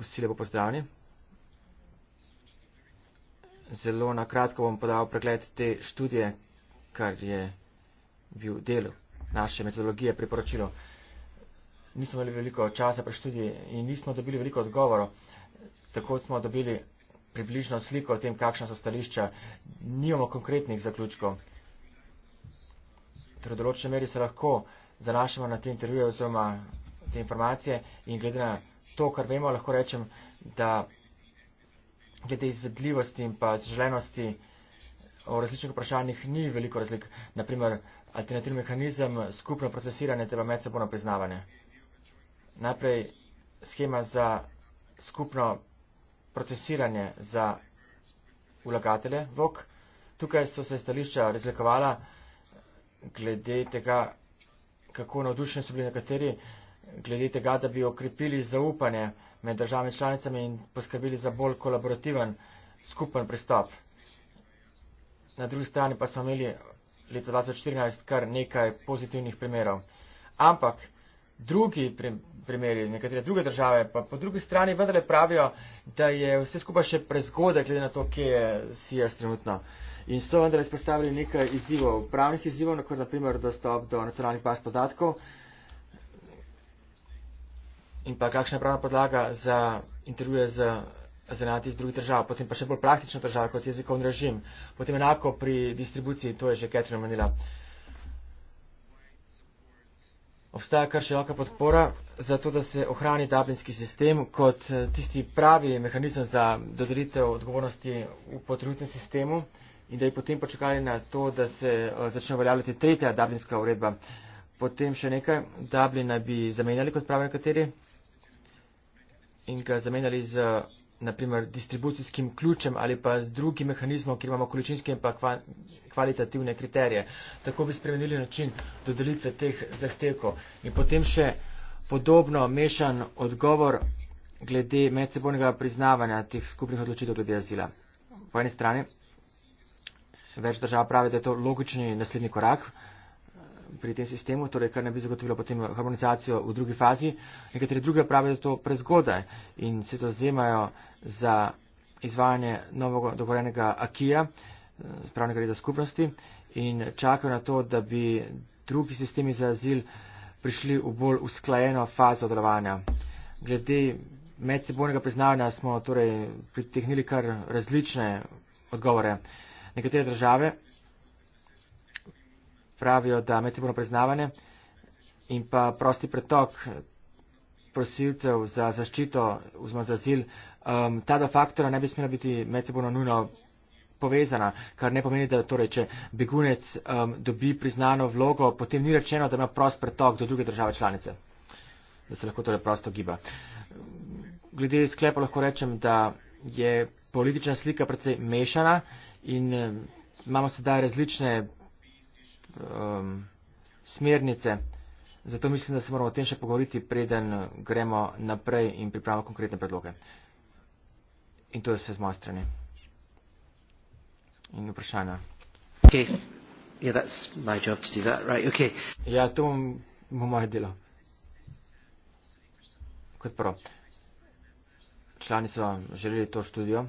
Vsi lepo pozdravljeni. Zelo nakratko bom podal pregled te študije, kar je bil del naše metodologije priporočilo. Nismo imeli veliko časa pri študiji in nismo dobili veliko odgovorov. Tako smo dobili približno sliko o tem, kakšna so stališča. Nimamo konkretnih zaključkov. Torej, določene meri se lahko zanašamo na te intervjuje oziroma te informacije in glede na to, kar vemo, lahko rečem, da glede izvedljivosti in pa zaželenosti o različnih vprašanjih ni veliko razlik. Naprimer, alternativni mehanizem, skupno procesiranje, teba med sabo priznavanje. Najprej schema za skupno procesiranje za vlagatelje VOK. Tukaj so se stališča razlikovala glede tega, kako navdušeni so bili nekateri glede tega, da bi okrepili zaupanje med državami članicami in poskrbili za bolj kolaborativen skupen pristop. Na drugi strani pa smo imeli leta 2014 kar nekaj pozitivnih primerov. Ampak drugi primeri, nekatere druge države pa po drugi strani vendarle pravijo, da je vse skupaj še prezgodaj glede na to, kje je Sija trenutno. In so vendarle izpostavili nekaj izzivov, pravnih izzivov, kot naprimer dostop do nacionalnih baz podatkov, in pa kakšna je pravna podlaga za intervjuje z zanati iz drugih držav, potem pa še bolj praktična država kot jezikovni režim, potem enako pri distribuciji, to je že Catherine omenila. Obstaja kar široka podpora za to, da se ohrani dublinski sistem kot eh, tisti pravi mehanizem za dodelitev odgovornosti v potrebnem sistemu in da je potem počakali na to, da se eh, začne uveljavljati tretja dublinska uredba. Potem še nekaj, Dublin naj bi zamenjali kot pravi nekateri in ga zamenjali z naprimer distribucijskim ključem ali pa z drugim mehanizmom, kjer imamo količinske in pa kva, kvalitativne kriterije. Tako bi spremenili način dodelitve teh zahtevkov. In potem še podobno mešan odgovor glede medsebojnega priznavanja teh skupnih odločitev glede azila. Po eni strani več država pravi, da je to logični naslednji korak pri tem sistemu, torej kar ne bi zagotovilo potem harmonizacijo v drugi fazi. Nekatere druge pravijo, da je to prezgodaj in se zauzemajo za izvajanje novega dogovorenega akija, eh, pravnega reda skupnosti in čakajo na to, da bi drugi sistemi za azil prišli v bolj usklajeno fazo delovanja. Glede medsebojnega priznavanja smo torej pritehnili kar različne odgovore. Nekatere države pravijo, da medsebojno priznavanje in pa prosti pretok prosilcev za zaščito oziroma za zil, um, ta dva faktora ne bi smela biti medsebojno nujno povezana, kar ne pomeni, da torej, če begunec um, dobi priznano vlogo, potem ni rečeno, da ima prost pretok do druge države članice, da se lahko torej prosto giba. Glede sklepa lahko rečem, da je politična slika predvsej mešana in um, imamo sedaj različne um, smernice. Zato mislim, da se moramo o tem še pogovoriti, preden gremo naprej in pripravimo konkretne predloge. In to je vse z moje strani. In vprašanja. Okay. Yeah, that's my job to do that, right? Okay. Ja, to bom, bom moje delo. Kot prvo, člani so želeli to študijo.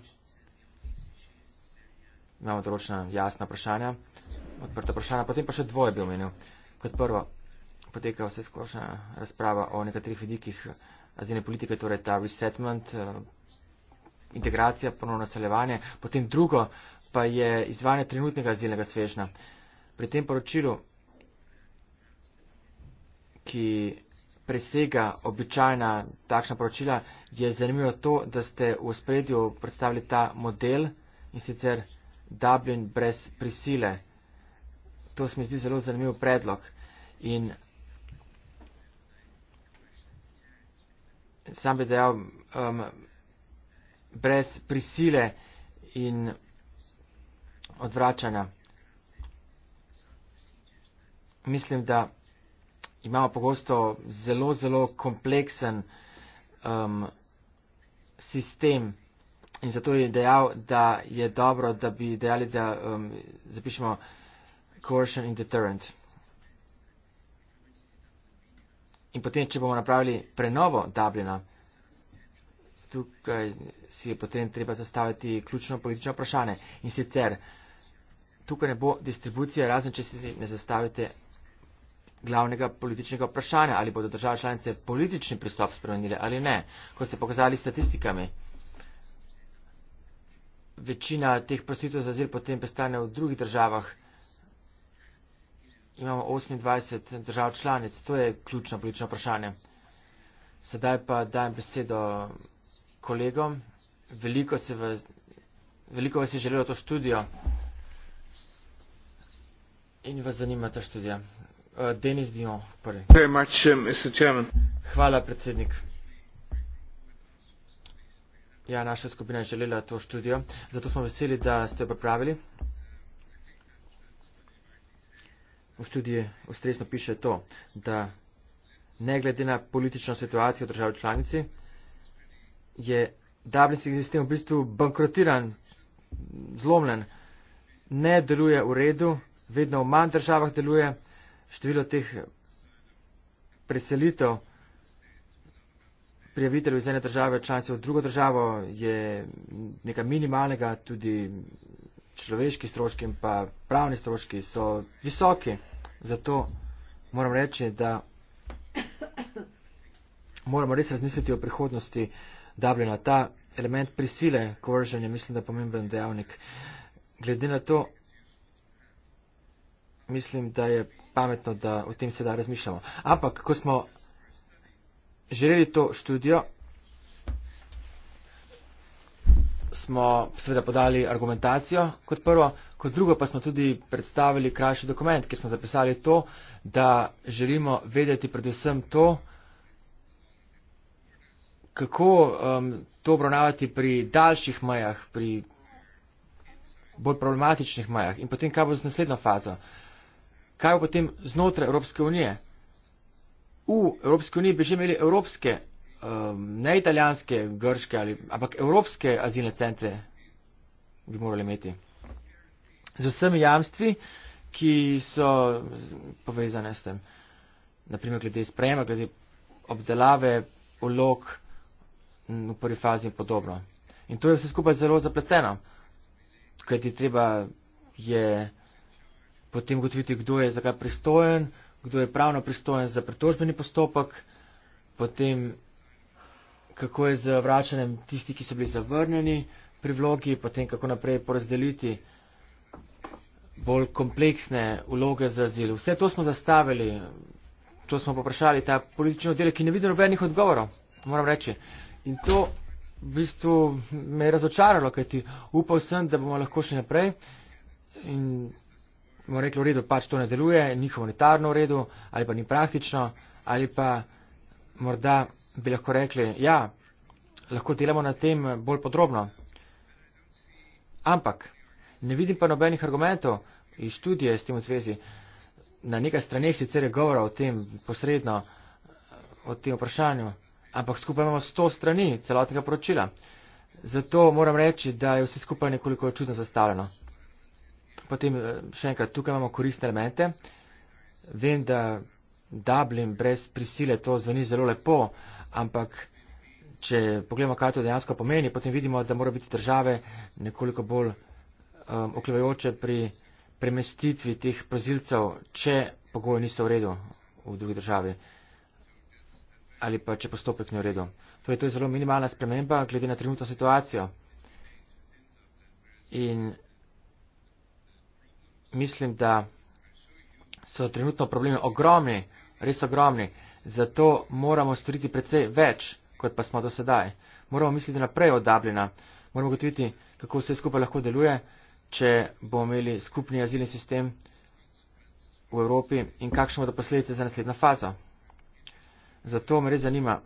Imamo določena jasna vprašanja odprta vprašanja. Potem pa še dvoje bi omenil. Kot prvo, poteka vse skošna razprava o nekaterih vidikih azilne politike, torej ta resettlement, eh, integracija, ponovno naseljevanje. Potem drugo pa je izvajanje trenutnega azilnega svežna. Pri tem poročilu, ki presega običajna takšna poročila, je zanimivo to, da ste v spredju predstavili ta model in sicer Dublin brez prisile to se mi zdi zelo zanimiv predlog. In sam bi dejal, um, brez prisile in odvračanja. Mislim, da imamo pogosto zelo, zelo kompleksen um, sistem in zato je dejal, da je dobro, da bi dejali, da um, zapišemo coercion in deterrent. In potem, če bomo napravili prenovo Dublina, tukaj si je potem treba zastaviti ključno politično vprašanje. In sicer, tukaj ne bo distribucije, razen če si ne zastavite glavnega političnega vprašanja, ali bodo države članice politični pristop spremenile ali ne. Ko ste pokazali statistikami, večina teh prositev za zir potem prestane v drugih državah imamo 28 držav članic. To je ključno politično vprašanje. Sedaj pa dajem besedo kolegom. Veliko, se v, veliko vas je želelo to študijo in vas zanima ta študija. Eh, Denis Dion, prvi. Eh, Hvala, predsednik. Ja, naša skupina je želela to študijo, zato smo veseli, da ste jo pripravili v študiji ustrezno piše to, da ne glede na politično situacijo v državi članici, je dublinski sistem v bistvu bankrotiran, zlomljen, ne deluje v redu, vedno v manj državah deluje, število teh preselitev prijaviteljev iz ene države članice v drugo državo je nekaj minimalnega, tudi človeški stroški in pa pravni stroški so visoki. Zato moram reči, da moramo res razmisliti o prihodnosti Dublina. Ta element prisile, coercion je mislim, da pomemben dejavnik. Glede na to, mislim, da je pametno, da o tem sedaj razmišljamo. Ampak, ko smo želeli to študijo, smo seveda podali argumentacijo kot prvo, kot drugo pa smo tudi predstavili krajši dokument, kjer smo zapisali to, da želimo vedeti predvsem to, kako um, to obravnavati pri daljših mejah, pri bolj problematičnih mejah in potem, kaj bo z naslednjo fazo. Kaj bo potem znotraj Evropske unije? V Evropski uniji bi že imeli evropske Um, ne italijanske, grške, ali, ampak evropske azilne centre bi morali imeti. Z vsemi jamstvi, ki so povezane s tem. Naprimer, glede sprejema, glede obdelave, ulog mm, v prvi fazi in podobno. In to je vse skupaj zelo zapleteno, kaj ti treba je potem gotoviti, kdo je za kaj pristojen, kdo je pravno pristojen za pritožbeni postopek, potem kako je z vračanjem tisti, ki so bili zavrnjeni pri vlogi, potem kako naprej porazdeliti bolj kompleksne vloge za azil. Vse to smo zastavili, to smo poprašali, ta politična oddelek, ki ne vidi nobenih odgovorov, moram reči. In to v bistvu me je razočaralo, kajti upal sem, da bomo lahko šli naprej in bomo rekli, v redu, pač to ne deluje, ni humanitarno v redu, ali pa ni praktično, ali pa morda bi lahko rekli, ja, lahko delamo na tem bolj podrobno. Ampak, ne vidim pa nobenih argumentov iz študije s tem v zvezi. Na nekaj straneh sicer je govora o tem posredno, o tem vprašanju, ampak skupaj imamo sto strani celotnega poročila. Zato moram reči, da je vse skupaj nekoliko čudno zastavljeno. Potem eh, še enkrat, tukaj imamo koristne elemente. Vem, da Dublin brez prisile, to zveni zelo lepo, ampak če pogledamo, kaj to dejansko pomeni, potem vidimo, da morajo biti države nekoliko bolj um, oklevajoče pri premestitvi teh prozilcev, če pogoji niso v redu v drugi državi ali pa če postopek ni v redu. Torej, to je zelo minimalna sprememba glede na trenutno situacijo. In mislim, da so trenutno problemi ogromni res ogromni, zato moramo storiti precej več, kot pa smo do sedaj. Moramo misliti naprej od Dublina, moramo gotoviti, kako vse skupaj lahko deluje, če bomo imeli skupni azilni sistem v Evropi in kakšne bodo posledice za naslednjo fazo. Zato me res zanima,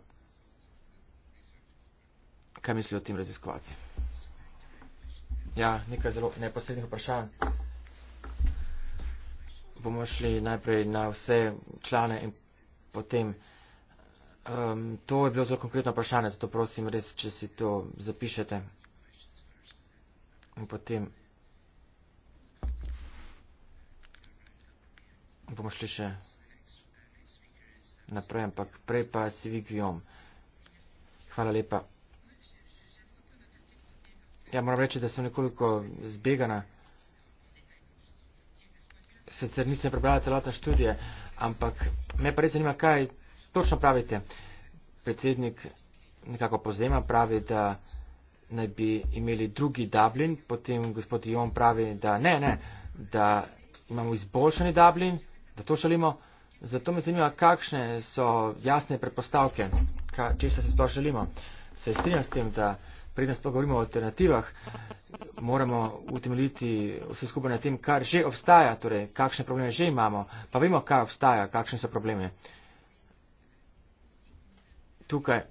kaj mislijo o tem raziskovalci. Ja, nekaj zelo neposrednih vprašanj bomo šli najprej na vse člane in potem. Um, to je bilo zelo konkretno vprašanje, zato prosim res, če si to zapišete. In potem bomo šli še naprej, ampak prej pa si vigvijom. Hvala lepa. Ja, moram reči, da sem nekoliko zbegana sicer nisem prebrala celotne študije, ampak me pa res zanima, kaj točno pravite. Predsednik nekako pozema, pravi, da naj bi imeli drugi Dublin, potem gospod Jon pravi, da ne, ne, da imamo izboljšani Dublin, da to želimo. Zato me zanima, kakšne so jasne predpostavke, česa se sploh želimo. Se strinjam s tem, da prednost govorimo o alternativah, moramo utemeljiti vse skupaj na tem, kar že obstaja, torej kakšne probleme že imamo, pa vemo, kaj obstaja, kakšne so probleme. Tukaj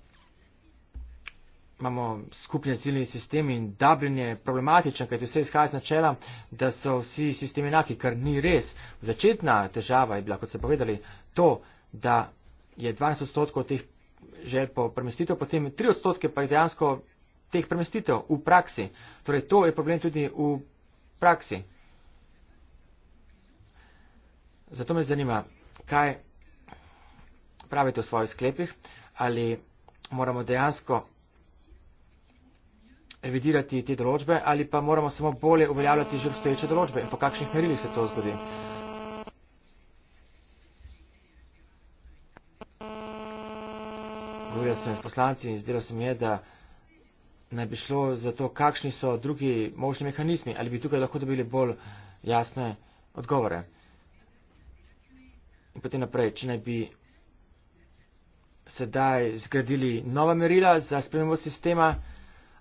imamo skupne zilni sistemi in Dublin je problematičen, kajti vse izhaja z načela, da so vsi sistemi enaki, kar ni res. Začetna težava je bila, kot ste povedali, to, da je 12 odstotkov teh žel po premestitev, potem 3 odstotke pa je dejansko teh premestitev v praksi. Torej, to je problem tudi v praksi. Zato me zanima, kaj pravite v svojih sklepih, ali moramo dejansko revidirati te določbe ali pa moramo samo bolje uveljavljati že obstoječe določbe in po kakšnih merilih se to zgodi. Govoril sem s poslanci in zdelo se mi je, da naj bi šlo za to, kakšni so drugi možni mehanizmi, ali bi tukaj lahko dobili bolj jasne odgovore. In potem naprej, če naj bi sedaj zgradili nova merila za spremembo sistema,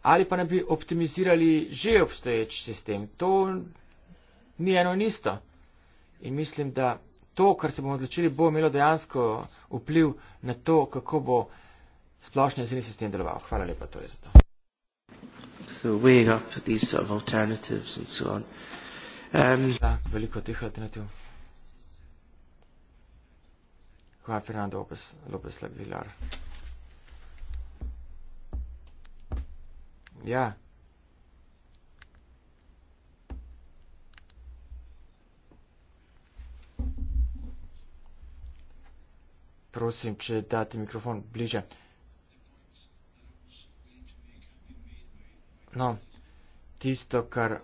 ali pa naj bi optimizirali že obstoječ sistem. To ni eno in isto. In mislim, da to, kar se bomo odločili, bo imelo dejansko vpliv na to, kako bo splošni jezni sistem deloval. Hvala lepa torej za to so weighing up these sort of alternatives and so on. Um, da, ja, veliko teh alternativ. Hvala, Fernando Lopez, Lopez Lavilar. Ja. Prosim, če date mikrofon bliže. no, tisto, kar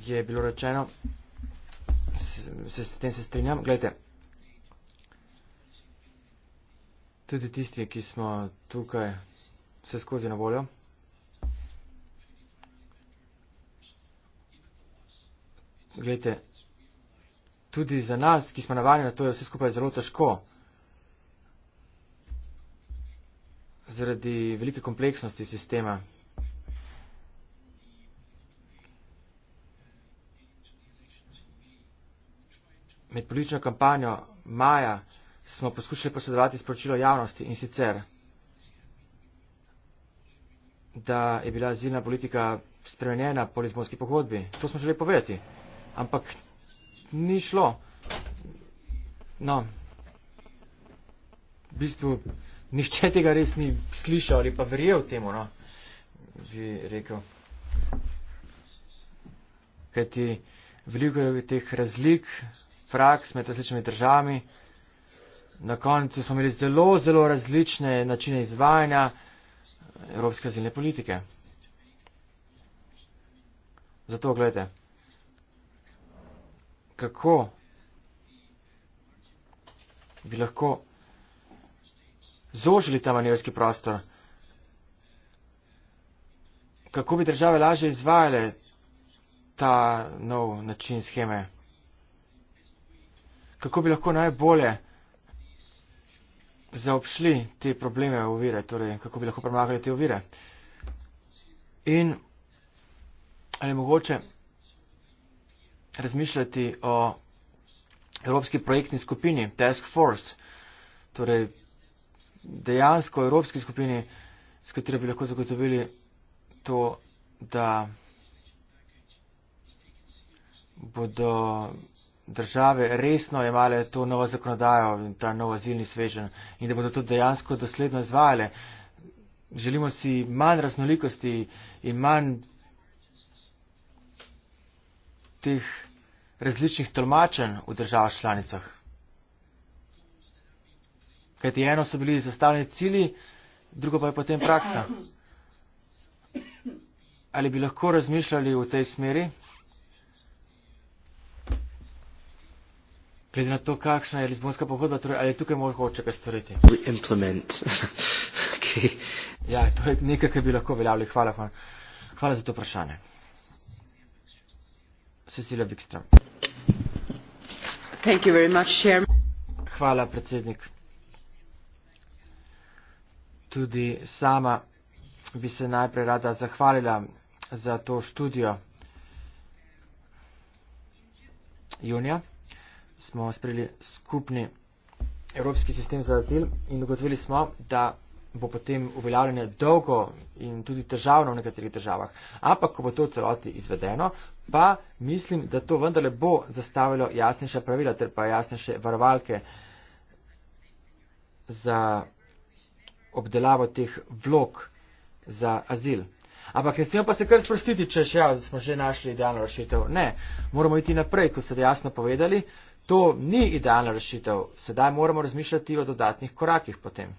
je bilo rečeno, se s tem se strinjam. Glejte, tudi tisti, ki smo tukaj vse skozi na voljo, glejte, tudi za nas, ki smo navajeni na to, je vse skupaj zelo težko. zaradi velike kompleksnosti sistema. Med politično kampanjo maja smo poskušali posredovati sporočilo javnosti in sicer, da je bila zilna politika spremenjena po lizbonski pogodbi. To smo želeli povedati, ampak ni šlo. No, v bistvu nihče tega res ni slišal ali pa verjel temu, no, bi rekel. Kajti veliko je teh razlik, praks med različnimi državami. Na koncu smo imeli zelo, zelo različne načine izvajanja evropske zelene politike. Zato gledajte, kako bi lahko zožili ta manevrski prostor, kako bi države lažje izvajale ta nov način scheme, kako bi lahko najbolje zaobšli te probleme, ovire, torej kako bi lahko premagali te ovire. In ali je mogoče razmišljati o evropski projektni skupini, Task Force, torej dejansko Evropski skupini, s katero bi lahko zagotovili to, da bodo države resno imale to novo zakonodajo in ta novo azilni svežen in da bodo to dejansko dosledno izvajale. Želimo si manj raznolikosti in manj teh različnih tolmačenj v državah članicah. Kajti eno so bili zastavljeni cili, drugo pa je potem praksa. Ali bi lahko razmišljali v tej smeri? Glede na to, kakšna je Lizbonska pogodba, torej ali je tukaj možno oče kaj storiti? *laughs* okay. Ja, torej nekaj, kar bi lahko veljavili. Hvala, hvala. hvala za to vprašanje. Cecilia Wikström. Hvala, predsednik tudi sama bi se najprej rada zahvalila za to študijo. Junija smo sprejeli skupni evropski sistem za azil in ugotovili smo, da bo potem uveljavljanje dolgo in tudi težavno v nekaterih državah. Ampak, ko bo to celoti izvedeno, pa mislim, da to vendarle bo zastavilo jasnejša pravila ter pa jasnejše varovalke za obdelavo teh vlog za azil. Ampak ne smemo pa se kar sprostiti, če še, ja, smo že našli idealno rešitev. Ne, moramo iti naprej, kot ste jasno povedali, to ni idealna rešitev. Sedaj moramo razmišljati o dodatnih korakih potem.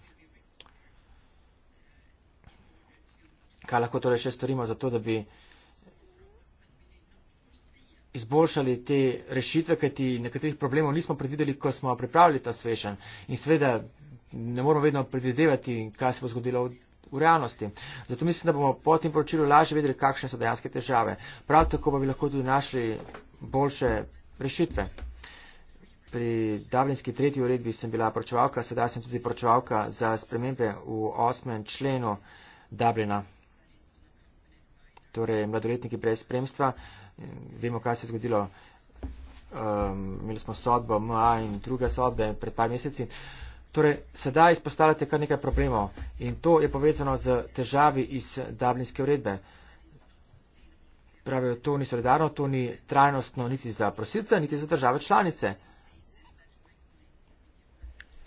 Kaj lahko torej še storimo za to, da bi izboljšali te rešitve, kajti nekaterih problemov nismo predvideli, ko smo pripravili ta svešen. In sveda ne moramo vedno predvidevati, kaj se bo zgodilo v, v realnosti. Zato mislim, da bomo po tem poročilu lažje vedeli, kakšne so dejanske težave. Prav tako pa bi lahko tudi našli boljše rešitve. Pri Dublinski tretji uredbi sem bila poročevalka, sedaj sem tudi poročevalka za spremembe v osmem členu Dublina. Torej, mladoletniki brez spremstva, vemo, kaj se je zgodilo. Um, imeli smo sodbo MA in druge sodbe pred par meseci. Uh, Torej, sedaj izpostavljate kar nekaj problemov in to je povezano z težavi iz Dablinske uredbe. Pravijo, to ni solidarno, to ni trajnostno niti za prosilce, niti za države članice.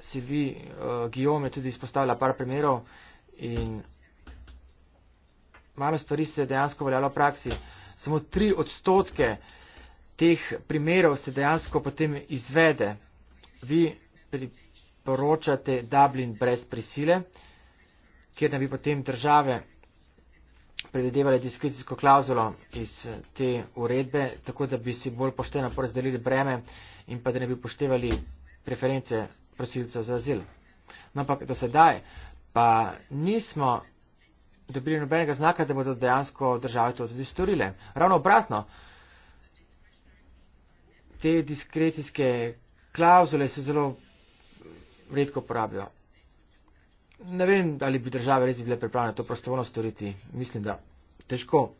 Si vi, uh, Guillaume, tudi izpostavila par primerov in malo stvari se je dejansko veljalo v praksi. Samo tri odstotke teh primerov se dejansko potem izvede. Vi pri sporočate Dublin brez prisile, kjer naj bi potem države predvidevali diskrecijsko klauzulo iz te uredbe, tako da bi si bolj pošteno porazdelili breme in pa da ne bi poštevali preference prosilcev za azil. No, ampak do sedaj pa nismo dobili nobenega znaka, da bodo dejansko države to tudi storile. Ravno obratno, te diskrecijske klauzule so zelo redko porabijo. Ne vem, ali bi države res bile pripravljene to prostovoljno storiti. Mislim, da težko.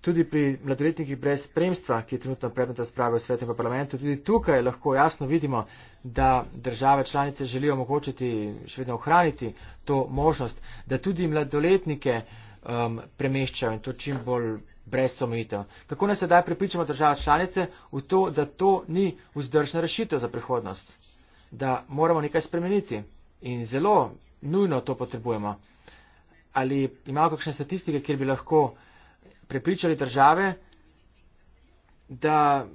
Tudi pri mladoletnikih brez spremstva, ki je trenutno predmet razprave v svetem parlamentu, tudi tukaj lahko jasno vidimo, da države članice želijo omogočiti, še vedno ohraniti to možnost, da tudi mladoletnike um, premeščajo in to čim bolj brez omejitev. Kako naj sedaj pripričamo države članice v to, da to ni vzdržna rešitev za prihodnost? da moramo nekaj spremeniti in zelo nujno to potrebujemo. Ali imamo kakšne statistike, kjer bi lahko prepričali države, da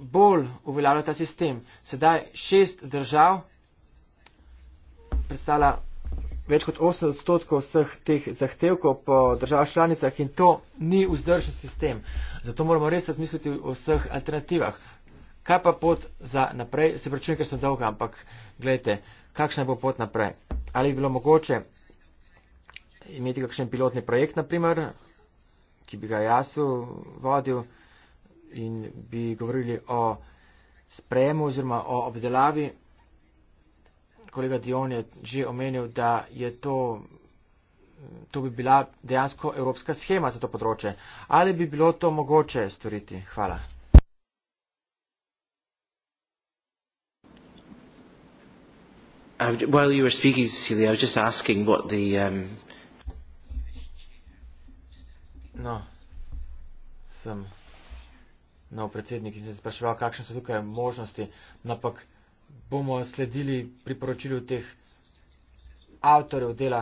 bolj uveljavlja ta sistem. Sedaj šest držav predstavlja več kot 80 odstotkov vseh teh zahtevkov po državah članicah in to ni vzdržen sistem. Zato moramo res razmisliti o vseh alternativah kaj pa pot za naprej, se pričujem, ker sem dolg, ampak gledajte, kakšna bo pot naprej. Ali bi bilo mogoče imeti kakšen pilotni projekt, naprimer, ki bi ga jaz vodil in bi govorili o sprejemu oziroma o obdelavi. Kolega Dion je že omenil, da je to, to bi bila dejansko evropska schema za to področje. Ali bi bilo to mogoče storiti? Hvala. I, while you were speaking, Cecilia, I was just asking what the... Um, no. Sem nov predsednik in se spraševal, kakšne so tukaj možnosti, napak bomo sledili priporočilju teh avtorjev dela.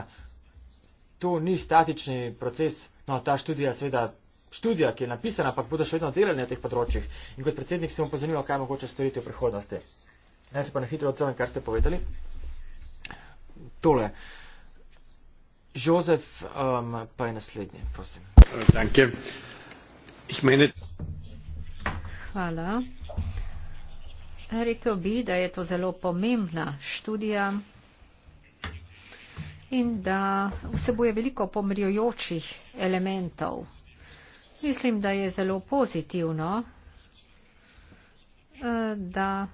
To ni statični proces, no, ta študija, seveda, študija, ki je napisana, ampak bodo še vedno delali na teh področjih. In kot predsednik sem vam pozanimal, kaj mogoče storiti v prihodnosti. Naj se pa na hitro odzovem, kar ste povedali tole. Jozef, um, pa je naslednji, prosim. Uh, meine... Hvala. Rekel bi, da je to zelo pomembna študija in da vsebuje veliko pomirjujočih elementov. Mislim, da je zelo pozitivno, eh, da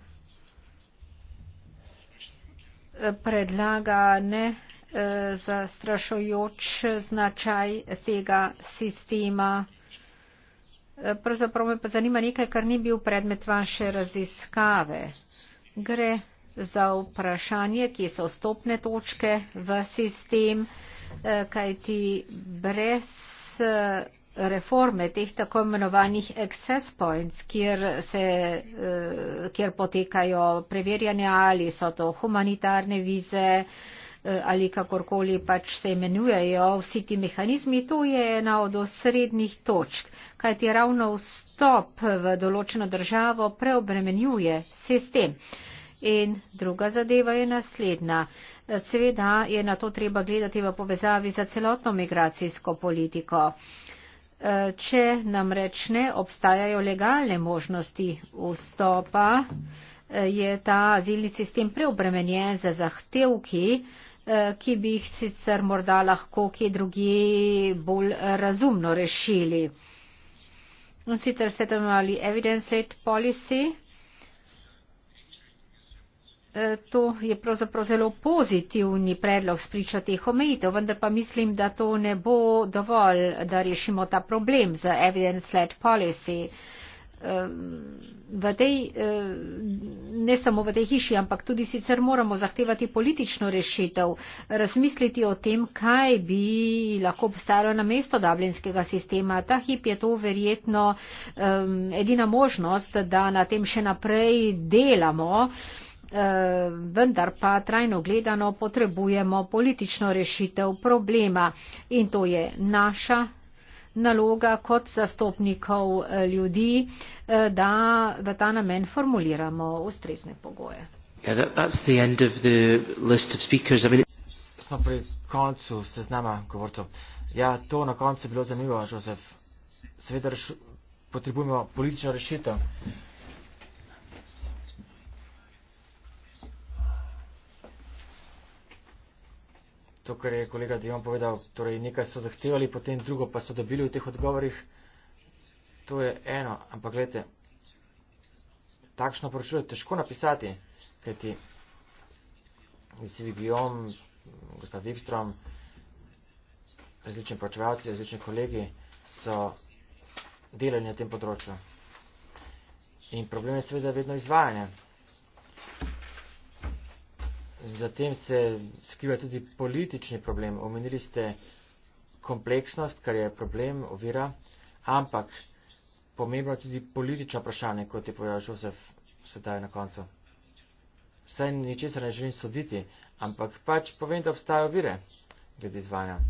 predlaga ne eh, zastrašujoč značaj tega sistema. Eh, pravzaprav me pa zanima nekaj, kar ni bil predmet vaše raziskave. Gre za vprašanje, kje so vstopne točke v sistem, eh, kajti brez reforme teh tako imenovanih access points, kjer, se, eh, kjer potekajo preverjanja, ali so to humanitarne vize eh, ali kakorkoli pač se imenujejo vsi ti mehanizmi, to je ena od osrednjih točk, kajti ravno vstop v določeno državo preobremenjuje sistem. In druga zadeva je naslednja. Seveda je na to treba gledati v povezavi za celotno migracijsko politiko če namreč ne obstajajo legalne možnosti vstopa, je ta azilni sistem preobremenjen za zahtevki, ki bi jih sicer morda lahko kje drugi bolj razumno rešili. In sicer Settlement Evidence Rate Policy E, to je pravzaprav zelo pozitivni predlog spriča teh omejitev, vendar pa mislim, da to ne bo dovolj, da rešimo ta problem z evidence-led policy. E, v tej, e, ne samo v tej hiši, ampak tudi sicer moramo zahtevati politično rešitev, razmisliti o tem, kaj bi lahko obstajalo na mesto dablinskega sistema. Ta hip je to verjetno edina možnost, da na tem še naprej delamo. Eh, vendar pa trajno gledano potrebujemo politično rešitev problema in to je naša naloga kot zastopnikov eh, ljudi, eh, da v ta namen formuliramo ustrezne pogoje. Smo pri koncu seznama govorcev. Ja, to na koncu je bilo zanimivo, Žozef. Seveda potrebujemo politično rešitev. to, kar je kolega Dion povedal, torej nekaj so zahtevali, potem drugo pa so dobili v teh odgovorih. To je eno, ampak gledajte, takšno poročilo je težko napisati, kajti mislim, bi Dion, gospod Wikstrom, različni poročevalci, različni kolegi so delali na tem področju. In problem je seveda vedno izvajanje za tem se skriva tudi politični problem. Omenili ste kompleksnost, kar je problem, ovira, ampak pomembno je tudi politično vprašanje, kot je povedal Žosef sedaj na koncu. Saj ničesar ne želim soditi, ampak pač povem, da obstajajo vire glede izvajanja.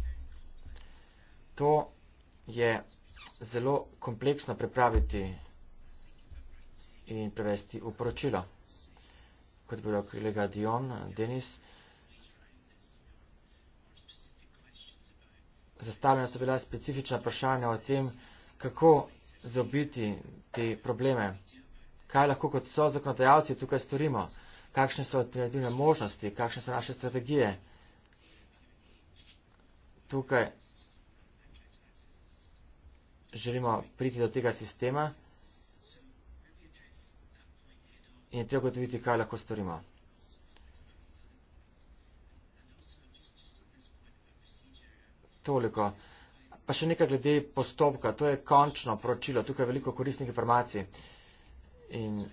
To je zelo kompleksno prepraviti in prevesti v poročilo kot je bilo kolega Dion, Denis. Zastavljena so bila specifična vprašanja o tem, kako zobiti te probleme, kaj lahko kot so zakonodajalci tukaj storimo, kakšne so alternativne možnosti, kakšne so naše strategije. Tukaj želimo priti do tega sistema in je treba gotoviti, kaj lahko storimo. Toliko. Pa še nekaj glede postopka. To je končno poročilo. Tukaj je veliko koristnih informacij. In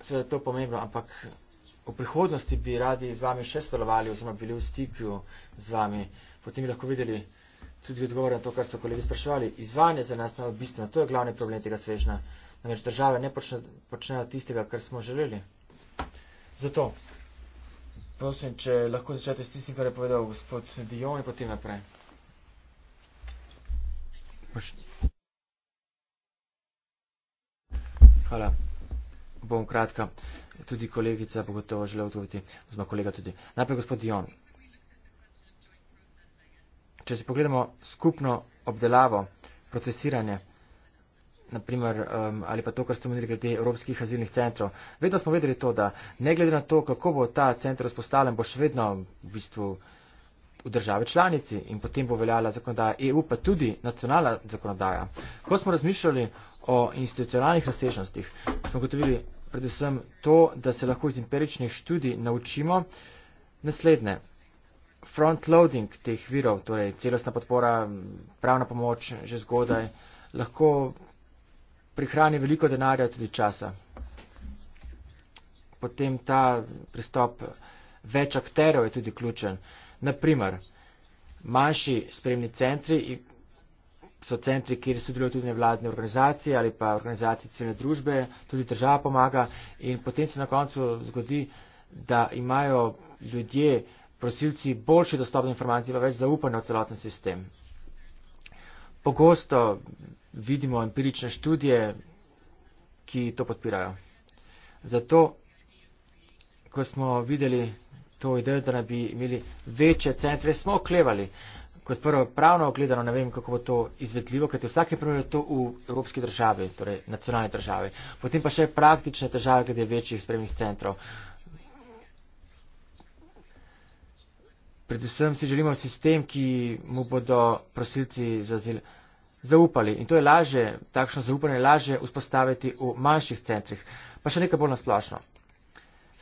seveda je to pomembno, ampak v prihodnosti bi radi z vami še sodelovali oziroma bili v stiku z vami. Potem bi lahko videli tudi odgovore na to, kar so kolegi spraševali. Izvanje za nas je bistveno. To je glavni problem tega svežna namreč države ne počne, počnejo tistega, kar smo želeli. Zato, prosim, če lahko začnete s tistim, kar je povedal gospod Dion in potem naprej. Hvala. Bom kratka. Tudi kolegica bo gotovo želela odgovoriti, zma kolega tudi. Najprej gospod Dion. Če si pogledamo skupno obdelavo, procesiranje, naprimer, um, ali pa to, kar ste omenili glede evropskih azilnih centrov. Vedno smo vedeli to, da ne glede na to, kako bo ta center vzpostavljen, bo še vedno v bistvu v državi članici in potem bo veljala zakonodaja EU, pa tudi nacionalna zakonodaja. Ko smo razmišljali o institucionalnih razsežnostih, smo gotovili predvsem to, da se lahko iz imperičnih študij naučimo naslednje. Front loading teh virov, torej celostna podpora, pravna pomoč že zgodaj, lahko prihrani veliko denarja tudi časa. Potem ta pristop več akterov je tudi ključen. Naprimer, manjši spremni centri so centri, kjer sodelujo tudi nevladne organizacije ali pa organizacije civilne družbe, tudi država pomaga in potem se na koncu zgodi, da imajo ljudje, prosilci, boljši dostop do informacij, pa več zaupanja v celoten sistem pogosto vidimo empirične študije, ki to podpirajo. Zato, ko smo videli to idejo, da bi imeli večje centre, smo oklevali. Kot prvo pravno ogledano, ne vem, kako bo to izvedljivo, kajte vsake primere to v evropski državi, torej nacionalni državi. Potem pa še praktične države, glede večjih spremnih centrov. Predvsem si želimo sistem, ki mu bodo prosilci za zelo zaupali. In to je laže, takšno zaupanje laže vzpostaviti v manjših centrih. Pa še nekaj bolj nasplošno.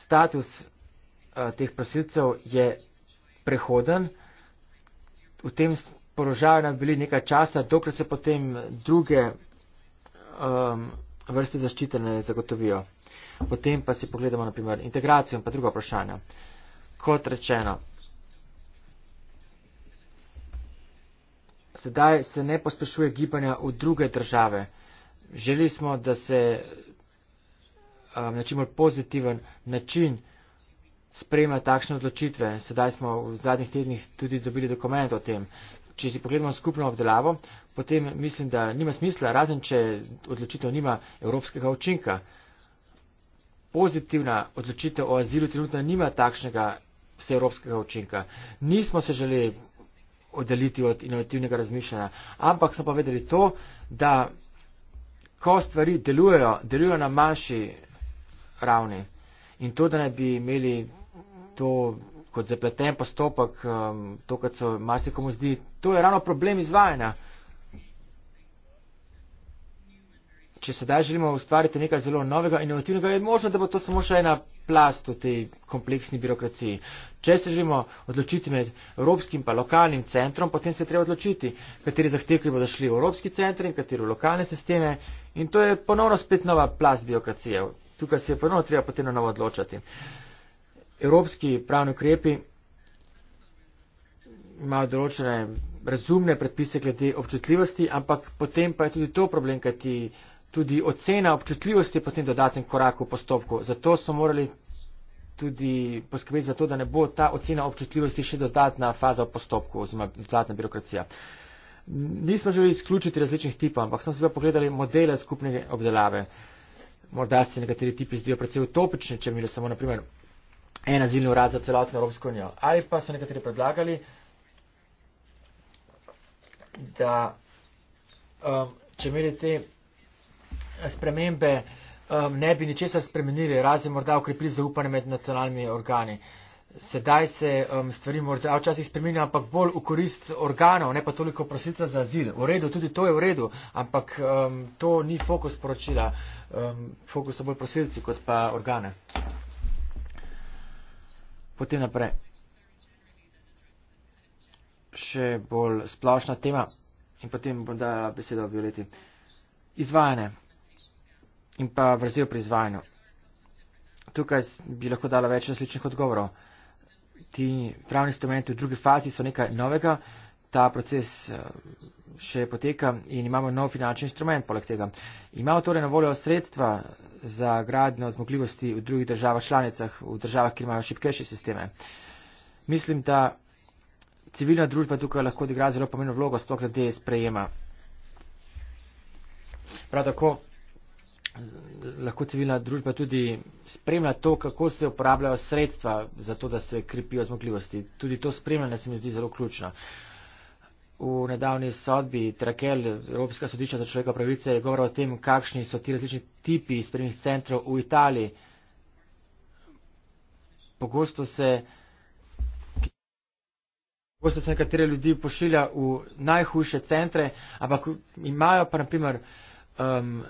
Status uh, teh prosilcev je prehoden. V tem porožaju nam bili nekaj časa, dokler se potem druge um, vrste zaščite ne zagotovijo. Potem pa si pogledamo, naprimer, integracijo in pa druga vprašanja. Kot rečeno, sedaj se ne pospešuje gibanja v druge države. Želi smo, da se um, na čim bolj pozitiven način sprejema takšne odločitve. Sedaj smo v zadnjih tednih tudi dobili dokument o tem. Če si pogledamo skupno obdelavo, potem mislim, da nima smisla, razen če odločitev nima evropskega učinka. Pozitivna odločitev o azilu trenutno nima takšnega vseevropskega učinka. Nismo se želeli oddaliti od inovativnega razmišljanja. Ampak so pa vedeli to, da ko stvari delujejo, delujejo na manjši ravni. In to, da ne bi imeli to kot zapleten postopek, um, to, kar se marsikomu zdi, to je ravno problem izvajanja. če sedaj želimo ustvariti nekaj zelo novega, inovativnega, je možno, da bo to samo še ena plast v tej kompleksni birokraciji. Če se želimo odločiti med evropskim pa lokalnim centrom, potem se je treba odločiti, kateri zahtevki bodo šli v evropski center in kateri v lokalne sisteme. In to je ponovno spet nova plast birokracije. Tukaj se je ponovno treba potem na novo odločati. Evropski pravni ukrepi imajo določene razumne predpise glede občutljivosti, ampak potem pa je tudi to problem, kaj ti tudi ocena občutljivosti potem dodaten korak v postopku. Zato so morali tudi poskrbeti za to, da ne bo ta ocena občutljivosti še dodatna faza v postopku oziroma dodatna birokracija. Nismo želeli izključiti različnih tipov, ampak smo seveda pogledali modele skupne obdelave. Morda se nekateri tipi zdijo predvsej utopični, če bi imeli samo naprimer en azilni urad za celotno Evropsko unijo. Ali pa so nekateri predlagali, da um, če imeli te spremembe um, ne bi ničesar spremenili, razen morda ukrepili zaupanje med nacionalnimi organi. Sedaj se um, stvari morda včasih spremenijo, ampak bolj v korist organov, ne pa toliko prosilca za azil. V redu, tudi to je v redu, ampak um, to ni fokus poročila. Um, fokus so bolj prosilci kot pa organe. Potem naprej. Še bolj splošna tema in potem bom dala besedo Violeti. Izvajanje in pa vrzel pri izvajanju. Tukaj bi lahko dala več različnih odgovorov. Ti pravni instrumenti v drugi fazi so nekaj novega, ta proces eh, še poteka in imamo nov finančni instrument poleg tega. Imamo torej na voljo sredstva za gradno zmogljivosti v drugih državah članicah, v državah, kjer imajo šipkejše sisteme. Mislim, da civilna družba tukaj lahko odigra zelo pomembno vlogo, sploh glede sprejema. Prav tako lahko civilna družba tudi spremlja to, kako se uporabljajo sredstva za to, da se krepijo zmogljivosti. Tudi to spremljanje se mi zdi zelo ključno. V nedavni sodbi Trakel, Evropska sodišča za človekove pravice, je govoril o tem, kakšni so ti različni tipi spremnih centrov v Italiji. Pogosto se, pogosto se nekatere ljudi pošilja v najhujše centre, ampak imajo pa naprimer um,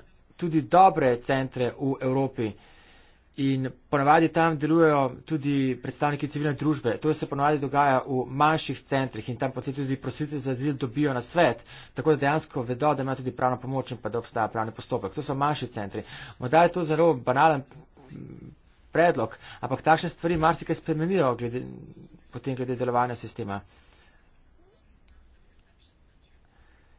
tudi dobre centre v Evropi. In ponavadi tam delujejo tudi predstavniki civilne družbe. To se ponavadi dogaja v manjših centrih in tam potem tudi prosilce za azil dobijo na svet, tako da dejansko vedo, da imajo tudi pravno pomoč in pa da obstaja pravni postopek. To so manjši centri. Morda je to zelo banalen predlog, ampak takšne stvari marsikaj spremenijo glede, potem glede delovanja sistema.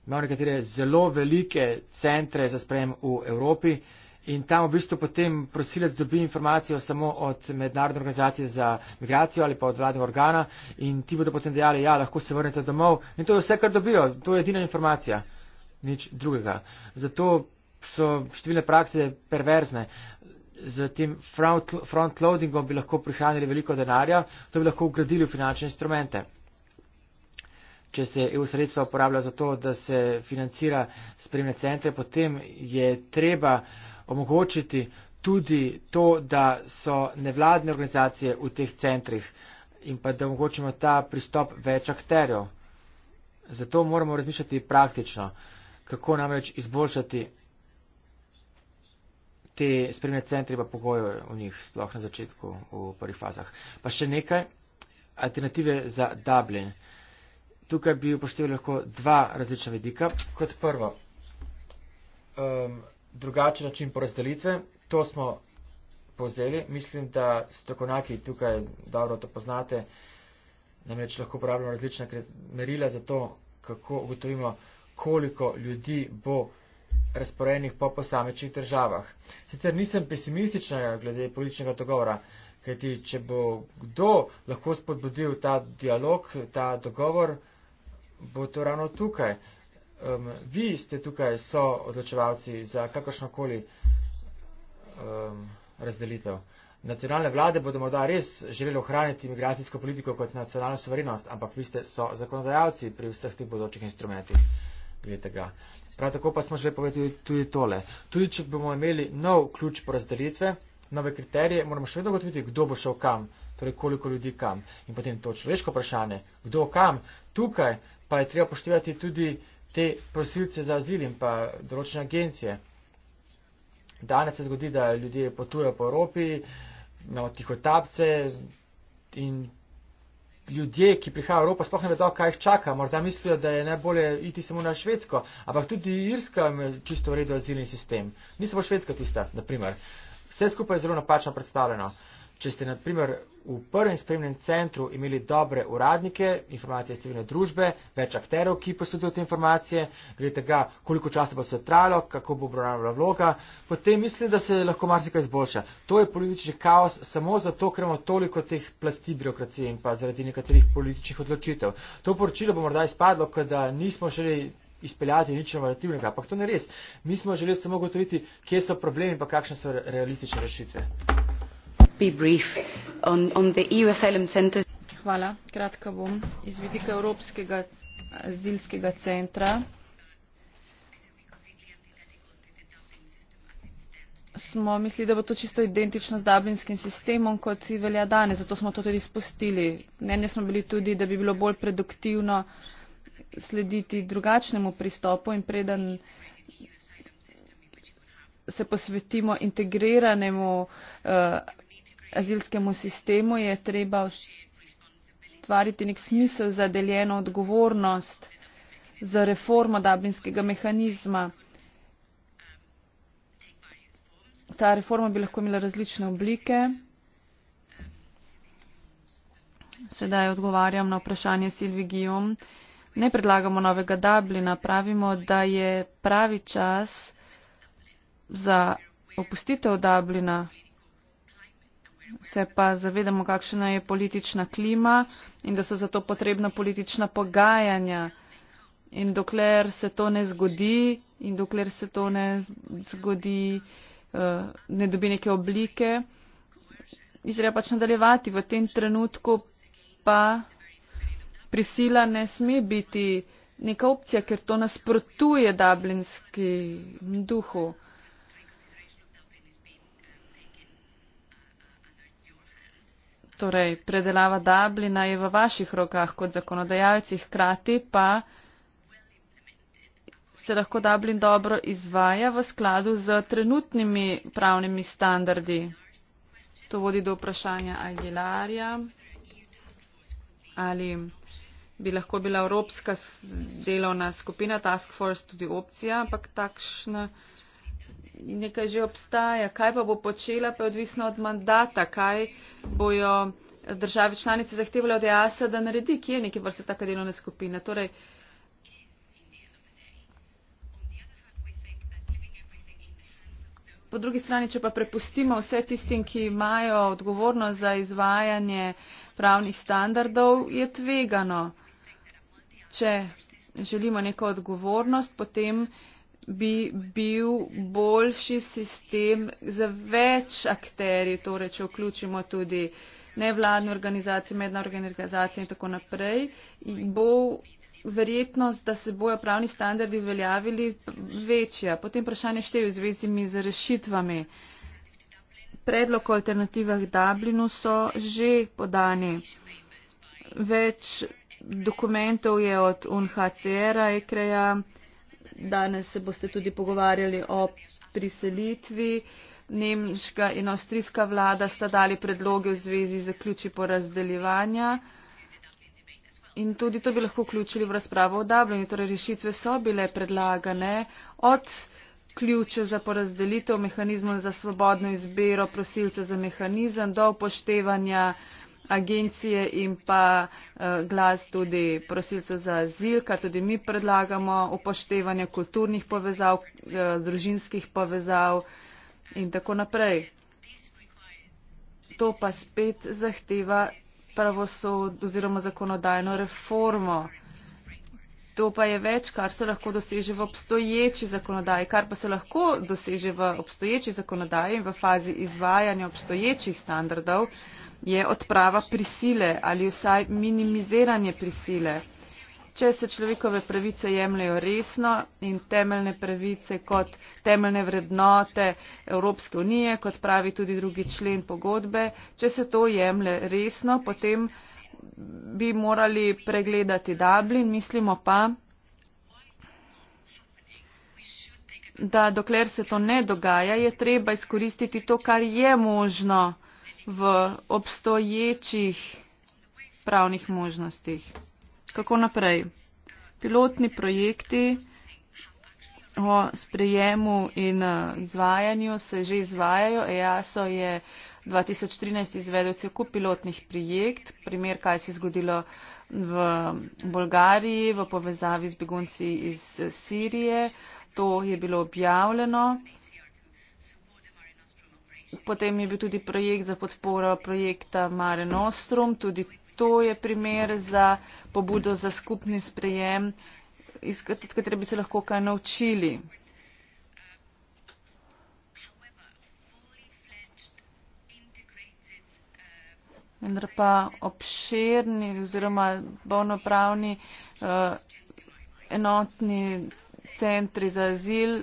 imel nekatere zelo velike centre za sprejem v Evropi in tam v bistvu potem prosilec dobi informacijo samo od mednarodne organizacije za migracijo ali pa od vladnega organa in ti bodo potem dejali, ja, lahko se vrnete domov in to je vse, kar dobijo, to je edina informacija, nič drugega. Zato so številne prakse perverzne. Z tem frontloadingom bi lahko prihranili veliko denarja, to bi lahko ugradili v finančne instrumente če se EU sredstva uporablja za to, da se financira spremne centre, potem je treba omogočiti tudi to, da so nevladne organizacije v teh centrih in pa da omogočimo ta pristop več akterjev. Zato moramo razmišljati praktično, kako namreč izboljšati te spremne centre pa pogoje v njih sploh na začetku v prvih fazah. Pa še nekaj, alternative za Dublin tukaj bi upoštevali lahko dva različna vidika. Kot prvo, um, drugačen način porazdelitve, to smo povzeli. Mislim, da strokovnjaki tukaj dobro to poznate, namreč lahko uporabljamo različna merila za to, kako ugotovimo, koliko ljudi bo razporejenih po posamečnih državah. Sicer nisem pesimistična glede političnega dogovora, kajti če bo kdo lahko spodbudil ta dialog, ta dogovor, bo to ravno tukaj. Um, vi ste tukaj so odločevalci za kakršnokoli um, razdelitev. Nacionalne vlade bodo morda res želeli ohraniti imigracijsko politiko kot nacionalno suverenost, ampak vi ste so zakonodajalci pri vseh teh bodočih instrumentih. Prav tako pa smo želeli povedati tudi tole. Tudi, če bomo imeli nov ključ porazdelitve, nove kriterije, moramo še vedno gotoviti, kdo bo šel kam, torej koliko ljudi kam. In potem to človeško vprašanje, kdo kam, tukaj pa je treba poštevati tudi te prosilce za azil in pa določene agencije. Danes se zgodi, da ljudje potujejo po Evropi, na no, tihotapce in ljudje, ki prihajajo v Evropo, sploh ne vedo, kaj jih čaka. Morda mislijo, da je najbolje iti samo na Švedsko, ampak tudi Irska ima čisto v redu azilni sistem. Ni samo Švedska tista, naprimer. Vse skupaj je zelo napačno predstavljeno. Uh, Če ste, na primer, v prvem spremljenem centru imeli dobre uradnike, informacije civilne družbe, več akterov, ki posodijo te informacije, glede tega, koliko časa bo se trajalo, kako bo obravnavala vloga, potem mislim, da se lahko marsikaj izboljša. To je politični kaos samo zato, ker imamo toliko teh plasti birokracije in pa zaradi nekaterih političnih odločitev. To poročilo bo morda izpadlo, ker nismo želeli izpeljati nič inovativnega, ampak to ni res. Mi smo želeli samo gotoviti, kje so problemi in kakšne so realistične rešitve. E kratka bom. z vidika evropskega azilskega centra smo mislili da bo to čisto identično z dublinskim sistemom kot velja danes zato smo to tudi izpustili. mnenja smo bili tudi da bi bilo bolj produktivno slediti drugačnemu pristopu in preden se posvetimo integriranemu eh, azilskemu sistemu, je treba ustvariti nek smisel za deljeno odgovornost za reformo dablinskega mehanizma. Ta reforma bi lahko imela različne oblike. Sedaj odgovarjam na vprašanje Silvi Gijom. Ne predlagamo novega Dublina, pravimo, da je pravi čas za opustitev Dublina, se pa zavedamo, kakšna je politična klima in da so zato potrebna politična pogajanja. In dokler se to ne zgodi in dokler se to ne zgodi, eh, ne dobi neke oblike, izreja pač nadaljevati. V tem trenutku pa prisila ne sme biti neka opcija, ker to nasprotuje dublinskim duhu. Torej, predelava Dublina je v vaših rokah kot zakonodajalcih, hkrati pa se lahko Dublin dobro izvaja v skladu z trenutnimi pravnimi standardi. To vodi do vprašanja Aguilarja, ali bi lahko bila Evropska delovna skupina, Task Force, tudi opcija, ampak takšna nekaj že obstaja. Kaj pa bo počela, pa je odvisno od mandata, kaj bojo države članice zahtevali od EASA, da naredi, kje je neke vrste taka delovna skupina. Torej, Po drugi strani, če pa prepustimo vse tistim, ki imajo odgovornost za izvajanje pravnih standardov, je tvegano. Če želimo neko odgovornost, potem bi bil boljši sistem za več akterjev, torej če vključimo tudi nevladne organizacije, mednarodne organizacije in tako naprej, in bo verjetnost, da se bojo pravni standardi veljavili večja. Potem vprašanje šteje v zvezi z rešitvami. Predlog o alternativah Dublinu so že podani. Več dokumentov je od UNHCR-a, EKR-a, Danes se boste tudi pogovarjali o priselitvi. Nemška in avstrijska vlada sta dali predloge v zvezi z ključi porazdeljevanja. In tudi to bi lahko vključili v razpravo o Dublinu. Torej, rešitve so bile predlagane od ključe za porazdelitev, mehanizmov za svobodno izbiro, prosilce za mehanizem, do upoštevanja agencije in pa eh, glas tudi prosilcev za azil, kar tudi mi predlagamo, upoštevanje kulturnih povezav, eh, družinskih povezav in tako naprej. To pa spet zahteva pravosod oziroma zakonodajno reformo. To pa je več, kar se lahko doseže v obstoječi zakonodaji. Kar pa se lahko doseže v obstoječi zakonodaji in v fazi izvajanja obstoječih standardov, je odprava prisile ali vsaj minimiziranje prisile. Če se človekove pravice jemljajo resno in temeljne pravice kot temeljne vrednote Evropske unije, kot pravi tudi drugi člen pogodbe, če se to jemlje resno, potem bi morali pregledati Dublin. Mislimo pa, da dokler se to ne dogaja, je treba izkoristiti to, kar je možno v obstoječih pravnih možnostih. Kako naprej? Pilotni projekti o sprejemu in eh, izvajanju se že izvajajo. EASO je uh, 2013 izvedel cel kup pilotnih projekt, primer, kaj se je zgodilo v Bolgariji v povezavi z begunci iz eh, Sirije. To je bilo objavljeno. Potem je bil tudi projekt za podporo projekta Mare Nostrum. Tudi to je primer za pobudo za skupni sprejem, iz katerega bi se lahko kaj naučili. vendar pa obširni oziroma bolnopravni uh, eh, enotni centri za azil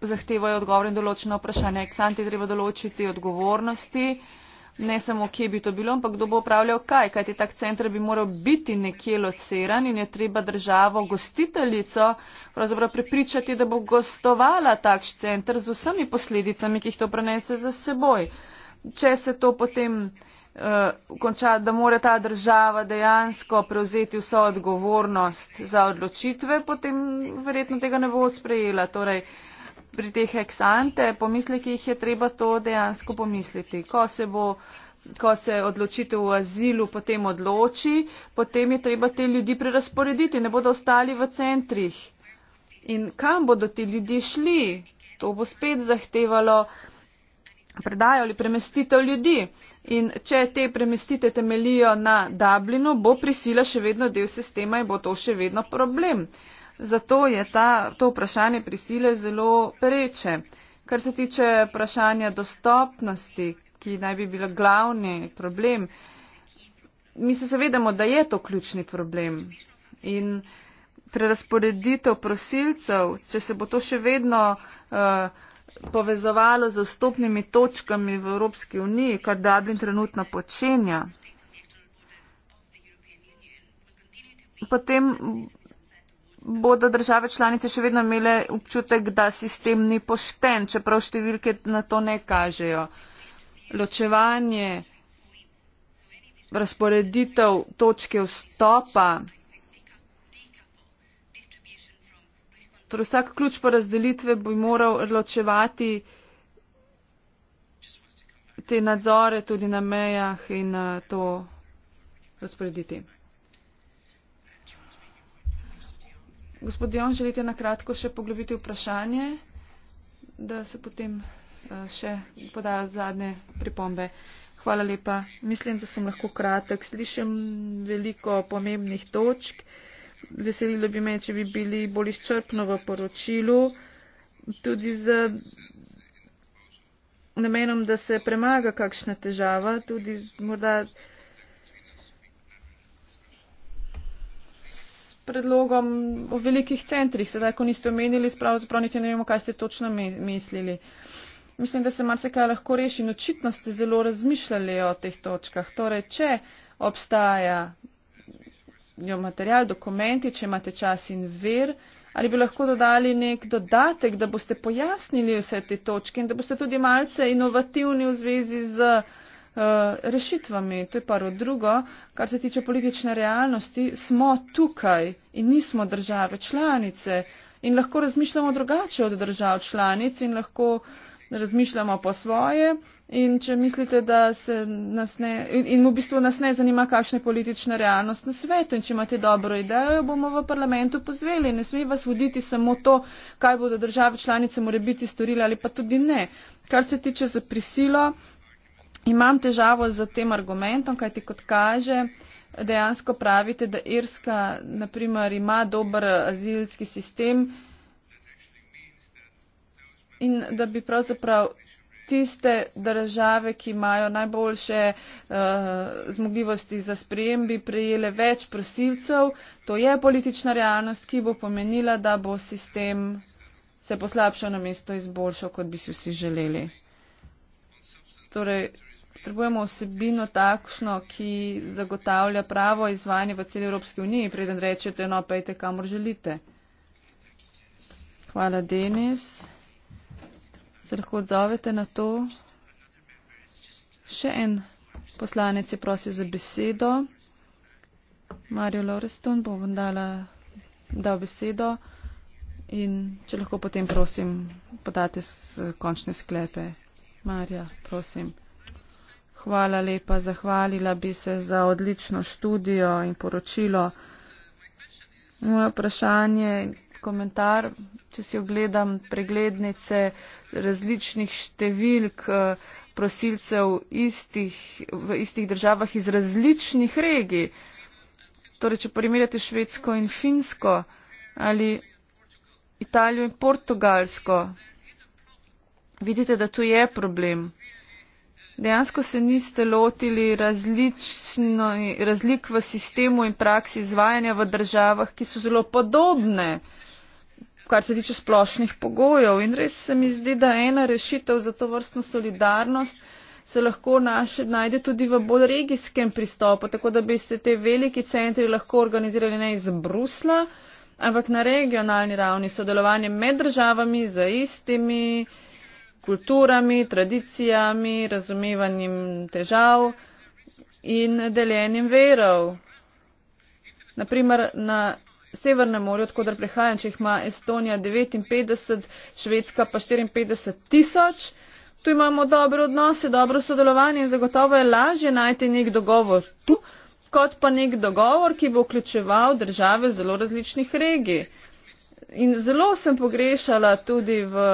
zahtevajo odgovore in določeno vprašanje. Eksanti treba določiti odgovornosti, ne samo kje bi to bilo, ampak kdo bo upravljal kaj, kajti tak center bi moral biti nekje lociran in je treba državo, gostiteljico, pravzaprav prepričati, da bo gostovala takš center z vsemi posledicami, ki jih to prenese za seboj. Uh, če se to potem uh, konča, da mora ta država dejansko prevzeti vso odgovornost za odločitve, potem verjetno tega ne bo sprejela. Torej, pri teh eksante pomislekih je treba to dejansko pomisliti. Ko se, bo, ko se odločitev v azilu potem odloči, potem je treba te ljudi prerasporediti, ne bodo ostali v centrih. In kam bodo ti ljudje šli? To bo spet zahtevalo predajo ali premestitev ljudi. In če te premestite temelijo na Dublinu, bo prisila še vedno del sistema in bo to še vedno problem. Zato je ta, to vprašanje prisile zelo pereče. Kar se tiče vprašanja dostopnosti, ki naj bi bila glavni problem, mi se zavedamo, da je to ključni problem. In prerasporeditev prosilcev, če se bo to še vedno. Uh, povezovalo z vstopnimi točkami v Evropski uniji, kar Dublin trenutno počenja. Potem bodo države članice še vedno imele občutek, da sistem ni pošten, čeprav številke na to ne kažejo. Ločevanje, razporeditev točke vstopa Torej, vsak ključ po razdelitve bi moral ločevati te nadzore tudi na mejah in eh, to razporediti. Gospod Jon, želite na kratko še poglobiti vprašanje, da se potem eh, še podajo zadnje pripombe. Hvala lepa. Mislim, da sem lahko kratek. Slišim veliko pomembnih točk veselilo bi me, če bi bili bolj izčrpno v poročilu, tudi z namenom, da se premaga kakšna težava, tudi morda s predlogom o velikih centrih, sedaj, ko niste omenili, pravzaprav niti ne vemo, kaj ste točno mislili. Mislim, da se marsikaj lahko reši in očitno ste zelo razmišljali o teh točkah. Torej, če obstaja njo material, dokumenti, če imate čas in ver, ali bi lahko dodali nek dodatek, da boste pojasnili vse te točke in da boste tudi malce inovativni v zvezi z uh, rešitvami. To je paro drugo, kar se tiče politične realnosti, smo tukaj in nismo države članice in lahko razmišljamo drugače od držav članic in lahko razmišljamo po svoje in če mislite, da se nas ne, in, in v bistvu nas ne zanima, kakšna je politična realnost na svetu in če imate dobro idejo, jo bomo v parlamentu pozveli. Ne sme vas voditi samo to, kaj bodo države članice more biti storile ali pa tudi ne. Kar se tiče za prisilo, imam težavo z tem argumentom, kaj ti kot kaže. Dejansko pravite, da Irska, naprimer, ima dober azilski sistem in da bi pravzaprav tiste države, ki imajo najboljše uh, zmogljivosti za sprejem, bi prejele več prosilcev. To je politična realnost, ki bo pomenila, da bo sistem se poslabšal na mesto izboljšal, kot bi si vsi želeli. Torej, potrebujemo osebino takšno, ki zagotavlja pravo izvajanje v celi Evropski uniji, preden rečete, no, pejte, kamor želite. Hvala, Denis se lahko odzovete na to. Še en poslanec je prosil za besedo. Mario Loreston bo vam dala, dal besedo in če lahko potem prosim podate končne sklepe. Marja, prosim. Hvala lepa, zahvalila bi se za odlično študijo in poročilo. Moje vprašanje komentar, če si ogledam preglednice različnih številk eh, prosilcev istih, v istih državah iz različnih regij. Torej, če primerjate Švedsko in Finsko ali Italijo in Portugalsko, vidite, da tu je problem. Dejansko se niste lotili različno, razlik v sistemu in praksi izvajanja v državah, ki so zelo podobne. Uh, kar se tiče splošnih pogojev. In res se mi zdi, da ena rešitev za to vrstno solidarnost se lahko naše, najde tudi v bolj regijskem pristopu, tako da bi se te veliki centri lahko organizirali ne iz Brusla, ampak na regionalni ravni sodelovanje med državami za istimi kulturami, tradicijami, razumevanjem težav in deljenjem verov. Naprimer, na Severnem morju, tako da prihajam, če jih ima Estonija 59, Švedska pa 54 tisoč. Tu imamo dobre odnose, dobro sodelovanje in zagotovo je lažje najti nek dogovor tu, kot pa nek dogovor, ki bo vključeval države zelo različnih regij. In zelo sem pogrešala tudi v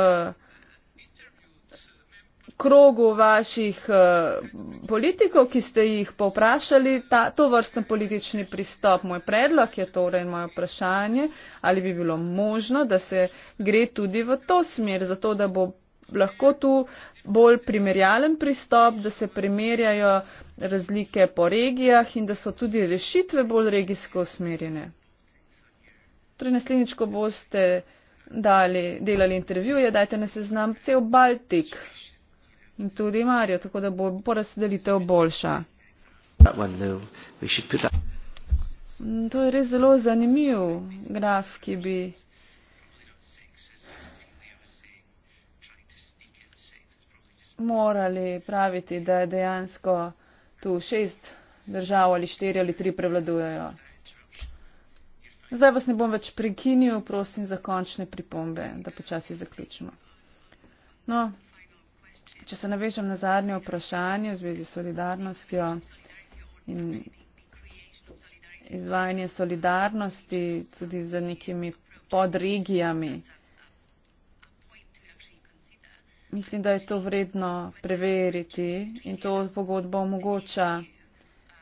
krogu vaših eh, politikov, ki ste jih povprašali, ta, to vrsten politični pristop. Moj predlog je torej moje vprašanje, ali bi bilo možno, da se gre tudi v to smer, zato da bo lahko tu bolj primerjalen pristop, da se primerjajo razlike po regijah in da so tudi rešitve bolj regijsko usmerjene. Torej, naslednjič, ko boste dali, delali intervjuje, dajte na seznam cel Baltik in tudi Marijo, tako da bo porazdelitev boljša. Mm, to je res zelo zanimiv graf, ki bi. morali praviti, da je dejansko tu šest držav ali štiri ali tri prevladujejo. Zdaj vas ne bom več prekinil, prosim za končne pripombe, da počasi zaključimo. No, Če se navežem na zadnje vprašanje v zvezi s solidarnostjo in izvajanje solidarnosti tudi z nekimi podregijami, mislim, da je to vredno preveriti in to pogodbo omogoča.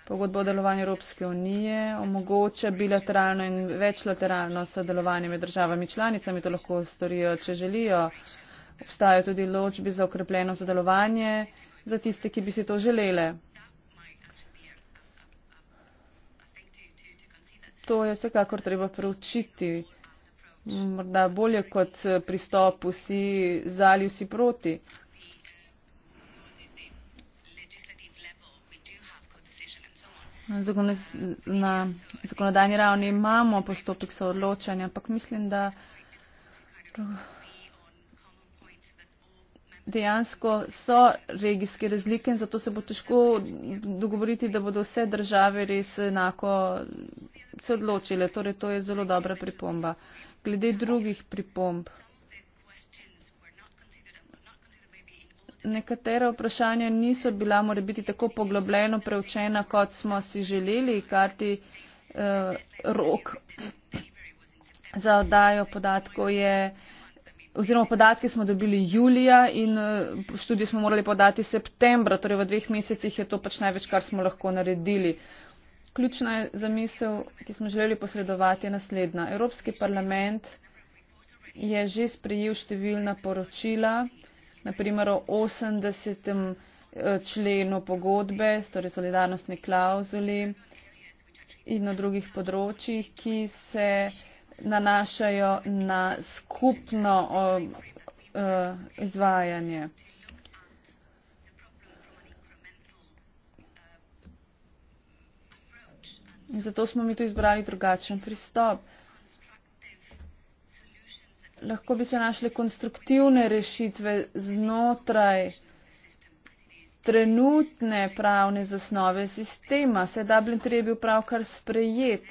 Pogodbo o delovanju Evropske unije omogoča bilateralno in večlateralno sodelovanje med državami članicami, to lahko storijo, če želijo. Obstajajo tudi ločbi za okrepljeno sodelovanje za tiste, ki bi si to želele. To je vsekakor treba preučiti. Morda bolje kot eh, pristop vsi za ali vsi proti. Na zakonodajni ravni imamo postopek soodločanja, ampak mislim, da dejansko so regijske razlike in zato se bo težko dogovoriti, da bodo vse države res enako se odločile. Torej, to je zelo dobra pripomba. Glede drugih pripomb. Nekatera vprašanja niso bila more biti tako poglobljeno preučena, kot smo si želeli, kar ti eh, rok za oddajo podatkov je oziroma podatke smo dobili julija in eh, študijo smo morali podati septembra, torej v dveh mesecih je to pač največ, kar smo lahko naredili. Ključna je zamisel, ki smo želeli posredovati, je naslednja. Evropski parlament je že sprejel številna poročila, naprimer o 80. Eh, členu pogodbe, torej solidarnostni klauzuli in na drugih področjih, ki se nanašajo na skupno uh, uh, izvajanje. In zato smo mi tu izbrali drugačen pristop. Lahko bi se našle konstruktivne rešitve znotraj trenutne pravne zasnove sistema. Sedaj Dublin 3 je bil pravkar sprejet.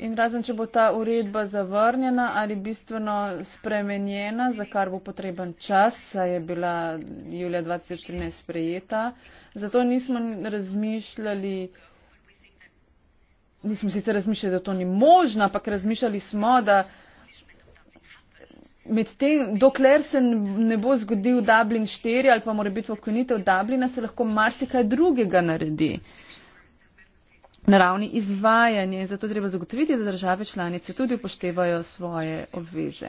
In razen, če bo ta uredba zavrnjena ali bistveno spremenjena, za kar bo potreben čas, saj je bila julija 2014 sprejeta, zato nismo razmišljali, nismo sicer razmišljali, da to ni možno, ampak razmišljali smo, da medtem, dokler se ne bo zgodil Dublin 4 ali pa mora biti vokonitev Dublina, se lahko marsikaj drugega naredi. Uh, na ravni izvajanja in zato treba zagotoviti, da države članice tudi upoštevajo svoje obveze.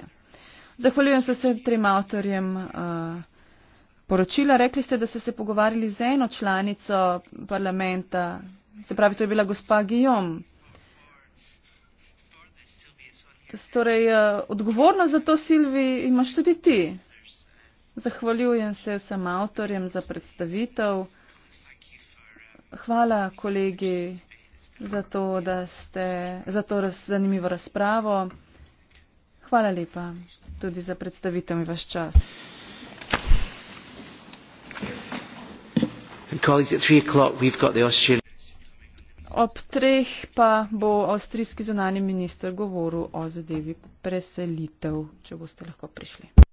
Zahvaljujem se vsem trem avtorjem uh, poročila. Rekli ste, da ste se pogovarjali z eno članico parlamenta, se pravi, to je bila gospa Gijom. Torej, uh, odgovornost za to, Silvi, imaš tudi ti. Zahvaljujem se vsem avtorjem za predstavitev. Hvala, kolegi za to, da ste za to raz, zanimivo razpravo. Hvala lepa tudi za predstavitev in vaš čas. Ob treh pa bo avstrijski zunani minister govoril o zadevi preselitev, če boste lahko prišli.